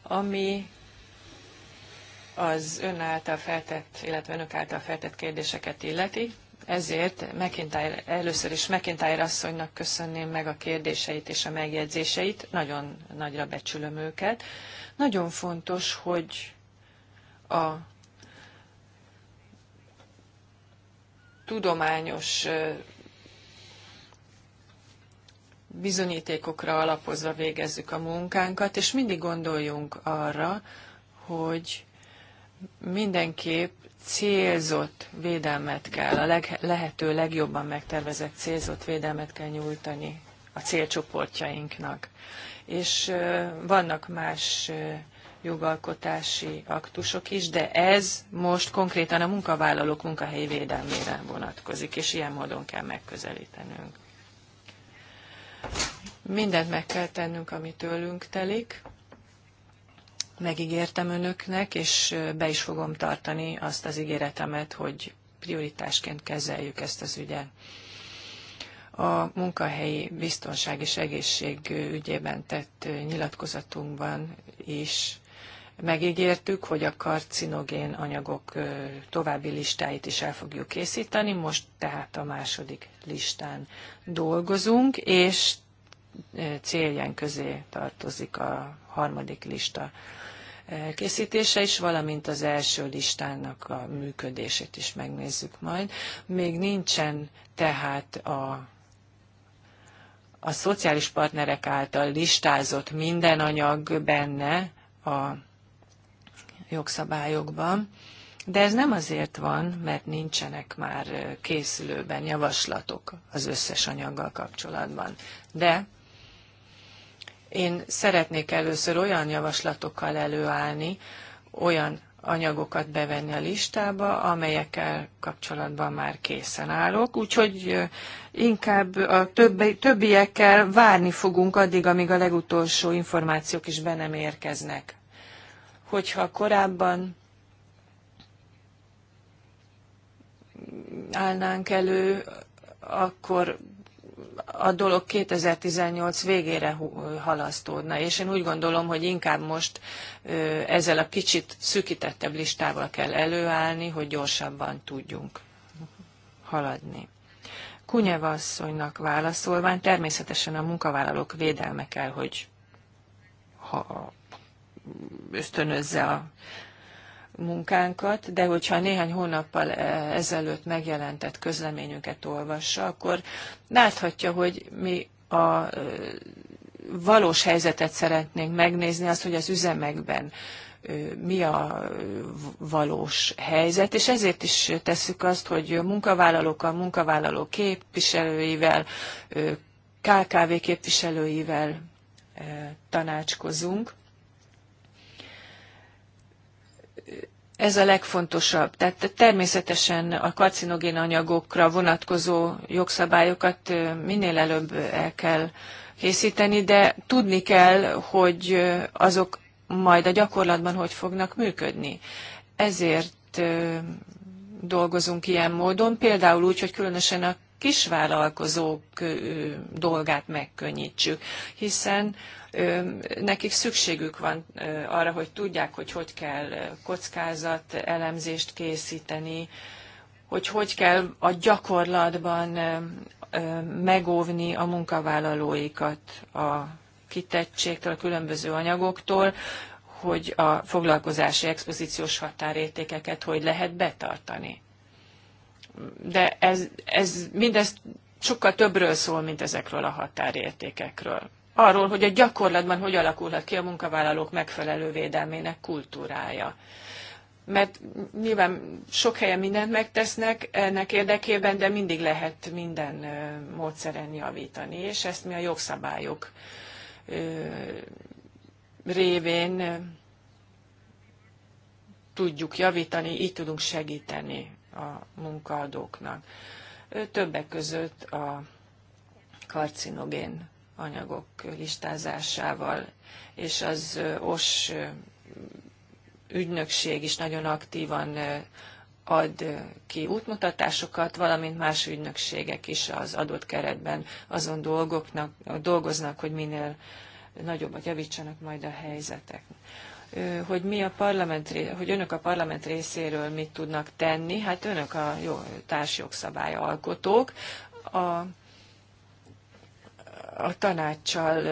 Ami az ön által feltett, illetve önök által feltett kérdéseket illeti, ezért McIntyre, először is McIntyre asszonynak köszönném meg a kérdéseit és a megjegyzéseit. Nagyon nagyra becsülöm őket. Nagyon fontos, hogy a tudományos bizonyítékokra alapozva végezzük a munkánkat, és mindig gondoljunk arra, hogy mindenképp célzott védelmet kell, a leg, lehető legjobban megtervezett célzott védelmet kell nyújtani a célcsoportjainknak. És vannak más jogalkotási aktusok is, de ez most konkrétan a munkavállalók munkahelyi védelmére vonatkozik, és ilyen módon kell megközelítenünk. Mindent meg kell tennünk, ami tőlünk telik, megígértem önöknek, és be is fogom tartani azt az ígéretemet, hogy prioritásként kezeljük ezt az ügyet. A munkahelyi biztonság és egészség ügyében tett nyilatkozatunkban is megígértük, hogy a karcinogén anyagok további listáit is el fogjuk készíteni, most tehát a második listán dolgozunk, és céljen közé tartozik a harmadik lista készítése is, valamint az első listának a működését is megnézzük majd. Még nincsen tehát a a szociális partnerek által listázott minden anyag benne a jogszabályokban, de ez nem azért van, mert nincsenek már készülőben javaslatok az összes anyaggal kapcsolatban. De én szeretnék először olyan javaslatokkal előállni, olyan anyagokat bevenni a listába, amelyekkel kapcsolatban már készen állok. Úgyhogy inkább a többi, többiekkel várni fogunk addig, amíg a legutolsó információk is be nem érkeznek. Hogyha korábban állnánk elő, akkor a dolog 2018 végére halasztódna, és én úgy gondolom, hogy inkább most ezzel a kicsit szűkítettebb listával kell előállni, hogy gyorsabban tudjunk haladni. Kunyevasszonynak válaszolván természetesen a munkavállalók védelme kell, hogy ha ösztönözze a munkánkat, de hogyha néhány hónappal eh, ezelőtt megjelentett közleményünket olvassa, akkor láthatja, hogy mi a eh, valós helyzetet szeretnénk megnézni, azt, hogy az üzemekben eh, mi a valós helyzet, és ezért is tesszük azt, hogy munkavállalókkal, munkavállaló képviselőivel, KKV képviselőivel tanácskozunk, ez a legfontosabb. Tehát természetesen a karcinogén anyagokra vonatkozó jogszabályokat minél előbb el kell készíteni, de tudni kell, hogy azok majd a gyakorlatban hogy fognak működni. Ezért dolgozunk ilyen módon, például úgy, hogy különösen a kisvállalkozók dolgát megkönnyítsük, hiszen nekik szükségük van arra, hogy tudják, hogy hogy kell kockázat elemzést készíteni, hogy hogy kell a gyakorlatban megóvni a munkavállalóikat a kitettségtől, a különböző anyagoktól, hogy a foglalkozási expozíciós határértékeket hogy lehet betartani. De ez, ez mindez sokkal többről szól, mint ezekről a határértékekről arról, hogy a gyakorlatban hogy alakulhat ki a munkavállalók megfelelő védelmének kultúrája mert nyilván sok helyen mindent megtesznek ennek érdekében, de mindig lehet minden módszeren javítani, és ezt mi a jogszabályok révén tudjuk javítani, így tudunk segíteni a munkaadóknak. Többek között a karcinogén anyagok listázásával, és az OS ügynökség is nagyon aktívan ad ki útmutatásokat, valamint más ügynökségek is az adott keretben azon dolgoknak, dolgoznak, hogy minél nagyobbat javítsanak majd a helyzetek. Hogy, mi a parlament, hogy önök a parlament részéről mit tudnak tenni, hát önök a jó, társjogszabály alkotók. A a tanácssal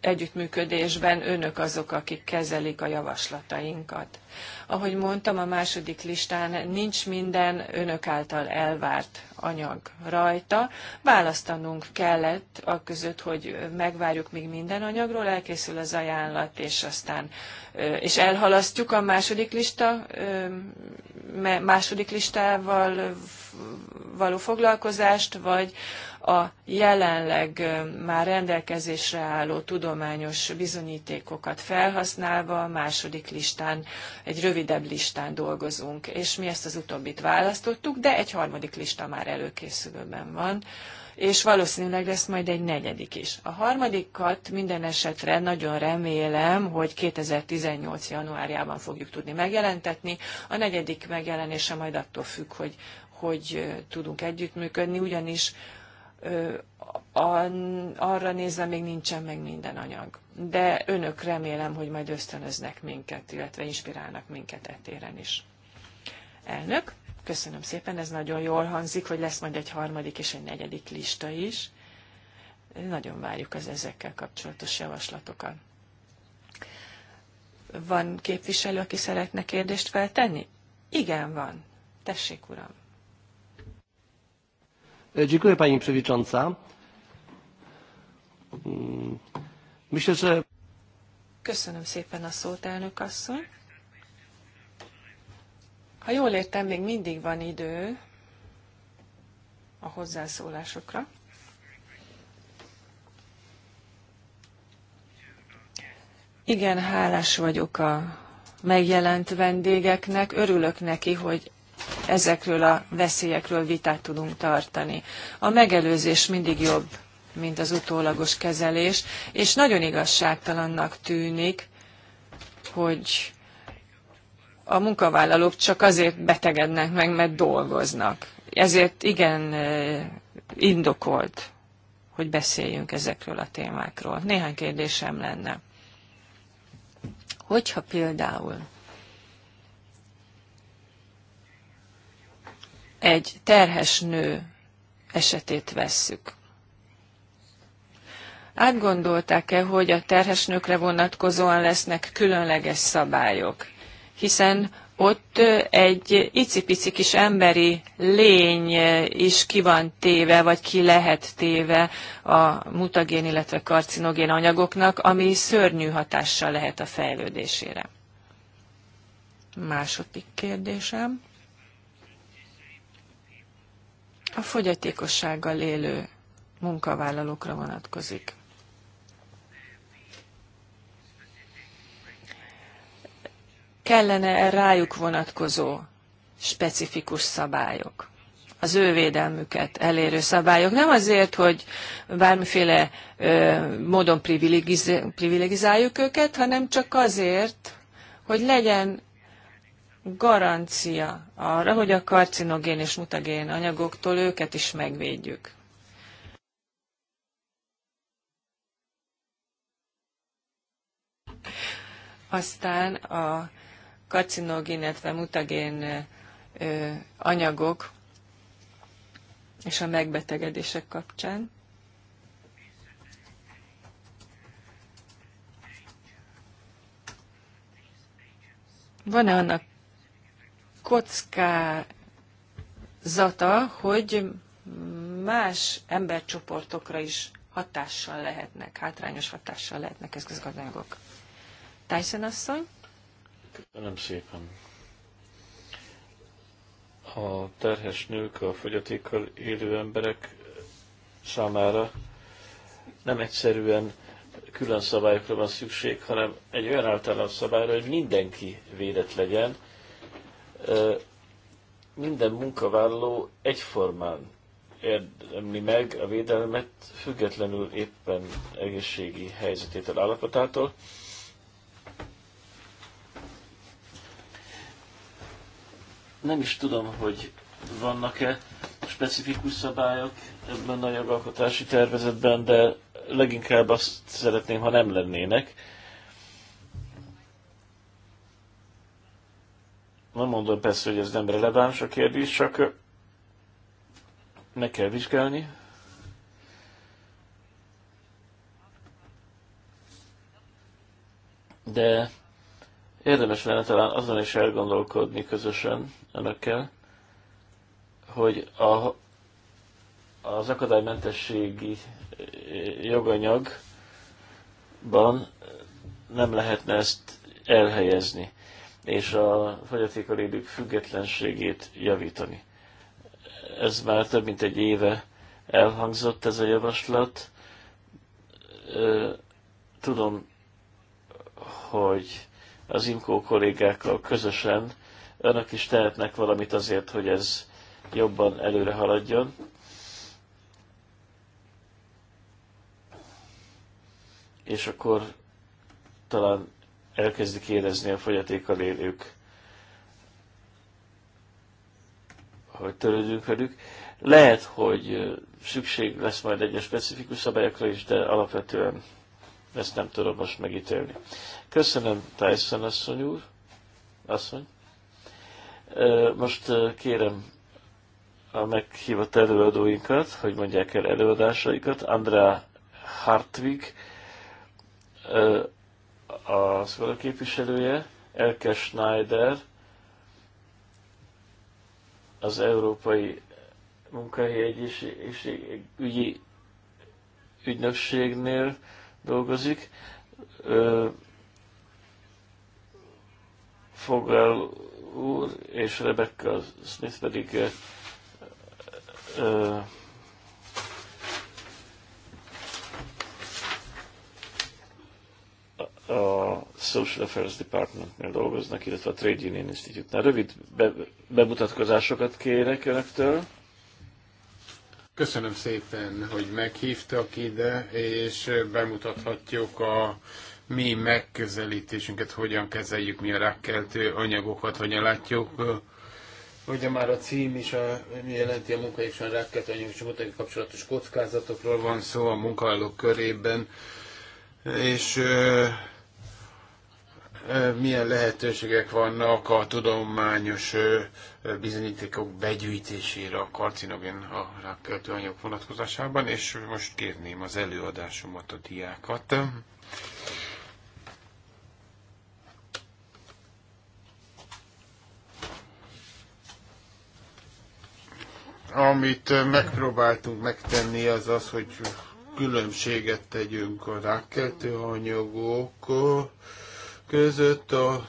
együttműködésben önök azok, akik kezelik a javaslatainkat. Ahogy mondtam, a második listán nincs minden önök által elvárt anyag rajta. Választanunk kellett a között, hogy megvárjuk, míg minden anyagról elkészül az ajánlat, és aztán és elhalasztjuk a második lista, második listával való foglalkozást, vagy a jelenleg már rendelkezésre álló tudományos bizonyítékokat felhasználva a második listán, egy rövidebb listán dolgozunk, és mi ezt az utóbbit választottuk, de egy harmadik lista már előkészülőben van és valószínűleg lesz majd egy negyedik is. A harmadikat minden esetre nagyon remélem, hogy 2018. januárjában fogjuk tudni megjelentetni. A negyedik megjelenése majd attól függ, hogy, hogy tudunk együttműködni, ugyanis arra nézve még nincsen meg minden anyag. De önök remélem, hogy majd ösztönöznek minket, illetve inspirálnak minket etéren is. Elnök, köszönöm szépen, ez nagyon jól hangzik, hogy lesz majd egy harmadik és egy negyedik lista is. Nagyon várjuk az ezekkel kapcsolatos javaslatokat. Van képviselő, aki szeretne kérdést feltenni? Igen, van. Tessék, uram. E, dziękuję Pani Przewodnicząca. Mm, myślę, że... Köszönöm szépen a szót, elnök asszony. Ha jól értem, még mindig van idő a hozzászólásokra. Igen, hálás vagyok a megjelent vendégeknek. Örülök neki, hogy ezekről a veszélyekről vitát tudunk tartani. A megelőzés mindig jobb, mint az utólagos kezelés, és nagyon igazságtalannak tűnik, hogy a munkavállalók csak azért betegednek meg, mert dolgoznak. Ezért igen indokolt, hogy beszéljünk ezekről a témákról. Néhány kérdésem lenne. Hogyha például egy terhes nő esetét vesszük. Átgondolták-e, hogy a terhes nőkre vonatkozóan lesznek különleges szabályok? Hiszen ott egy icipici kis emberi lény is ki van téve, vagy ki lehet téve a mutagén, illetve karcinogén anyagoknak, ami szörnyű hatással lehet a fejlődésére. Második kérdésem. a fogyatékossággal élő munkavállalókra vonatkozik. Kellene -e rájuk vonatkozó specifikus szabályok? az ő védelmüket elérő szabályok. Nem azért, hogy bármiféle ö, módon privilegizáljuk őket, hanem csak azért, hogy legyen garancia arra, hogy a karcinogén és mutagén anyagoktól őket is megvédjük. Aztán a karcinogén, illetve mutagén anyagok és a megbetegedések kapcsán. Van-e annak kockázata, hogy más embercsoportokra is hatással lehetnek, hátrányos hatással lehetnek ezek az anyagok. Tyson asszony? Köszönöm szépen. A terhes nők, a fogyatékkal élő emberek számára nem egyszerűen külön szabályokra van szükség, hanem egy olyan általános szabályra, hogy mindenki védett legyen, minden munkavállaló egyformán érdemli meg a védelmet, függetlenül éppen egészségi helyzetétől, állapotától. Nem is tudom, hogy vannak-e specifikus szabályok ebben a jogalkotási tervezetben, de leginkább azt szeretném, ha nem lennének nem mondom persze, hogy ez nem releváns a kérdés, csak meg kell vizsgálni. De érdemes lenne talán azon is elgondolkodni közösen önökkel, hogy a, az akadálymentességi joganyagban nem lehetne ezt elhelyezni és a fogyatékkal élők függetlenségét javítani. Ez már több mint egy éve elhangzott ez a javaslat. Tudom, hogy az IMKO kollégákkal közösen önök is tehetnek valamit azért, hogy ez jobban előre haladjon. És akkor talán elkezdik érezni a fogyatékkal élők, hogy törődünk velük. Lehet, hogy szükség lesz majd egyes specifikus szabályokra is, de alapvetően ezt nem tudom most megítélni. Köszönöm, Tyson asszony úr. Asszony. Most kérem a meghívott előadóinkat, hogy mondják el előadásaikat. Andrea Hartwig, a Szöve képviselője, Elke Schneider, az Európai Munkahelyegészségügyi ügyi ügynökségnél dolgozik. Fogel úr és Rebecca Smith pedig ö, a Social Affairs Departmentnél dolgoznak, illetve a Trade Union Institute-nál. Rövid be- bemutatkozásokat kérek Önöktől. Köszönöm szépen, hogy meghívtak ide, és bemutathatjuk a mi megközelítésünket, hogyan kezeljük mi a rákkeltő anyagokat, hogyan látjuk. Ugye már a cím is a, jelenti a munka és a rákkeltő anyagok és a kapcsolatos kockázatokról van szó a munkahelyek körében, és milyen lehetőségek vannak a tudományos bizonyítékok begyűjtésére a karcinogén a rákkeltő anyagok vonatkozásában, és most kérném az előadásomat a diákat. Amit megpróbáltunk megtenni az az, hogy különbséget tegyünk a rákkeltő anyagok, között a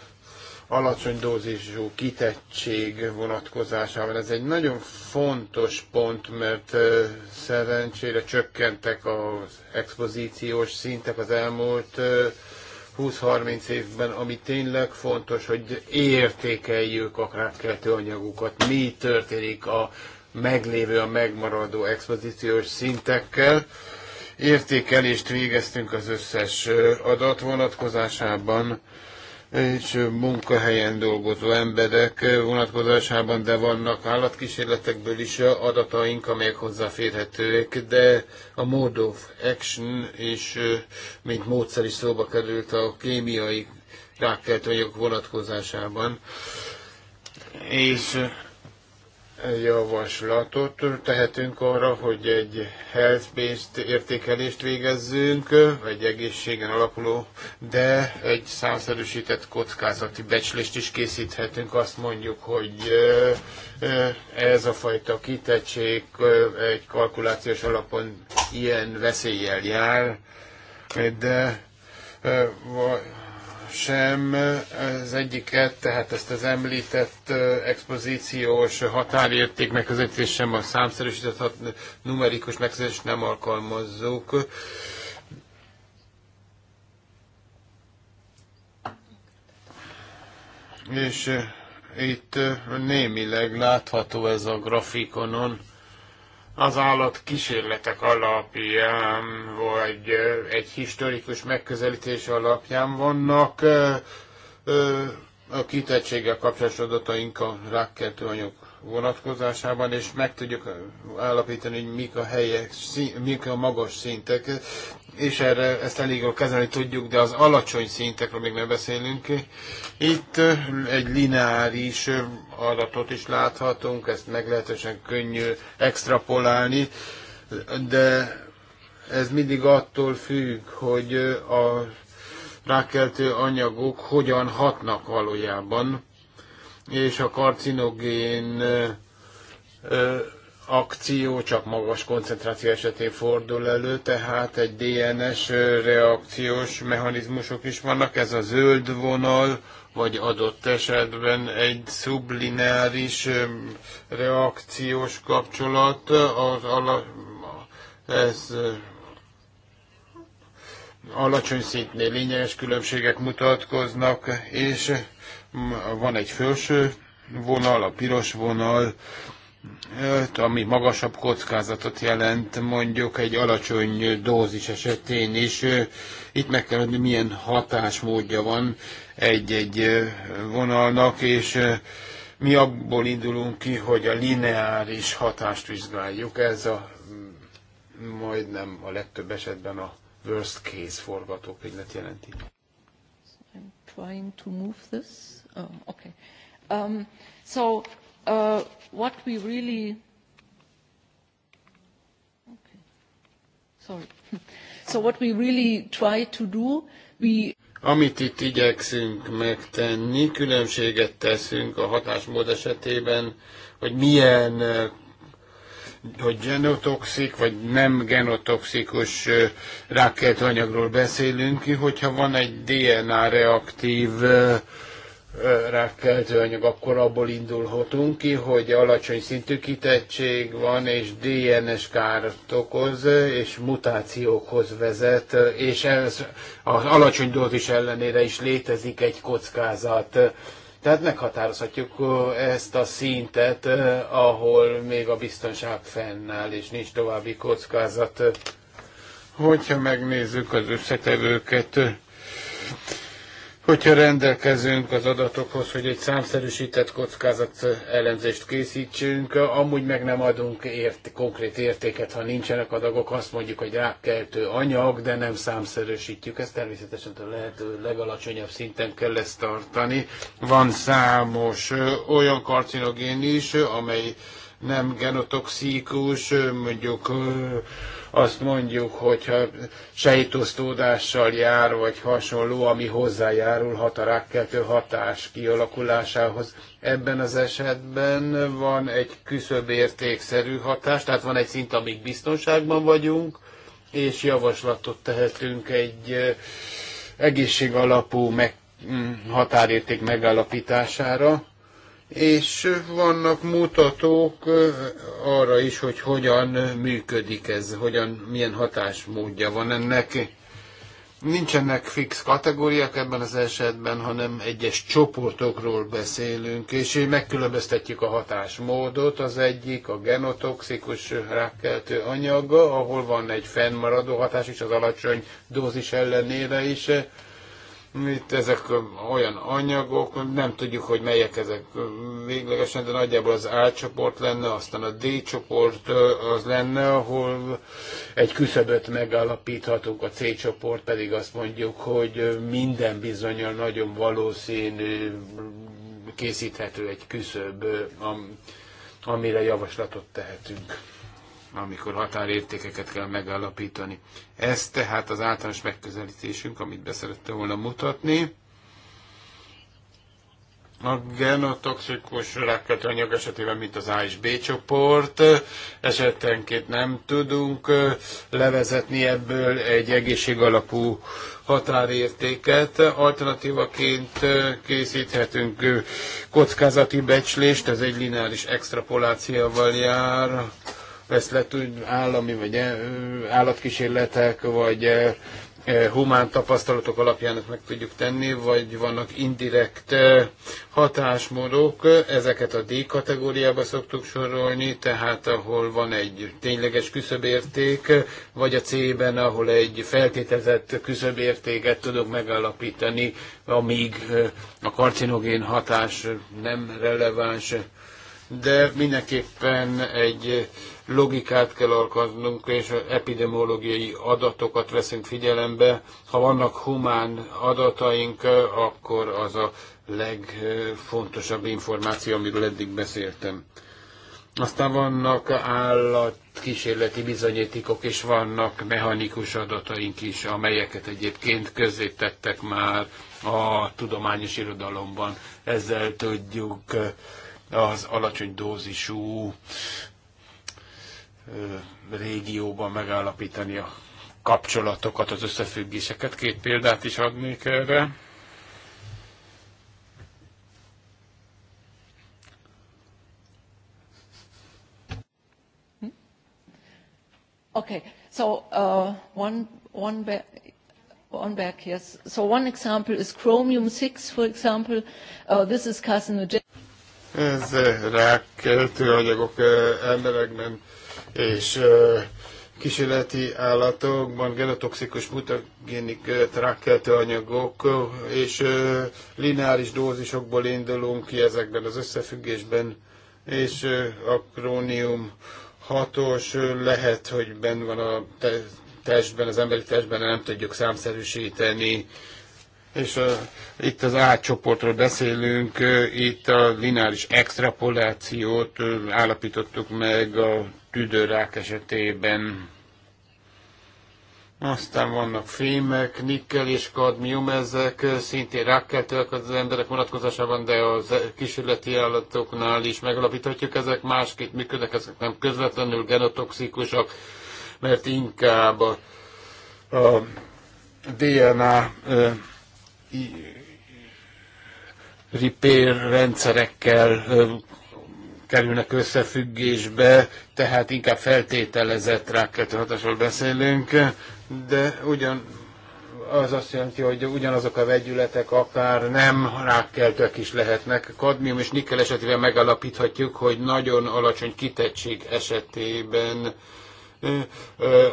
alacsony dózisú kitettség vonatkozásával. Ez egy nagyon fontos pont, mert szerencsére csökkentek az expozíciós szintek az elmúlt 20-30 évben, ami tényleg fontos, hogy értékeljük a rákkeltő anyagukat, mi történik a meglévő, a megmaradó expozíciós szintekkel értékelést végeztünk az összes adat vonatkozásában, és munkahelyen dolgozó emberek vonatkozásában, de vannak állatkísérletekből is adataink, amelyek hozzáférhetőek, de a mode of action és mint módszer is szóba került a kémiai rákkeltőanyagok vonatkozásában. És javaslatot tehetünk arra, hogy egy health-based értékelést végezzünk, egy egészségen alapuló, de egy számszerűsített kockázati becslést is készíthetünk. Azt mondjuk, hogy ez a fajta kitettség egy kalkulációs alapon ilyen veszéllyel jár, de sem az egyiket, tehát ezt az említett expozíciós határérték megközelítés sem a számszerűsített hat, numerikus megközelítést nem alkalmazzuk. És itt némileg látható ez a grafikonon az állat kísérletek alapján, vagy egy historikus megközelítés alapján vannak a kitettséggel kapcsolatos adataink rákkeltő anyagok vonatkozásában, és meg tudjuk állapítani, hogy mik a helyek, mik a magas szintek, és erre ezt elég jól kezelni tudjuk, de az alacsony szintekről még nem beszélünk. Itt egy lineáris adatot is láthatunk, ezt meglehetősen könnyű extrapolálni, de ez mindig attól függ, hogy a rákeltő anyagok hogyan hatnak valójában és a karcinogén akció csak magas koncentráció esetén fordul elő, tehát egy DNS reakciós mechanizmusok is vannak, ez a zöld vonal, vagy adott esetben egy szublináris reakciós kapcsolat, az ala, ez alacsony szintnél lényeges különbségek mutatkoznak, és van egy felső vonal, a piros vonal, ami magasabb kockázatot jelent, mondjuk egy alacsony dózis esetén is. Itt meg kell adni, milyen hatásmódja van egy-egy vonalnak, és mi abból indulunk ki, hogy a lineáris hatást vizsgáljuk. Ez a majdnem a legtöbb esetben a worst case forgatókönyvet jelenti. I'm trying to move this. Oh, okay. Um, so uh, what we really okay. Sorry. [LAUGHS] So what we really try to do, we amit itt igyekszünk megtenni, különbséget teszünk a hatásmód esetében, hogy milyen hogy genotoxik, vagy nem genotoxikus rákkeltő anyagról beszélünk, hogyha van egy DNA reaktív rákkeltő anyag, akkor abból indulhatunk ki, hogy alacsony szintű kitettség van, és DNS kárt okoz, és mutációkhoz vezet, és ez az alacsony dózis ellenére is létezik egy kockázat. Tehát meghatározhatjuk ezt a szintet, ahol még a biztonság fennáll, és nincs további kockázat. Hogyha megnézzük az összetevőket, hogyha rendelkezünk az adatokhoz, hogy egy számszerűsített kockázat elemzést készítsünk, amúgy meg nem adunk ért, konkrét értéket, ha nincsenek adagok, azt mondjuk, hogy rákkeltő anyag, de nem számszerűsítjük. Ezt természetesen a lehető legalacsonyabb szinten kell ezt tartani. Van számos olyan karcinogén is, amely nem genotoxikus, mondjuk azt mondjuk, hogyha sejtosztódással jár, vagy hasonló, ami hozzájárulhat a rákkeltő hatás kialakulásához. Ebben az esetben van egy küszöbértékszerű hatás, tehát van egy szint, amíg biztonságban vagyunk, és javaslatot tehetünk egy alapú meg, mm, határérték megállapítására, és vannak mutatók arra is, hogy hogyan működik ez, hogyan, milyen hatásmódja van ennek. Nincsenek fix kategóriák ebben az esetben, hanem egyes csoportokról beszélünk, és megkülönböztetjük a hatásmódot. Az egyik a genotoxikus rákkeltő anyaga, ahol van egy fennmaradó hatás is az alacsony dózis ellenére is, itt ezek olyan anyagok, nem tudjuk, hogy melyek ezek véglegesen, de nagyjából az A csoport lenne, aztán a D csoport az lenne, ahol egy küszöböt megállapíthatunk, a C csoport pedig azt mondjuk, hogy minden bizonyal nagyon valószínű készíthető egy küszöb, amire javaslatot tehetünk amikor határértékeket kell megállapítani. Ez tehát az általános megközelítésünk, amit beszerettem volna mutatni. A genotoxikus rákkötőanyag esetében, mint az A és B csoport, esetenként nem tudunk levezetni ebből egy egészségalapú határértéket. Alternatívaként készíthetünk kockázati becslést, ez egy lineáris extrapolációval jár ezt le állami vagy eh, állatkísérletek, vagy eh, eh, humán tapasztalatok alapján meg tudjuk tenni, vagy vannak indirekt hatásmódok, ezeket a D kategóriába szoktuk sorolni, tehát ahol van egy tényleges küszöbérték, vagy a C-ben, ahol egy feltételezett küszöbértéket tudok megállapítani, amíg a karcinogén hatás nem releváns de mindenképpen egy logikát kell alkalmaznunk, és epidemiológiai adatokat veszünk figyelembe. Ha vannak humán adataink, akkor az a legfontosabb információ, amiről eddig beszéltem. Aztán vannak állatkísérleti bizonyítékok, és vannak mechanikus adataink is, amelyeket egyébként közzé tettek már a tudományos irodalomban. Ezzel tudjuk az alacsony dózisú régióban megállapítani a kapcsolatokat, az összefüggéseket. Két példát is adnék erre. Okay. So, uh, one, one back, one back, yes. So one example is chromium-6, for example. Uh, this is carcinogenic. Ez eh, rákkeltő anyagok eh, emberekben és kísérleti állatokban genotoxikus mutagénik trákkeltő anyagok, és lineáris dózisokból indulunk ki ezekben az összefüggésben, és a krónium os lehet, hogy benn van a testben, az emberi testben, nem tudjuk számszerűsíteni, és a, itt az A csoportról beszélünk, itt a lineáris extrapolációt állapítottuk meg a tüdőrák esetében. Aztán vannak fémek, nikkel és kadmium, ezek szintén rákkeltőek az emberek vonatkozásában, de a kísérleti állatoknál is megalapíthatjuk, ezek másképp működnek, ezek nem közvetlenül genotoxikusak, mert inkább a, a DNA e, repair rendszerekkel kerülnek összefüggésbe, tehát inkább feltételezett Rákkeltő hatásról beszélünk, de ugyan az azt jelenti, hogy ugyanazok a vegyületek akár nem rákkeltőek is lehetnek. Kadmium és nikkel esetében megalapíthatjuk, hogy nagyon alacsony kitettség esetében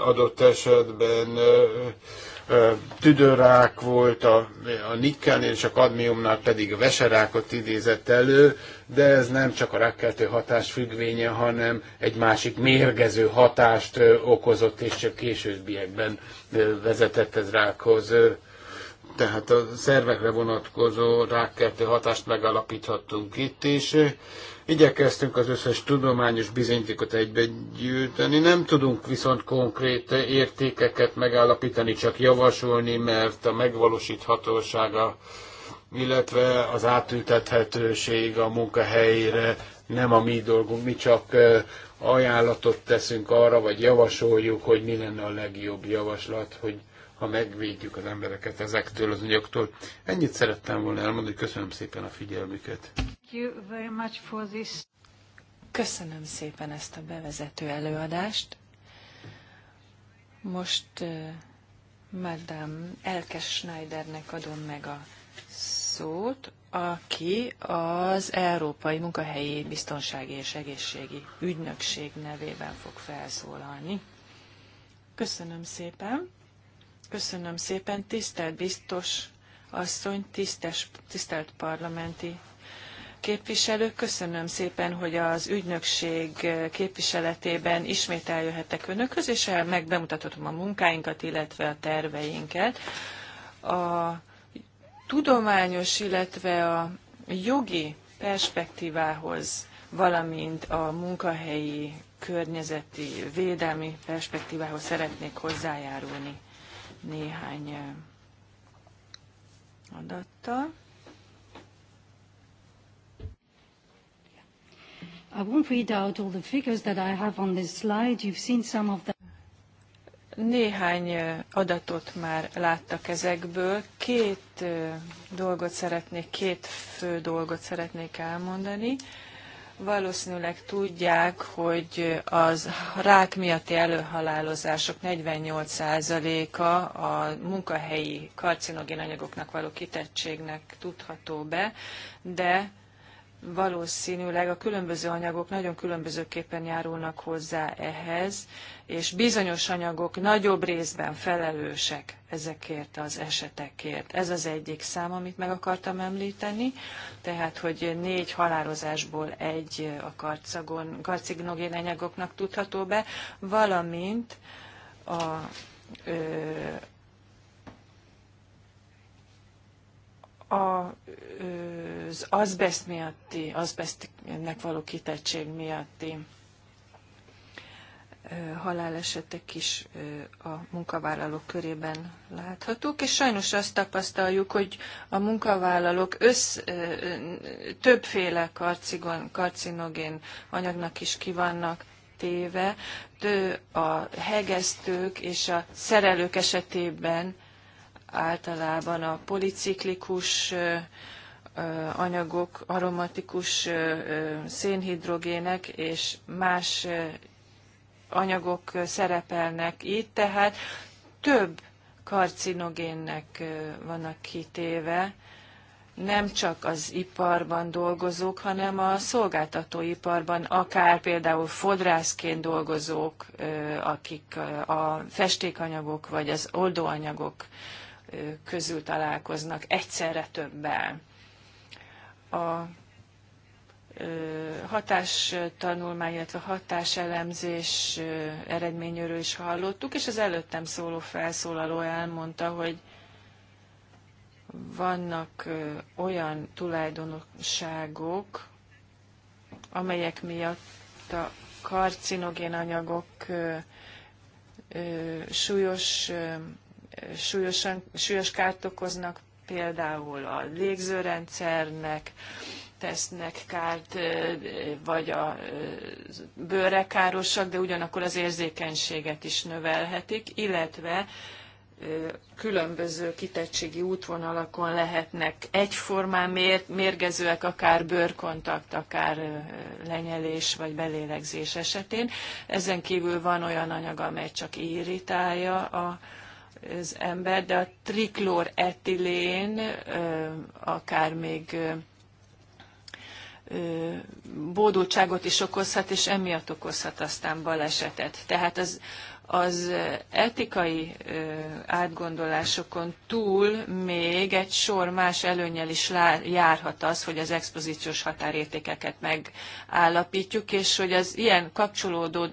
adott esetben tüdőrák volt, a, a nikkelnél és a kadmiumnál pedig a veserákot idézett elő, de ez nem csak a rákkeltő hatás függvénye, hanem egy másik mérgező hatást okozott, és csak későbbiekben vezetett ez rákhoz tehát a szervekre vonatkozó rákkeltő hatást megalapíthattunk itt, és igyekeztünk az összes tudományos bizonyítékot egybe gyűjteni. Nem tudunk viszont konkrét értékeket megállapítani, csak javasolni, mert a megvalósíthatósága, illetve az átültethetőség a munkahelyére nem a mi dolgunk, mi csak ajánlatot teszünk arra, vagy javasoljuk, hogy mi lenne a legjobb javaslat, hogy ha megvédjük az embereket ezektől az anyagtól. Ennyit szerettem volna elmondani, köszönöm szépen a figyelmüket. Köszönöm szépen ezt a bevezető előadást. Most uh, Madame Elke Schneidernek adom meg a szót, aki az Európai Munkahelyi Biztonsági és Egészségi Ügynökség nevében fog felszólalni. Köszönöm szépen! Köszönöm szépen, tisztelt biztos asszony, tisztes, tisztelt parlamenti képviselők, köszönöm szépen, hogy az ügynökség képviseletében ismét eljöhettek önökhöz, és megbemutathatom a munkáinkat, illetve a terveinket. A tudományos, illetve a jogi perspektívához, valamint a munkahelyi környezeti védelmi perspektívához szeretnék hozzájárulni néhány eh, adattal. I won't read out all the figures that I have on this slide. You've seen some of them. Néhány eh, adatot már láttak ezekből. Két eh, dolgot szeretnék, két fő dolgot szeretnék elmondani valószínűleg tudják, hogy az rák miatti előhalálozások 48%-a a munkahelyi karcinogén anyagoknak való kitettségnek tudható be, de valószínűleg a különböző anyagok nagyon különbözőképpen járulnak hozzá ehhez, és bizonyos anyagok nagyobb részben felelősek ezekért az esetekért. Ez az egyik szám, amit meg akartam említeni, tehát hogy négy halálozásból egy a karcagon, karcinogén anyagoknak tudható be, valamint a, ö, az azbest miatti, azbestnek való kitettség miatti halálesetek is a munkavállalók körében láthatók, és sajnos azt tapasztaljuk, hogy a munkavállalók össz, többféle karcigon, karcinogén anyagnak is kivannak téve, a hegesztők és a szerelők esetében általában a policiklikus anyagok, aromatikus szénhidrogének és más anyagok szerepelnek itt, tehát több karcinogénnek vannak kitéve, nem csak az iparban dolgozók, hanem a szolgáltatóiparban, akár például fodrászként dolgozók, akik a festékanyagok vagy az oldóanyagok közül találkoznak egyszerre többel. A hatástanulmány, illetve hatáselemzés eredményéről is hallottuk, és az előttem szóló felszólaló elmondta, hogy vannak olyan tulajdonságok, amelyek miatt a karcinogén anyagok súlyos súlyosan, súlyos kárt okoznak, például a légzőrendszernek tesznek kárt, vagy a bőre károsak, de ugyanakkor az érzékenységet is növelhetik, illetve különböző kitettségi útvonalakon lehetnek egyformán mérgezőek, akár bőrkontakt, akár lenyelés vagy belélegzés esetén. Ezen kívül van olyan anyag, amely csak irritálja a az ember, de a triklór etilén akár még bódultságot is okozhat, és emiatt okozhat aztán balesetet. Tehát az, az etikai átgondolásokon túl még egy sor más előnyel is járhat az, hogy az expozíciós határértékeket megállapítjuk, és hogy az ilyen kapcsolódó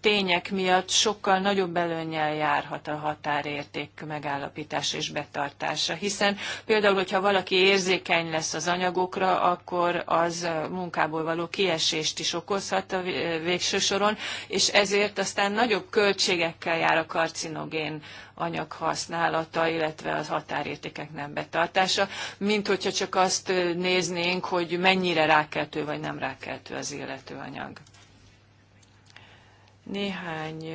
tények miatt sokkal nagyobb előnyel járhat a határérték megállapítása és betartása. Hiszen például, hogyha valaki érzékeny lesz az anyagokra, akkor az munkából való kiesést is okozhat a végső soron, és ezért aztán nagyobb költségekkel jár a karcinogén anyag használata, illetve az határértékek nem betartása, mint hogyha csak azt néznénk, hogy mennyire rákeltő vagy nem rákeltő az illető anyag. Néhány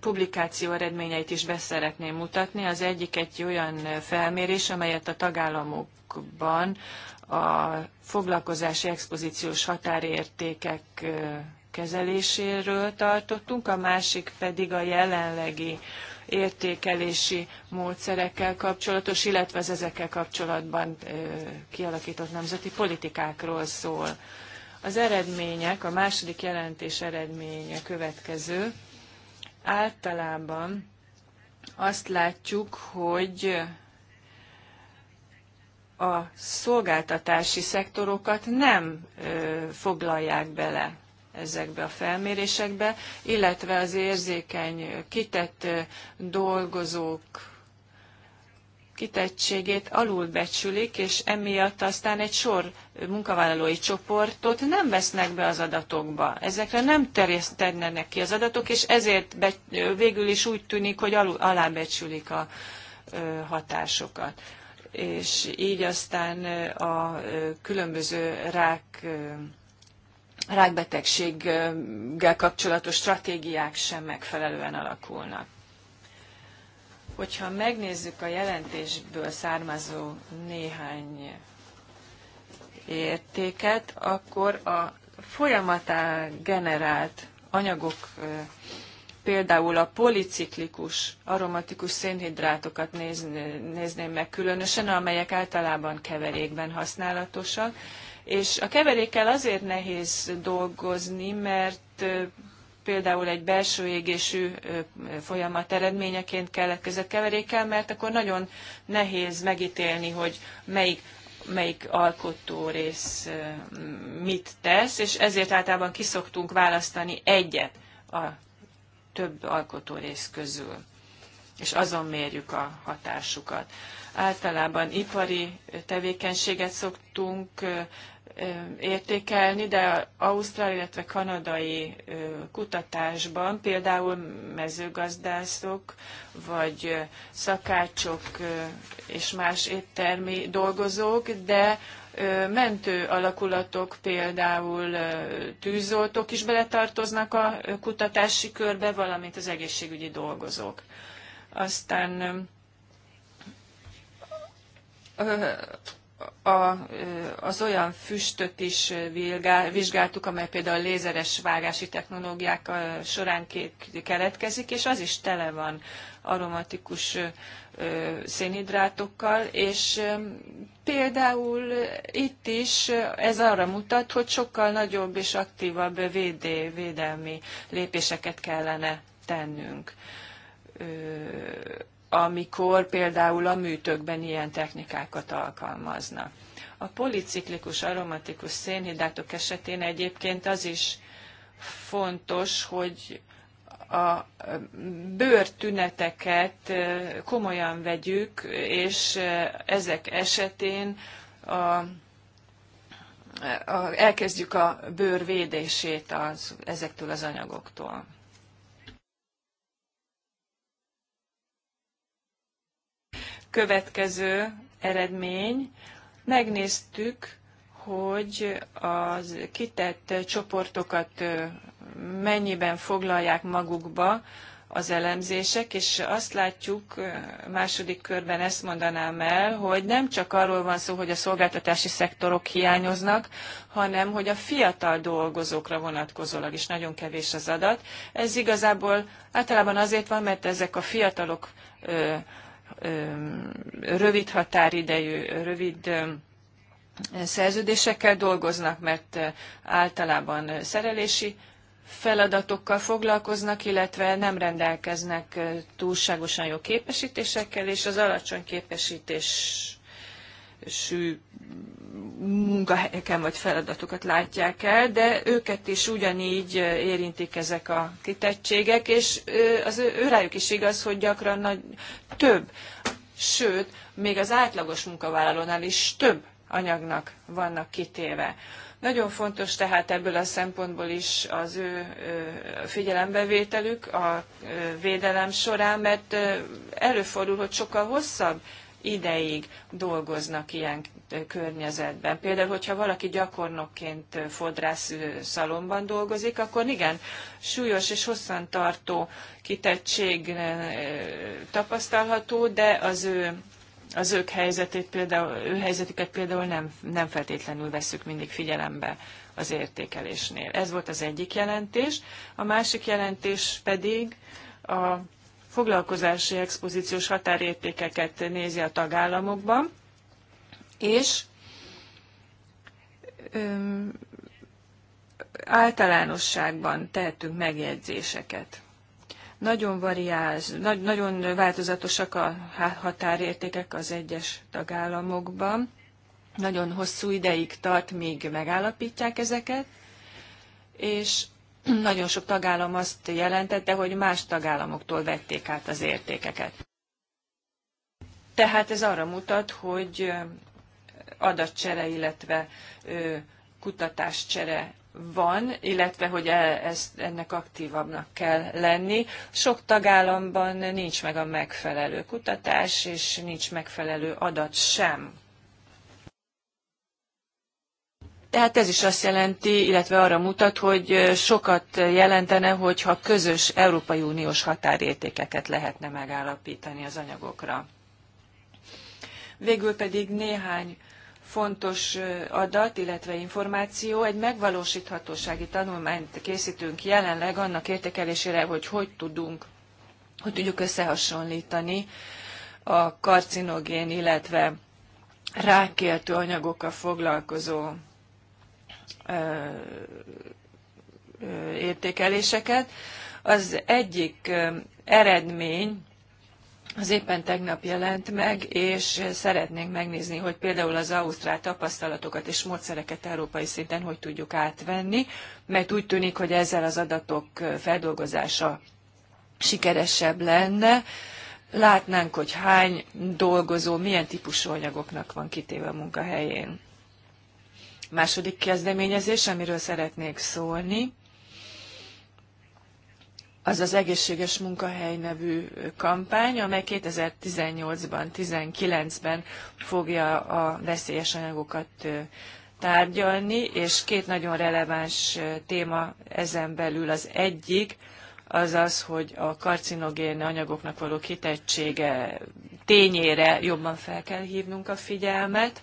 publikáció eredményeit is beszeretném mutatni. Az egyik egy olyan felmérés, amelyet a tagállamokban a foglalkozási expozíciós határértékek kezeléséről tartottunk, a másik pedig a jelenlegi értékelési módszerekkel kapcsolatos, illetve az ezekkel kapcsolatban kialakított nemzeti politikákról szól. Az eredmények, a második jelentés eredménye következő. Általában azt látjuk, hogy a szolgáltatási szektorokat nem foglalják bele ezekbe a felmérésekbe, illetve az érzékeny, kitett dolgozók kitettségét alulbecsülik, és emiatt aztán egy sor munkavállalói csoportot nem vesznek be az adatokba. Ezekre nem terjesztenek ki az adatok, és ezért be, végül is úgy tűnik, hogy alul, alábecsülik a ö, hatásokat. És így aztán a ö, különböző rák ö, rákbetegséggel kapcsolatos stratégiák sem megfelelően alakulnak. Hogyha megnézzük a jelentésből származó néhány értéket, akkor a folyamatá generált anyagok, például a policiklikus aromatikus szénhidrátokat nézném meg különösen, amelyek általában keverékben használatosak, és a keverékkel azért nehéz dolgozni, mert például egy belső égésű folyamat eredményeként keletkezett keverékkel, mert akkor nagyon nehéz megítélni, hogy melyik melyik alkotó rész mit tesz, és ezért általában kiszoktunk választani egyet a több alkotó rész közül, és azon mérjük a hatásukat. Általában ipari tevékenységet szoktunk értékelni, de Ausztrál, illetve kanadai kutatásban például mezőgazdászok, vagy szakácsok és más éttermi dolgozók, de mentő alakulatok, például tűzoltók is beletartoznak a kutatási körbe, valamint az egészségügyi dolgozók. Aztán a, az olyan füstöt is vizsgáltuk, amely például a lézeres vágási technológiák során keletkezik, és az is tele van aromatikus szénhidrátokkal, és például itt is ez arra mutat, hogy sokkal nagyobb és aktívabb védé, védelmi lépéseket kellene tennünk amikor például a műtőkben ilyen technikákat alkalmaznak. A policiklikus aromatikus szénhidrátok esetén egyébként az is fontos, hogy a bőrtüneteket komolyan vegyük, és ezek esetén a, a, elkezdjük a bőr védését az, ezektől az anyagoktól. következő eredmény. Megnéztük, hogy a kitett csoportokat mennyiben foglalják magukba az elemzések, és azt látjuk, második körben ezt mondanám el, hogy nem csak arról van szó, hogy a szolgáltatási szektorok hiányoznak, hanem hogy a fiatal dolgozókra vonatkozólag is nagyon kevés az adat. Ez igazából általában azért van, mert ezek a fiatalok rövid határidejű, rövid szerződésekkel dolgoznak, mert általában szerelési feladatokkal foglalkoznak, illetve nem rendelkeznek túlságosan jó képesítésekkel, és az alacsony képesítés sű munkahelyeken vagy feladatokat látják el, de őket is ugyanígy érintik ezek a kitettségek, és az ő rájuk is igaz, hogy gyakran nagy, több, sőt, még az átlagos munkavállalónál is több anyagnak vannak kitéve. Nagyon fontos tehát ebből a szempontból is az ő figyelembevételük a védelem során, mert előfordul, hogy sokkal hosszabb ideig dolgoznak ilyen környezetben. Például, hogyha valaki gyakornokként fodrász szalomban dolgozik, akkor igen, súlyos és hosszantartó kitettség tapasztalható, de az ő az ők helyzetét például, ő helyzetüket például nem, nem feltétlenül vesszük mindig figyelembe az értékelésnél. Ez volt az egyik jelentés. A másik jelentés pedig a foglalkozási expozíciós határértékeket nézi a tagállamokban, és öm, általánosságban tehetünk megjegyzéseket. Nagyon variáz, nagy, nagyon változatosak a határértékek az egyes tagállamokban. Nagyon hosszú ideig tart, míg megállapítják ezeket, és nagyon sok tagállam azt jelentette, hogy más tagállamoktól vették át az értékeket. Tehát ez arra mutat, hogy adatcsere, illetve kutatáscsere van, illetve hogy e, ezt, ennek aktívabbnak kell lenni. Sok tagállamban nincs meg a megfelelő kutatás, és nincs megfelelő adat sem Tehát ez is azt jelenti, illetve arra mutat, hogy sokat jelentene, hogyha közös Európai Uniós határértékeket lehetne megállapítani az anyagokra. Végül pedig néhány fontos adat, illetve információ. Egy megvalósíthatósági tanulmányt készítünk jelenleg annak értékelésére, hogy hogy tudunk, hogy tudjuk összehasonlítani a karcinogén, illetve rákkeltő anyagokkal foglalkozó értékeléseket. Az egyik eredmény az éppen tegnap jelent meg, és szeretnénk megnézni, hogy például az ausztrál tapasztalatokat és módszereket európai szinten hogy tudjuk átvenni, mert úgy tűnik, hogy ezzel az adatok feldolgozása sikeresebb lenne. Látnánk, hogy hány dolgozó, milyen típusú anyagoknak van kitéve a munkahelyén. Második kezdeményezés, amiről szeretnék szólni, az az Egészséges Munkahely nevű kampány, amely 2018-ban, 19-ben fogja a veszélyes anyagokat tárgyalni, és két nagyon releváns téma ezen belül az egyik, az az, hogy a karcinogén anyagoknak való kitettsége tényére jobban fel kell hívnunk a figyelmet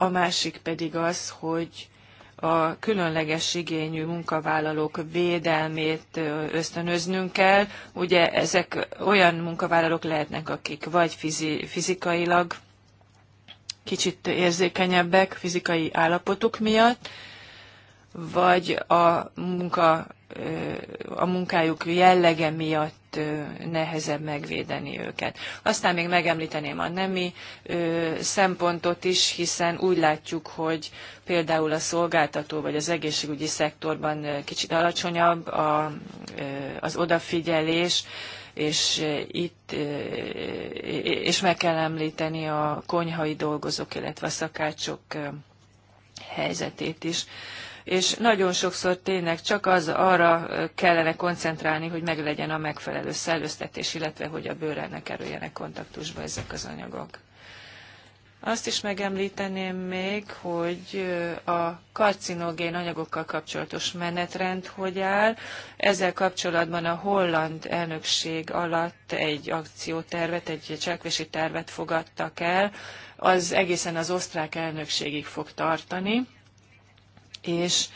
a másik pedig az, hogy a különleges igényű munkavállalók védelmét ösztönöznünk kell. Ugye ezek olyan munkavállalók lehetnek, akik vagy fizi, fizikailag kicsit érzékenyebbek fizikai állapotuk miatt, vagy a munka a munkájuk jellege miatt nehezebb megvédeni őket. Aztán még megemlíteném a nemi szempontot is, hiszen úgy látjuk, hogy például a szolgáltató vagy az egészségügyi szektorban kicsit alacsonyabb a, az odafigyelés, és itt és meg kell említeni a konyhai dolgozók, illetve a szakácsok helyzetét is és nagyon sokszor tényleg csak az arra kellene koncentrálni, hogy meglegyen a megfelelő szellőztetés, illetve hogy a bőrrel ne kerüljenek kontaktusba ezek az anyagok. Azt is megemlíteném még, hogy a karcinogén anyagokkal kapcsolatos menetrend hogy áll. Ezzel kapcsolatban a holland elnökség alatt egy akciótervet, egy cselekvési tervet fogadtak el. Az egészen az osztrák elnökségig fog tartani és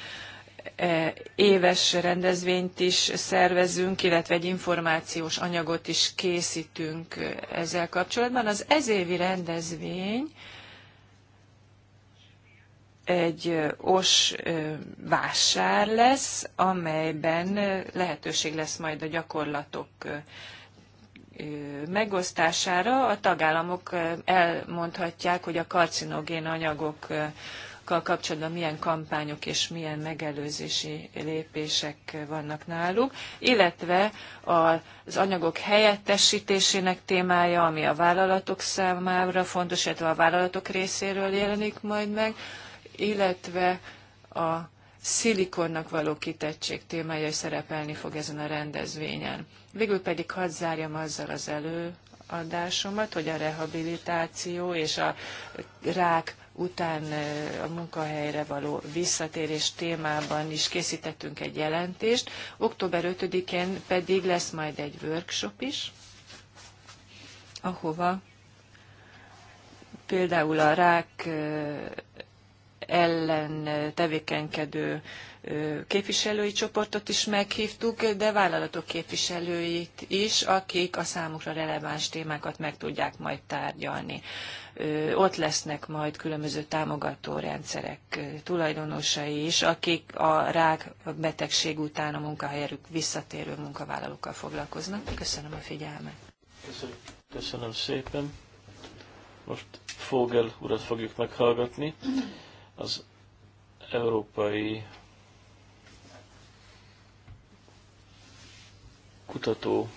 e, éves rendezvényt is szervezünk, illetve egy információs anyagot is készítünk e, ezzel kapcsolatban. Az ezévi rendezvény egy e, os vásár lesz, amelyben lehetőség lesz majd a gyakorlatok megosztására. A tagállamok elmondhatják, hogy a karcinogén anyagok kapcsolatban milyen kampányok és milyen megelőzési lépések vannak náluk, illetve az anyagok helyettesítésének témája, ami a vállalatok számára fontos, illetve a vállalatok részéről jelenik majd meg, illetve a szilikonnak való kitettség témája is szerepelni fog ezen a rendezvényen. Végül pedig hadd zárjam azzal az előadásomat, hogy a rehabilitáció és a rák után a munkahelyre való visszatérés témában is készítettünk egy jelentést. Október 5-én pedig lesz majd egy workshop is, ahova például a rák ellen tevékenykedő képviselői csoportot is meghívtuk, de vállalatok képviselőit is, akik a számukra releváns témákat meg tudják majd tárgyalni. Ott lesznek majd különböző támogató rendszerek tulajdonosai is, akik a rák betegség után a munkahelyerük visszatérő munkavállalókkal foglalkoznak. Köszönöm a figyelmet. Köszönöm, köszönöm szépen. Most Fogel urat fogjuk meghallgatni. Az Európai kutató,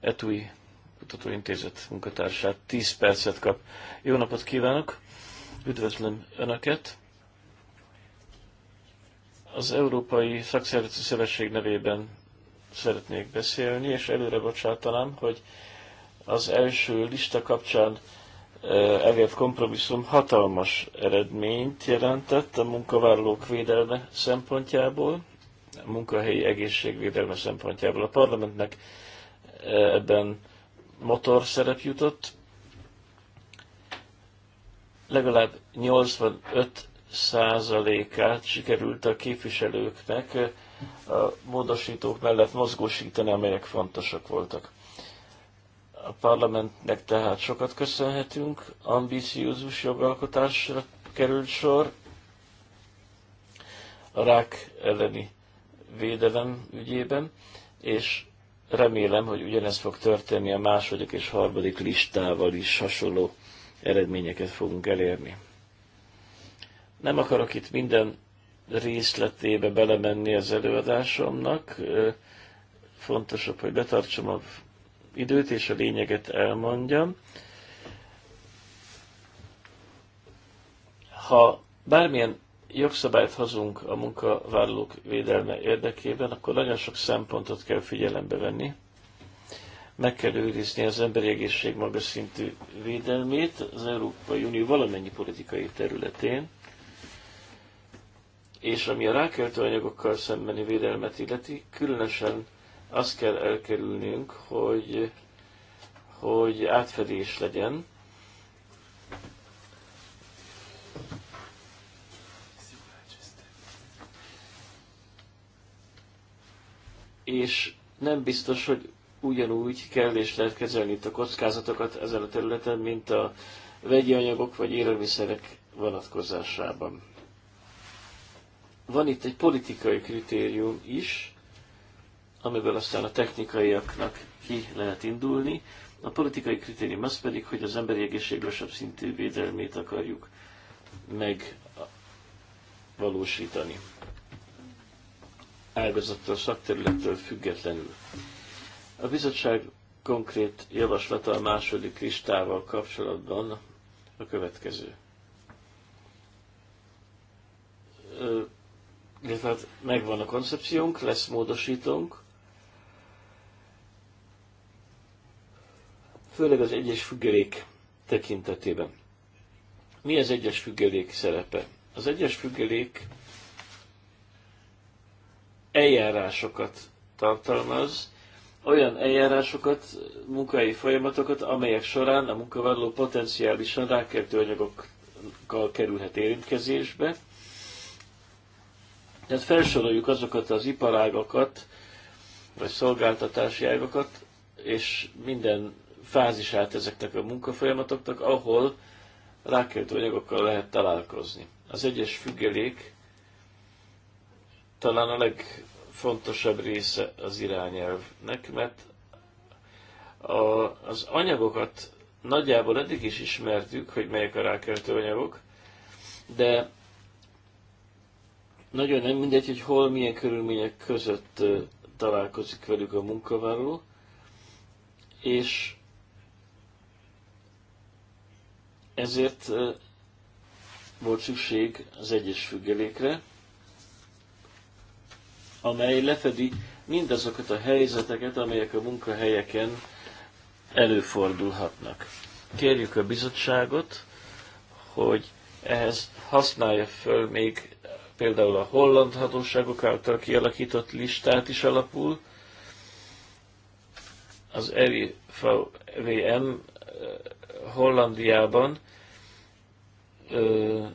ETUI kutatóintézet munkatársát 10 percet kap. Jó napot kívánok! Üdvözlöm Önöket! Az Európai Szakszervezeti Szövetség nevében szeretnék beszélni, és előre bocsátanám, hogy az első lista kapcsán e, elért kompromisszum hatalmas eredményt jelentett a munkavállalók védelme szempontjából munkahelyi egészségvédelme szempontjából. A parlamentnek eh, ebben motor szerep jutott. Legalább 85 százalékát sikerült a képviselőknek eh, a módosítók mellett mozgósítani, amelyek fontosak voltak. A parlamentnek tehát sokat köszönhetünk, ambíciózus jogalkotásra került sor, a rák elleni védelem ügyében, és remélem, hogy ugyanez fog történni a második és harmadik listával is hasonló eredményeket fogunk elérni. Nem akarok itt minden részletébe belemenni az előadásomnak, fontosabb, hogy betartsam a időt és a lényeget elmondjam. Ha bármilyen jogszabályt hozunk a munkavállalók védelme érdekében, akkor nagyon sok szempontot kell figyelembe venni. Meg kell őrizni az emberi egészség magas szintű védelmét az Európai Unió valamennyi politikai területén, és ami a rákeltő anyagokkal szembeni védelmet illeti, különösen azt kell elkerülnünk, hogy, hogy átfedés legyen, és nem biztos, hogy ugyanúgy kell és lehet kezelni itt a kockázatokat ezen a területen, mint a vegyi anyagok vagy élelmiszerek vonatkozásában. Van itt egy politikai kritérium is, amiből aztán a technikaiaknak ki lehet indulni. A politikai kritérium az pedig, hogy az emberi egészségesebb szintű védelmét akarjuk megvalósítani ágazattól, szakterülettől függetlenül. A bizottság konkrét javaslata a második listával kapcsolatban a következő. Illetve hát megvan a koncepciónk, lesz módosítónk, főleg az egyes függelék tekintetében. Mi az egyes függelék szerepe? Az egyes függelék eljárásokat tartalmaz, olyan eljárásokat, munkai folyamatokat, amelyek során a munkavállaló potenciálisan rákertő anyagokkal kerülhet érintkezésbe. Tehát felsoroljuk azokat az iparágakat, vagy szolgáltatási ágokat, és minden fázisát ezeknek a munkafolyamatoknak, ahol rákeltő anyagokkal lehet találkozni. Az egyes függelék talán a legfontosabb része az irányelvnek, mert a, az anyagokat nagyjából eddig is ismertük, hogy melyek a rákeltő anyagok, de nagyon nem mindegy, hogy hol, milyen körülmények között találkozik velük a munkavállaló, és ezért volt szükség az egyes függelékre, amely lefedi mindazokat a helyzeteket, amelyek a munkahelyeken előfordulhatnak. Kérjük a bizottságot, hogy ehhez használja föl még például a holland hatóságok által kialakított listát is alapul, az EVM eh, Hollandiában eh,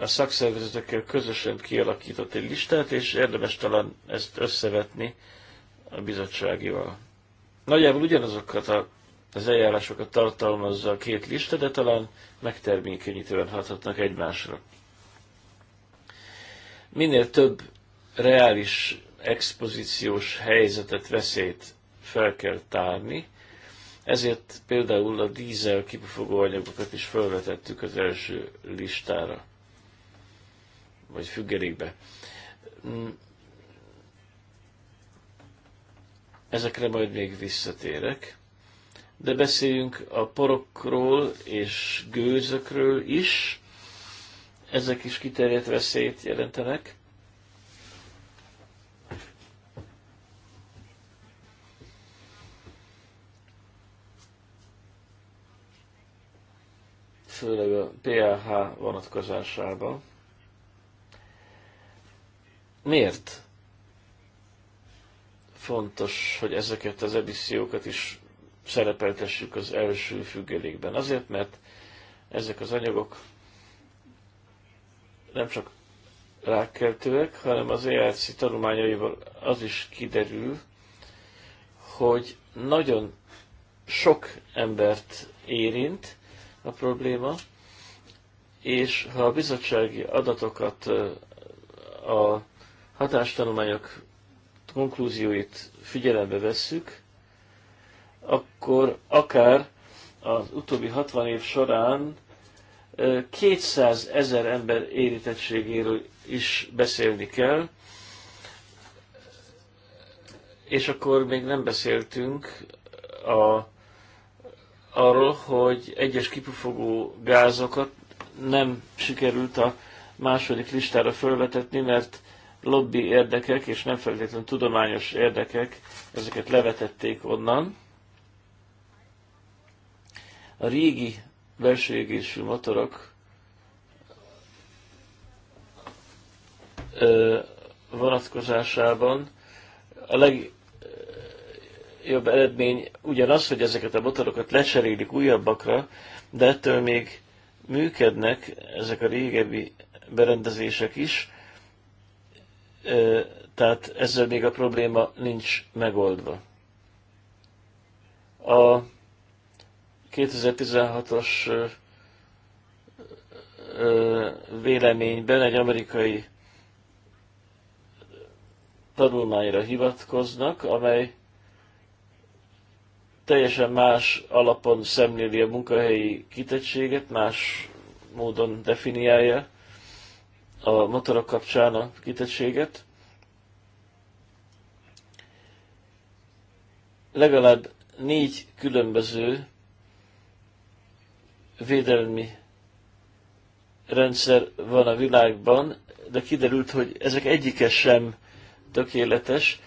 a szakszervezetekkel közösen kialakított egy listát, és érdemes talán ezt összevetni a bizottságival. Nagyjából ugyanazokat a, az eljárásokat tartalmazza a két lista, de talán megtermékenyítően hathatnak egymásra. Minél több reális expozíciós helyzetet, veszélyt fel kell tárni, ezért például a dízel kipufogó anyagokat is felvetettük az első listára vagy függelékbe. Mm. Ezekre majd még visszatérek. De beszéljünk a porokról és gőzökről is. Ezek is kiterjedt veszélyt jelentenek. főleg a PLH vonatkozásában. Miért fontos, hogy ezeket az emissziókat is szerepeltessük az első függelékben? Azért, mert ezek az anyagok nem csak rákkeltőek, hanem az ERC tanulmányaival az is kiderül, hogy nagyon sok embert érint a probléma, és ha a bizottsági adatokat a hatástanulmányok konklúzióit figyelembe vesszük, akkor akár az utóbbi 60 év során 200 ezer ember érintettségéről is beszélni kell, és akkor még nem beszéltünk a, arról, hogy egyes kipufogó gázokat nem sikerült a második listára felvetetni, mert lobby érdekek és nem feltétlenül tudományos érdekek, ezeket levetették onnan. A régi belső égésű motorok vonatkozásában a legjobb eredmény ugyanaz, hogy ezeket a motorokat lecserélik újabbakra, de ettől még működnek ezek a régebbi berendezések is, tehát ezzel még a probléma nincs megoldva. A 2016-os véleményben egy amerikai tanulmányra hivatkoznak, amely teljesen más alapon szemléli a munkahelyi kitettséget, más módon definiálja a motorok kapcsán a kitettséget. Legalább négy különböző védelmi rendszer van a világban, de kiderült, hogy ezek egyike sem tökéletes,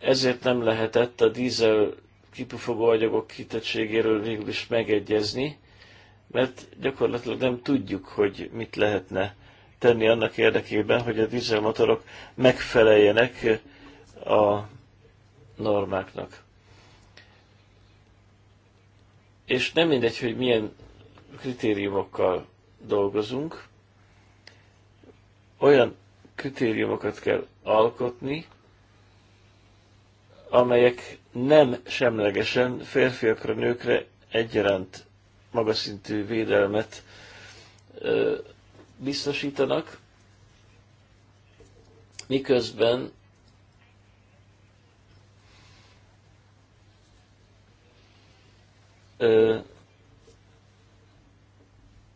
ezért nem lehetett a dízel kipufogó anyagok kitettségéről végül is megegyezni mert gyakorlatilag nem tudjuk, hogy mit lehetne tenni annak érdekében, hogy a dízelmotorok megfeleljenek a normáknak. És nem mindegy, hogy milyen kritériumokkal dolgozunk. Olyan kritériumokat kell alkotni, amelyek nem semlegesen férfiakra, nőkre egyaránt magas szintű védelmet biztosítanak, miközben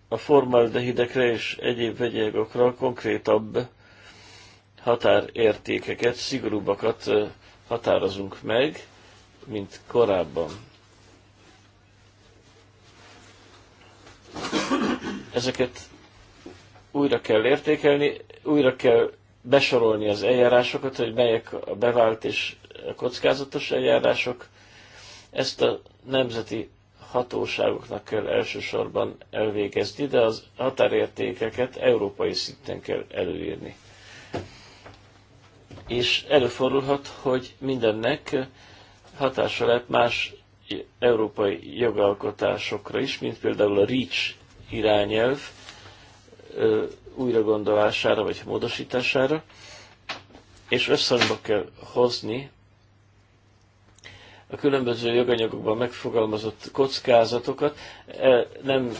a formaldehidekre és egyéb vegyágokra konkrétabb határértékeket, szigorúbbakat határozunk meg, mint korábban. ezeket újra kell értékelni, újra kell besorolni az eljárásokat, hogy melyek a bevált és a kockázatos eljárások. Ezt a nemzeti hatóságoknak kell elsősorban elvégezni, de az határértékeket európai szinten kell előírni. És előfordulhat, hogy mindennek hatása lehet más európai jogalkotásokra is, mint például a REACH irányelv újragondolására vagy módosítására, és összhangba kell hozni a különböző joganyagokban megfogalmazott kockázatokat. E, nem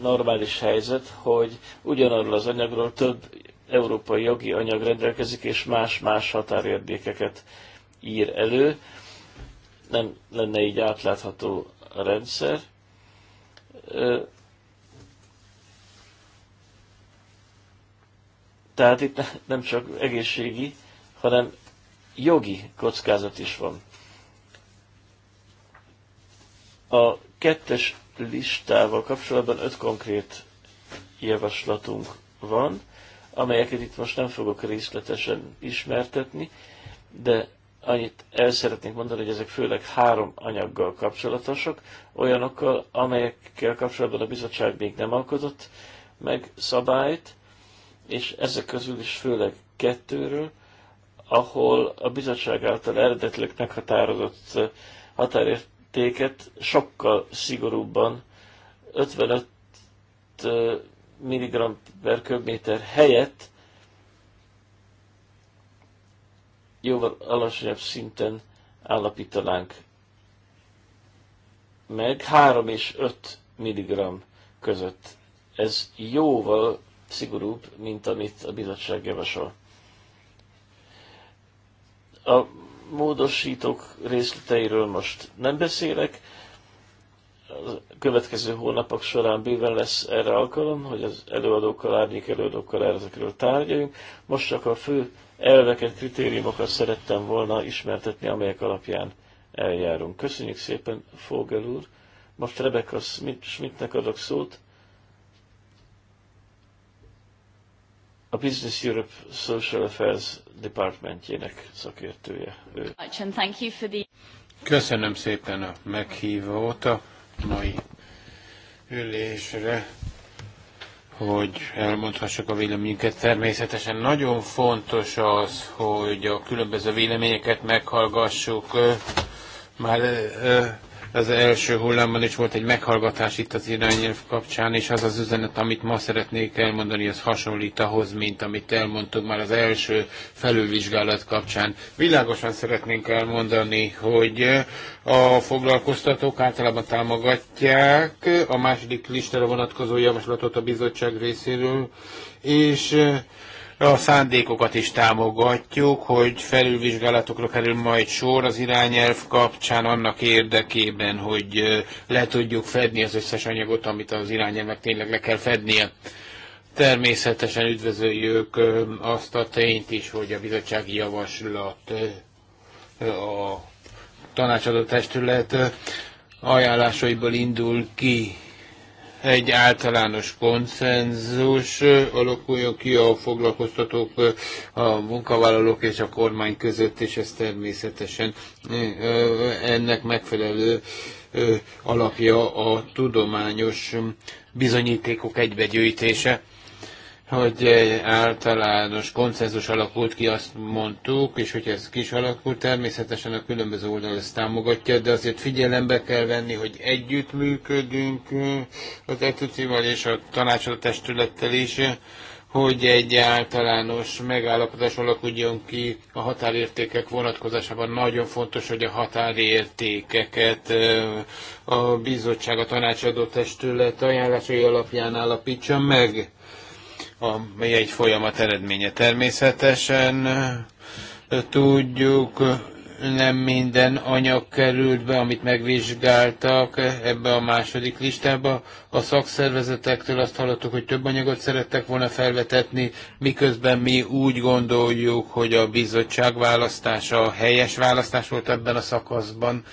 normális helyzet, hogy ugyanarról az anyagról több európai jogi anyag rendelkezik, és más-más határértékeket ír elő. Nem lenne így átlátható a rendszer. Tehát itt [LAUGHS] nem csak egészségi, hanem jogi kockázat is van. A kettes listával kapcsolatban öt konkrét javaslatunk van, amelyeket itt most nem fogok részletesen ismertetni, de annyit el szeretnénk mondani, hogy ezek főleg három anyaggal kapcsolatosak, olyanokkal, amelyekkel kapcsolatban a bizottság még nem alkotott meg szabályt, és ezek közül is főleg kettőről, ahol a bizottság által eredetileg meghatározott határértéket sokkal szigorúbban 55 mg per köbméter helyett jóval alacsonyabb szinten állapítanánk meg, 3 és 5 mg között. Ez jóval szigorúbb, mint amit a bizottság javasol. A módosítók részleteiről most nem beszélek, a következő hónapok során bőven lesz erre alkalom, hogy az előadókkal, árnyék előadókkal ezekről tárgyaljunk. Most csak a fő elveket, kritériumokat szerettem volna ismertetni, amelyek alapján eljárunk. Köszönjük szépen, Fogel úr. Most Rebecca Schmidtnek adok szót. a Business Europe Social Affairs Departmentjének szakértője. Ő. Köszönöm szépen a meghívót mai ülésre, hogy elmondhassuk a véleményünket. Természetesen nagyon fontos az, hogy a különböző véleményeket meghallgassuk. Már az első hullámban is volt egy meghallgatás itt az irányelv kapcsán, és az az üzenet, amit ma szeretnék elmondani, az hasonlít ahhoz, mint amit elmondtuk már az első felülvizsgálat kapcsán. Világosan szeretnénk elmondani, hogy eh, a foglalkoztatók általában támogatják a második listára vonatkozó javaslatot a bizottság részéről, és eh, a szándékokat is támogatjuk, hogy felülvizsgálatokra kerül majd sor az irányelv kapcsán annak érdekében, hogy le tudjuk fedni az összes anyagot, amit az irányelvnek tényleg le kell fednie. Természetesen üdvözöljük azt a tényt is, hogy a bizottsági javaslat a tanácsadó testület ajánlásaiból indul ki, egy általános konszenzus alakuljon ki a foglalkoztatók, a munkavállalók és a kormány között, és ez természetesen ennek megfelelő alapja a tudományos bizonyítékok egybegyűjtése hogy egy általános konszenzus alakult ki, azt mondtuk, és hogy ez kis alakult, természetesen a különböző oldal ezt támogatja, de azért figyelembe kell venni, hogy együttműködünk az etuci és a tanácsadó testülettel is, hogy egy általános megállapodás alakuljon ki a határértékek vonatkozásában. Nagyon fontos, hogy a határértékeket a bizottság, a tanácsadó testület ajánlásai alapján állapítsa meg ami egy folyamat eredménye. Természetesen tudjuk, nem minden anyag került be, amit megvizsgáltak ebbe a második listába. A szakszervezetektől azt hallottuk, hogy több anyagot szerettek volna felvetetni, miközben mi úgy gondoljuk, hogy a bizottság választása a helyes választás volt ebben a szakaszban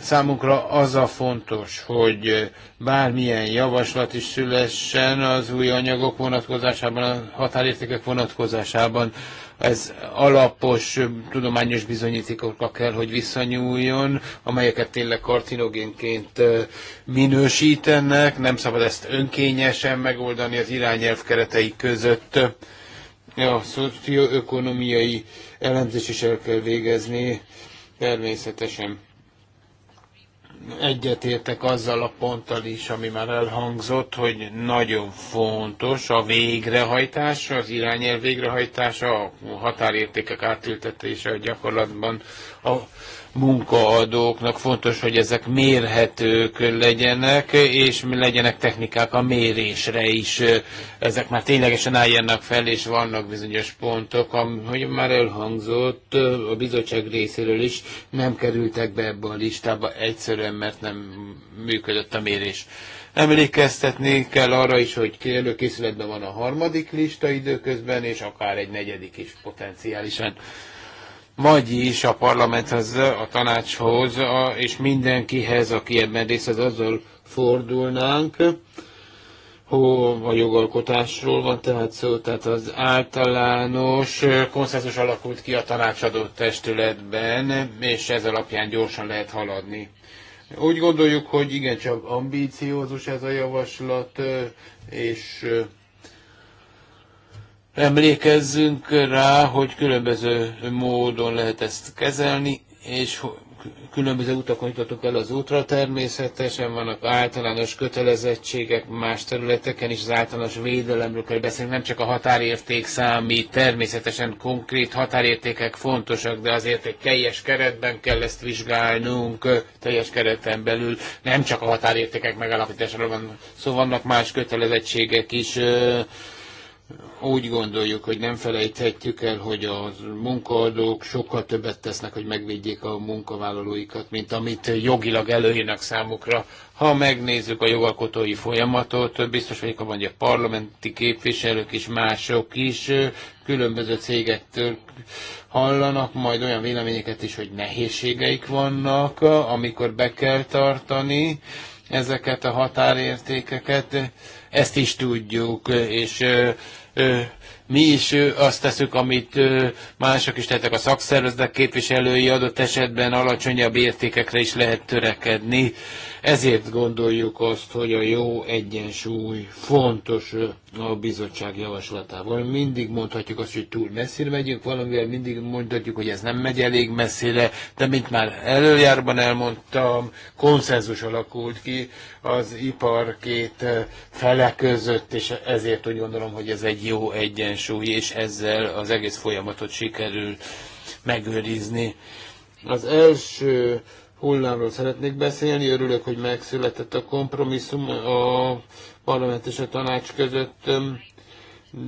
Számunkra az a fontos, hogy bármilyen javaslat is szülessen az új anyagok vonatkozásában, a határértékek vonatkozásában, ez alapos tudományos bizonyítékokra kell, hogy visszanyúljon, amelyeket tényleg kartinogénként minősítenek, nem szabad ezt önkényesen megoldani az irányelv keretei között. A szocioökonomiai elemzés is el kell végezni, természetesen egyetértek azzal a ponttal is, ami már elhangzott, hogy nagyon fontos a végrehajtása, az irányelv végrehajtása, a határértékek átültetése a gyakorlatban, a munkaadóknak fontos, hogy ezek mérhetők legyenek, és legyenek technikák a mérésre is. Ezek már ténylegesen álljanak fel, és vannak bizonyos pontok, hogy már elhangzott, a bizottság részéről is nem kerültek be ebbe a listába egyszerűen, mert nem működött a mérés. Emlékeztetni kell arra is, hogy előkészületben van a harmadik lista időközben, és akár egy negyedik is potenciálisan vagyis a parlamenthez, a tanácshoz, a, és mindenkihez, aki ebben részhez azzal fordulnánk, hó, a jogalkotásról van tehát szó, tehát az általános konszenzus alakult ki a tanácsadó testületben, és ez alapján gyorsan lehet haladni. Úgy gondoljuk, hogy igencsak ambíciózus ez a javaslat, és Emlékezzünk rá, hogy különböző módon lehet ezt kezelni, és különböző utakon jutottuk el az útra. Természetesen vannak általános kötelezettségek más területeken is, az általános védelemről kell beszélni, nem csak a határérték számít, természetesen konkrét határértékek fontosak, de azért egy teljes keretben kell ezt vizsgálnunk, teljes kereten belül nem csak a határértékek megalapításáról van szó, szóval vannak más kötelezettségek is, úgy gondoljuk, hogy nem felejthetjük el, hogy a munkaadók sokkal többet tesznek, hogy megvédjék a munkavállalóikat, mint amit jogilag előírnak számukra. Ha megnézzük a jogalkotói folyamatot, biztos vagyok abban, hogy a parlamenti képviselők is, mások is különböző cégektől hallanak majd olyan véleményeket is, hogy nehézségeik vannak, amikor be kell tartani ezeket a határértékeket ezt is tudjuk, és mi is azt teszük, amit mások is tettek a szakszervezetek képviselői, adott esetben alacsonyabb értékekre is lehet törekedni. Ezért gondoljuk azt, hogy a jó egyensúly fontos a bizottság javaslatával. Mindig mondhatjuk azt, hogy túl messzire megyünk valamivel, mindig mondhatjuk, hogy ez nem megy elég messzire, de mint már előjárban elmondtam, konszenzus alakult ki az ipar két fele között, és ezért úgy gondolom, hogy ez egy jó egyensúly, és ezzel az egész folyamatot sikerül megőrizni. Az első hullámról szeretnék beszélni. Örülök, hogy megszületett a kompromisszum a parlament és a tanács között.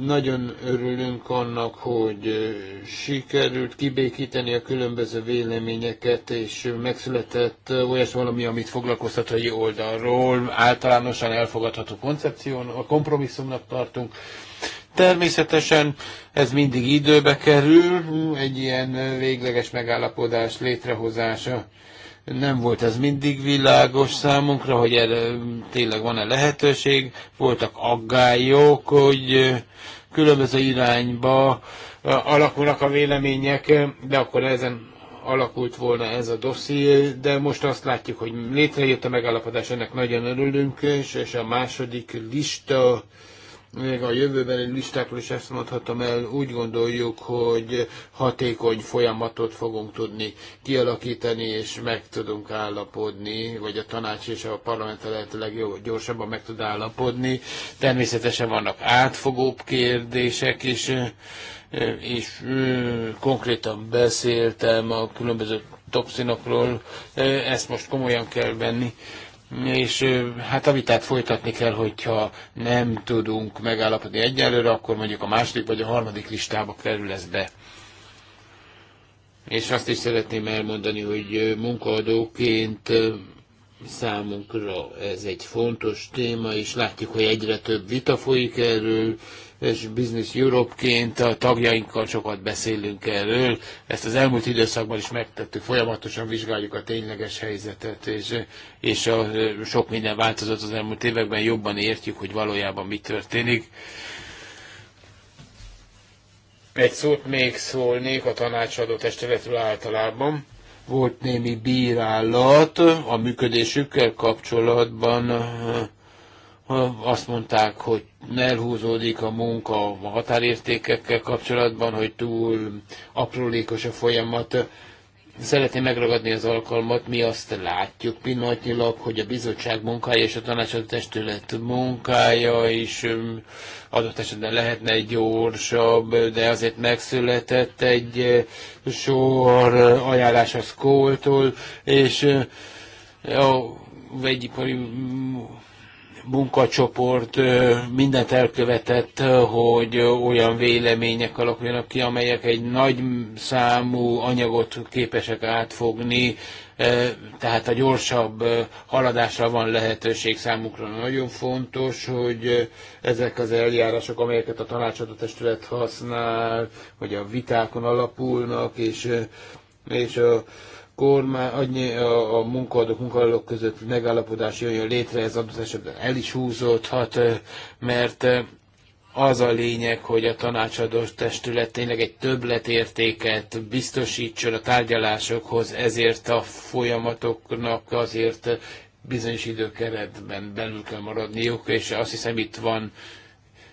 Nagyon örülünk annak, hogy sikerült kibékíteni a különböző véleményeket, és megszületett olyas valami, amit foglalkoztatói oldalról általánosan elfogadható koncepción, a kompromisszumnak tartunk. Természetesen ez mindig időbe kerül, egy ilyen végleges megállapodás létrehozása nem volt ez mindig világos számunkra, hogy erre tényleg van-e lehetőség. Voltak aggályok, hogy különböző irányba alakulnak a vélemények, de akkor ezen alakult volna ez a dosszié, de most azt látjuk, hogy létrejött a megállapodás, ennek nagyon örülünk, és a második lista még a jövőbeni listákról is ezt mondhatom el, úgy gondoljuk, hogy hatékony folyamatot fogunk tudni kialakítani, és meg tudunk állapodni, vagy a tanács és a parlament a lehető leggyorsabban meg tud állapodni. Természetesen vannak átfogóbb kérdések is, és konkrétan beszéltem a különböző toxinokról, ezt most komolyan kell venni és hát a vitát folytatni kell, hogyha nem tudunk megállapodni egyelőre, akkor mondjuk a második vagy a harmadik listába kerül ez be. És azt is szeretném elmondani, hogy munkaadóként számunkra ez egy fontos téma, és látjuk, hogy egyre több vita folyik erről, és Business Europe-ként a tagjainkkal sokat beszélünk erről. Ezt az elmúlt időszakban is megtettük, folyamatosan vizsgáljuk a tényleges helyzetet, és, és a, sok minden változott az elmúlt években, jobban értjük, hogy valójában mi történik. Egy szót még szólnék a tanácsadó testületről általában. Volt némi bírálat a működésükkel kapcsolatban azt mondták, hogy elhúzódik a munka a határértékekkel kapcsolatban, hogy túl aprólékos a folyamat. Szeretném megragadni az alkalmat, mi azt látjuk pillanatnyilag, hogy a bizottság munkája és a tanácsadó testület munkája is adott esetben lehetne egy gyorsabb, de azért megszületett egy sor ajánlás a Szkóltól, és a vegyipari munkacsoport mindent elkövetett, hogy olyan vélemények alakuljanak ki, amelyek egy nagy számú anyagot képesek átfogni, tehát a gyorsabb haladásra van lehetőség számukra. Nagyon fontos, hogy ezek az eljárások, amelyeket a tanácsadó testület használ, hogy a vitákon alapulnak, és, és a kormány, a, a munkaadók, munkavállalók között megállapodás jön létre, ez adott esetben el is húzódhat, mert az a lényeg, hogy a tanácsadó testület tényleg egy többletértéket biztosítson a tárgyalásokhoz, ezért a folyamatoknak azért bizonyos időkeretben belül kell maradniuk, és azt hiszem itt van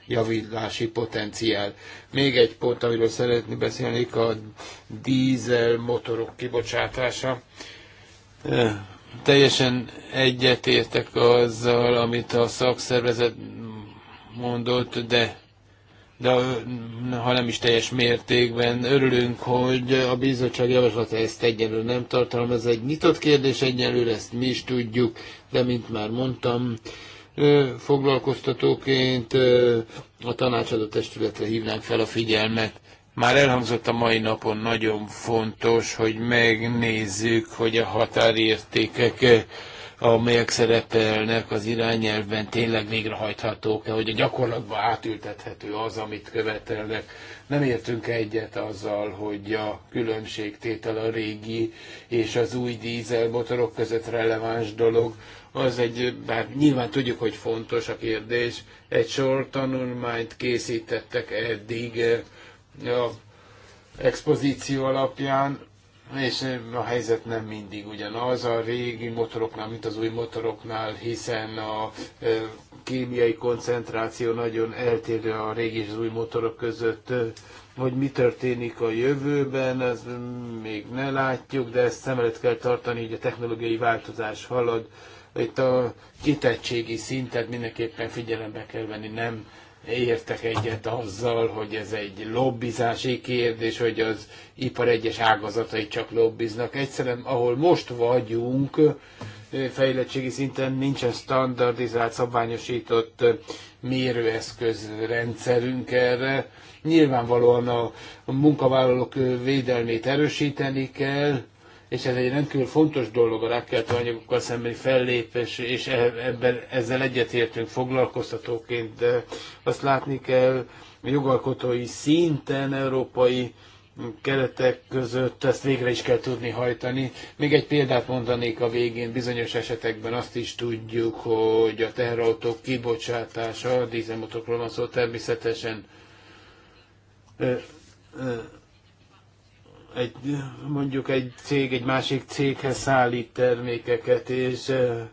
javítási potenciál. Még egy pont, amiről szeretni beszélni, a dízel motorok kibocsátása. Teljesen egyetértek azzal, amit a szakszervezet mondott, de de ha nem is teljes mértékben. Örülünk, hogy a bizottság javaslata ezt egyelőre nem tartalmaz. Ez egy nyitott kérdés egyelőre, ezt mi is tudjuk, de mint már mondtam, foglalkoztatóként a tanácsadó testületre hívnánk fel a figyelmet. Már elhangzott a mai napon nagyon fontos, hogy megnézzük, hogy a határértékek, amelyek szerepelnek az irányelvben, tényleg végrehajthatók-e, hogy a gyakorlatban átültethető az, amit követelnek. Nem értünk egyet azzal, hogy a különbségtétel a régi és az új dízelmotorok között releváns dolog az egy, bár nyilván tudjuk, hogy fontos a kérdés, egy sor tanulmányt készítettek eddig eh, a expozíció alapján, és eh, a helyzet nem mindig ugyanaz a régi motoroknál, mint az új motoroknál, hiszen a eh, kémiai koncentráció nagyon eltérő a régi és az új motorok között, hogy mi történik a jövőben, az mm, még ne látjuk, de ezt szem előtt kell tartani, hogy a technológiai változás halad, itt a kitettségi szintet mindenképpen figyelembe kell venni, nem értek egyet azzal, hogy ez egy lobbizási kérdés, hogy az ipar egyes ágazatai csak lobbiznak. Egyszerűen, ahol most vagyunk, fejlettségi szinten nincsen standardizált, szabványosított mérőeszközrendszerünk erre. Nyilvánvalóan a, a munkavállalók védelmét erősíteni kell, és ez egy rendkívül fontos dolog a rákkeltő anyagokkal szembeni fellépés, és e- ebben, ezzel egyetértünk foglalkoztatóként, de azt látni kell, a jogalkotói szinten, európai keretek között ezt végre is kell tudni hajtani. Még egy példát mondanék a végén, bizonyos esetekben azt is tudjuk, hogy a teherautók kibocsátása, a dízelmotokról van szó természetesen, egy, mondjuk egy cég egy másik céghez szállít termékeket, és, eh,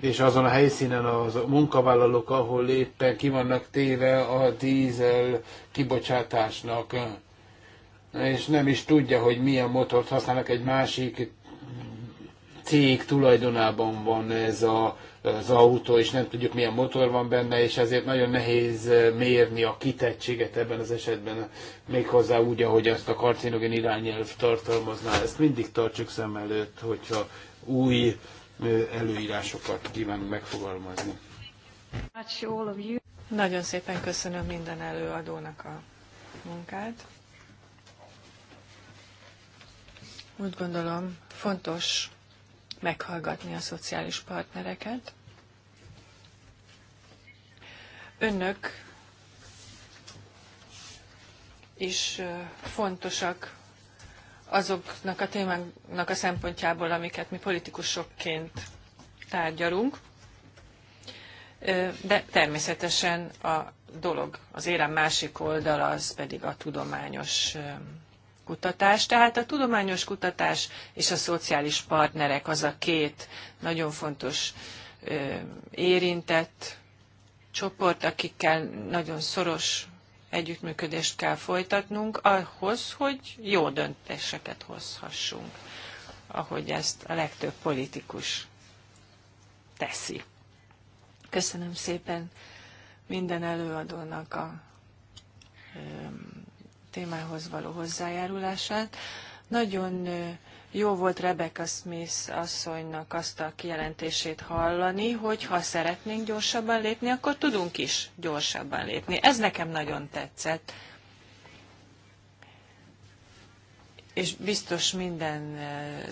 és azon a helyszínen az a munkavállalók, ahol éppen ki vannak téve a dízel kibocsátásnak, és nem is tudja, hogy milyen motort használnak, egy másik cég tulajdonában van ez a az autó, és nem tudjuk milyen motor van benne, és ezért nagyon nehéz mérni a kitettséget ebben az esetben, méghozzá úgy, ahogy azt a karcinogén irányelv tartalmazná. Ezt mindig tartsuk szem előtt, hogyha új előírásokat kívánunk megfogalmazni. Nagyon szépen köszönöm minden előadónak a munkát. Úgy gondolom, fontos meghallgatni a szociális partnereket. Önök is fontosak azoknak a témáknak a szempontjából, amiket mi politikusokként tárgyalunk. De természetesen a dolog, az érem másik oldala, az pedig a tudományos kutatás. Tehát a tudományos kutatás és a szociális partnerek az a két nagyon fontos érintett csoport, akikkel nagyon szoros együttműködést kell folytatnunk ahhoz, hogy jó döntéseket hozhassunk, ahogy ezt a legtöbb politikus teszi. Köszönöm szépen minden előadónak a témához való hozzájárulását. Nagyon jó volt Rebecca Smith asszonynak azt a kijelentését hallani, hogy ha szeretnénk gyorsabban lépni, akkor tudunk is gyorsabban lépni. Ez nekem nagyon tetszett. És biztos minden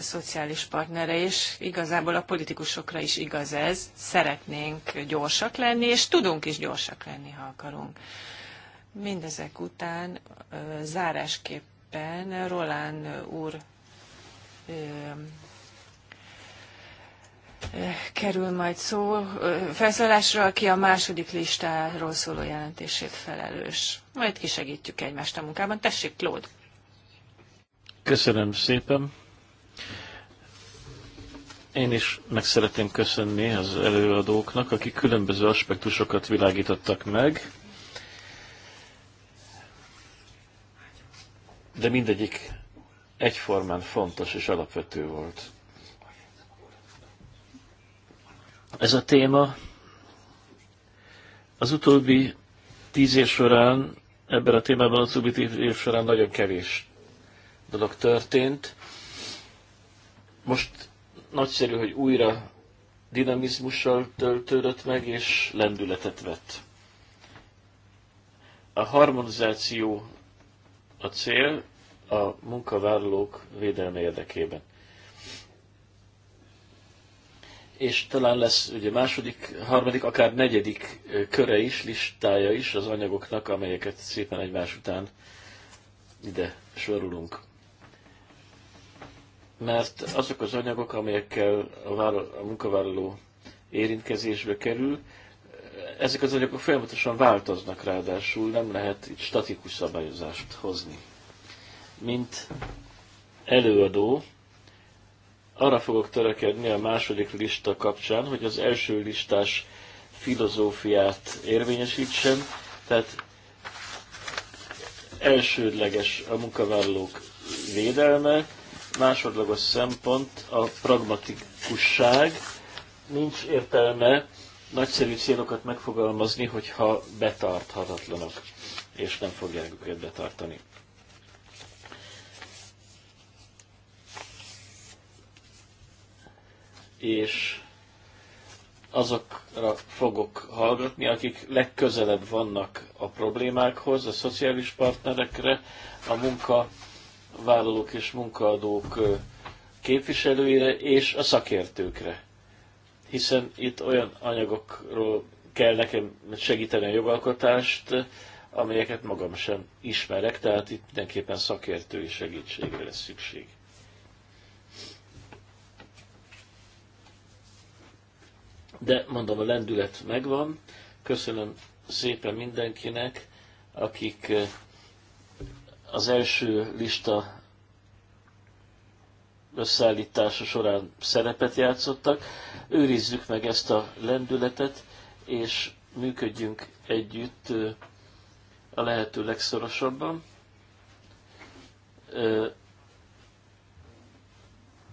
szociális partnere, és igazából a politikusokra is igaz ez, szeretnénk gyorsak lenni, és tudunk is gyorsak lenni, ha akarunk. Mindezek után zárásképpen Rolán úr kerül majd szó felszólásra, aki a második listáról szóló jelentését felelős. Majd kisegítjük egymást a munkában. Tessék, Claude! Köszönöm szépen! Én is meg szeretném köszönni az előadóknak, akik különböző aspektusokat világítottak meg de mindegyik egyformán fontos és alapvető volt. Ez a téma az utóbbi tíz év során, ebben a témában az utóbbi tíz év során nagyon kevés dolog történt. Most nagyszerű, hogy újra dinamizmussal töltődött meg, és lendületet vett. A harmonizáció a cél a munkavállalók védelme érdekében. És talán lesz ugye második, harmadik, akár negyedik köre is, listája is az anyagoknak, amelyeket szépen egymás után ide sorulunk, Mert azok az anyagok, amelyekkel a, vállal, a munkavállaló érintkezésbe kerül, ezek az anyagok folyamatosan változnak ráadásul, nem lehet itt statikus szabályozást hozni. Mint előadó, arra fogok törekedni a második lista kapcsán, hogy az első listás filozófiát érvényesítsem, tehát elsődleges a munkavállalók védelme, másodlagos szempont a pragmatikusság, nincs értelme nagyszerű célokat megfogalmazni, hogyha betarthatatlanok, és nem fogják őket betartani. És azokra fogok hallgatni, akik legközelebb vannak a problémákhoz, a szociális partnerekre, a munkavállalók és munkaadók képviselőire és a szakértőkre hiszen itt olyan anyagokról kell nekem segíteni a jogalkotást, amelyeket magam sem ismerek, tehát itt mindenképpen szakértői segítségre lesz szükség. De mondom, a lendület megvan. Köszönöm szépen mindenkinek, akik eh, az első lista összeállítása során szerepet játszottak. Őrizzük meg ezt a lendületet, és működjünk együtt a lehető legszorosabban.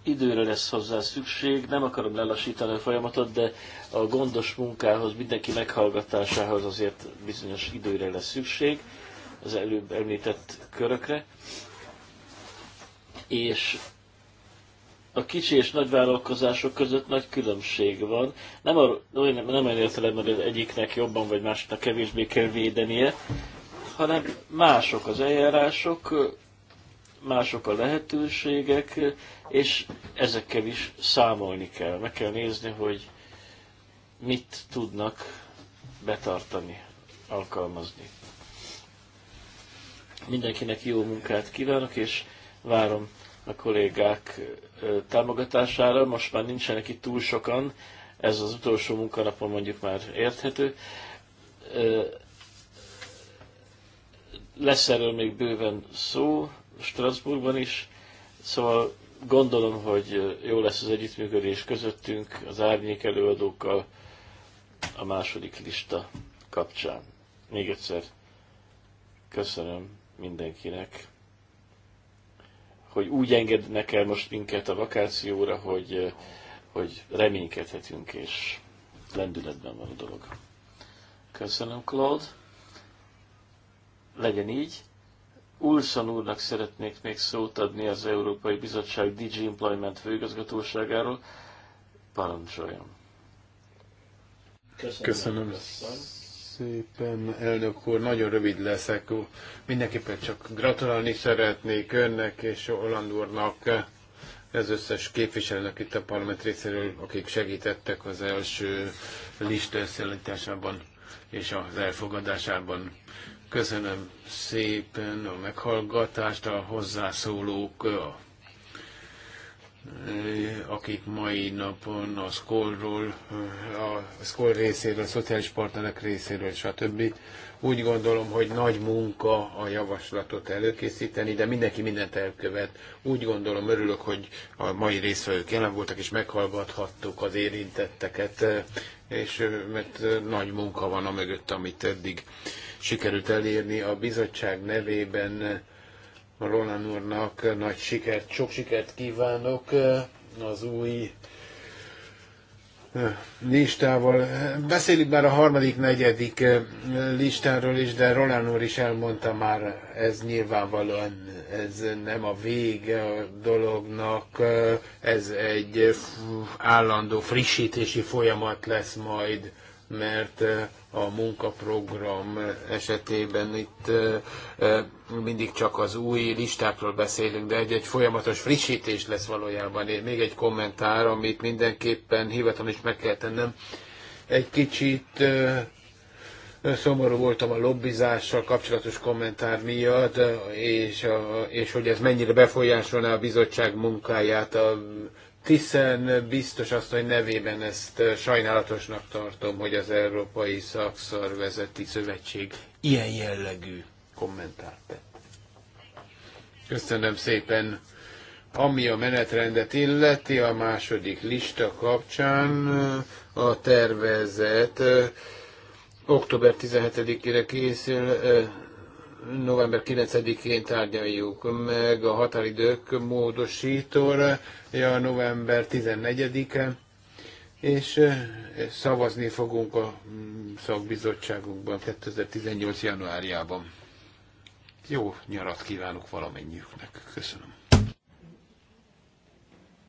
Időre lesz hozzá szükség, nem akarom lelassítani a folyamatot, de a gondos munkához, mindenki meghallgatásához azért bizonyos időre lesz szükség, az előbb említett körökre. És a kicsi és nagy vállalkozások között nagy különbség van. Nem, a, nem, nem olyan értelem, hogy az egyiknek jobban vagy másnak kevésbé kell védenie, hanem mások az eljárások, mások a lehetőségek, és ezekkel is számolni kell. Meg kell nézni, hogy mit tudnak betartani, alkalmazni. Mindenkinek jó munkát kívánok, és várom a kollégák támogatására. Most már nincsenek itt túl sokan, ez az utolsó munkanapon mondjuk már érthető. Lesz erről még bőven szó, Strasbourgban is, szóval gondolom, hogy jó lesz az együttműködés közöttünk, az árnyék előadókkal a második lista kapcsán. Még egyszer köszönöm mindenkinek hogy úgy engednek el most minket a vakációra, hogy, hogy reménykedhetünk, és lendületben van a dolog. Köszönöm, Claude. Legyen így. Ulson úrnak szeretnék még szót adni az Európai Bizottság DG Employment főigazgatóságáról. Parancsoljon. Köszönöm. Köszönöm. Köszönöm szépen, elnök úr. Nagyon rövid leszek. Mindenképpen csak gratulálni szeretnék önnek és Oland úrnak, ez összes képviselőnek itt a parlament részéről, akik segítettek az első lista összeállításában és az elfogadásában. Köszönöm szépen a meghallgatást, a hozzászólók, a akik mai napon a Skollról, a Skoll részéről, a szociális partnerek részéről, stb. Úgy gondolom, hogy nagy munka a javaslatot előkészíteni, de mindenki mindent elkövet. Úgy gondolom, örülök, hogy a mai résztvevők jelen voltak, és meghallgathattuk az érintetteket, és mert nagy munka van a mögött, amit eddig sikerült elérni. A bizottság nevében Roland úrnak nagy sikert, sok sikert kívánok az új listával. Beszélik már a harmadik, negyedik listáról is, de Roland úr is elmondta már, ez nyilvánvalóan ez nem a vége a dolognak, ez egy állandó frissítési folyamat lesz majd, mert a munkaprogram esetében itt mindig csak az új listákról beszélünk, de egy-egy folyamatos frissítés lesz valójában. még egy kommentár, amit mindenképpen hivatom is meg kell tennem. Egy kicsit szomorú voltam a lobbizással kapcsolatos kommentár miatt, és, és hogy ez mennyire befolyásolná a bizottság munkáját. A Tiszen biztos azt, hogy nevében ezt sajnálatosnak tartom, hogy az Európai Szakszervezeti Szövetség ilyen jellegű kommentárt tett. Köszönöm szépen. Ami a menetrendet illeti, a második lista kapcsán a tervezet október 17-ére készül, november 9-én tárgyaljuk meg a határidők módosítóra, ja, november 14-e, és eh, szavazni fogunk a mm, szakbizottságunkban 2018. januárjában. Jó nyarat kívánok valamennyiüknek. Köszönöm.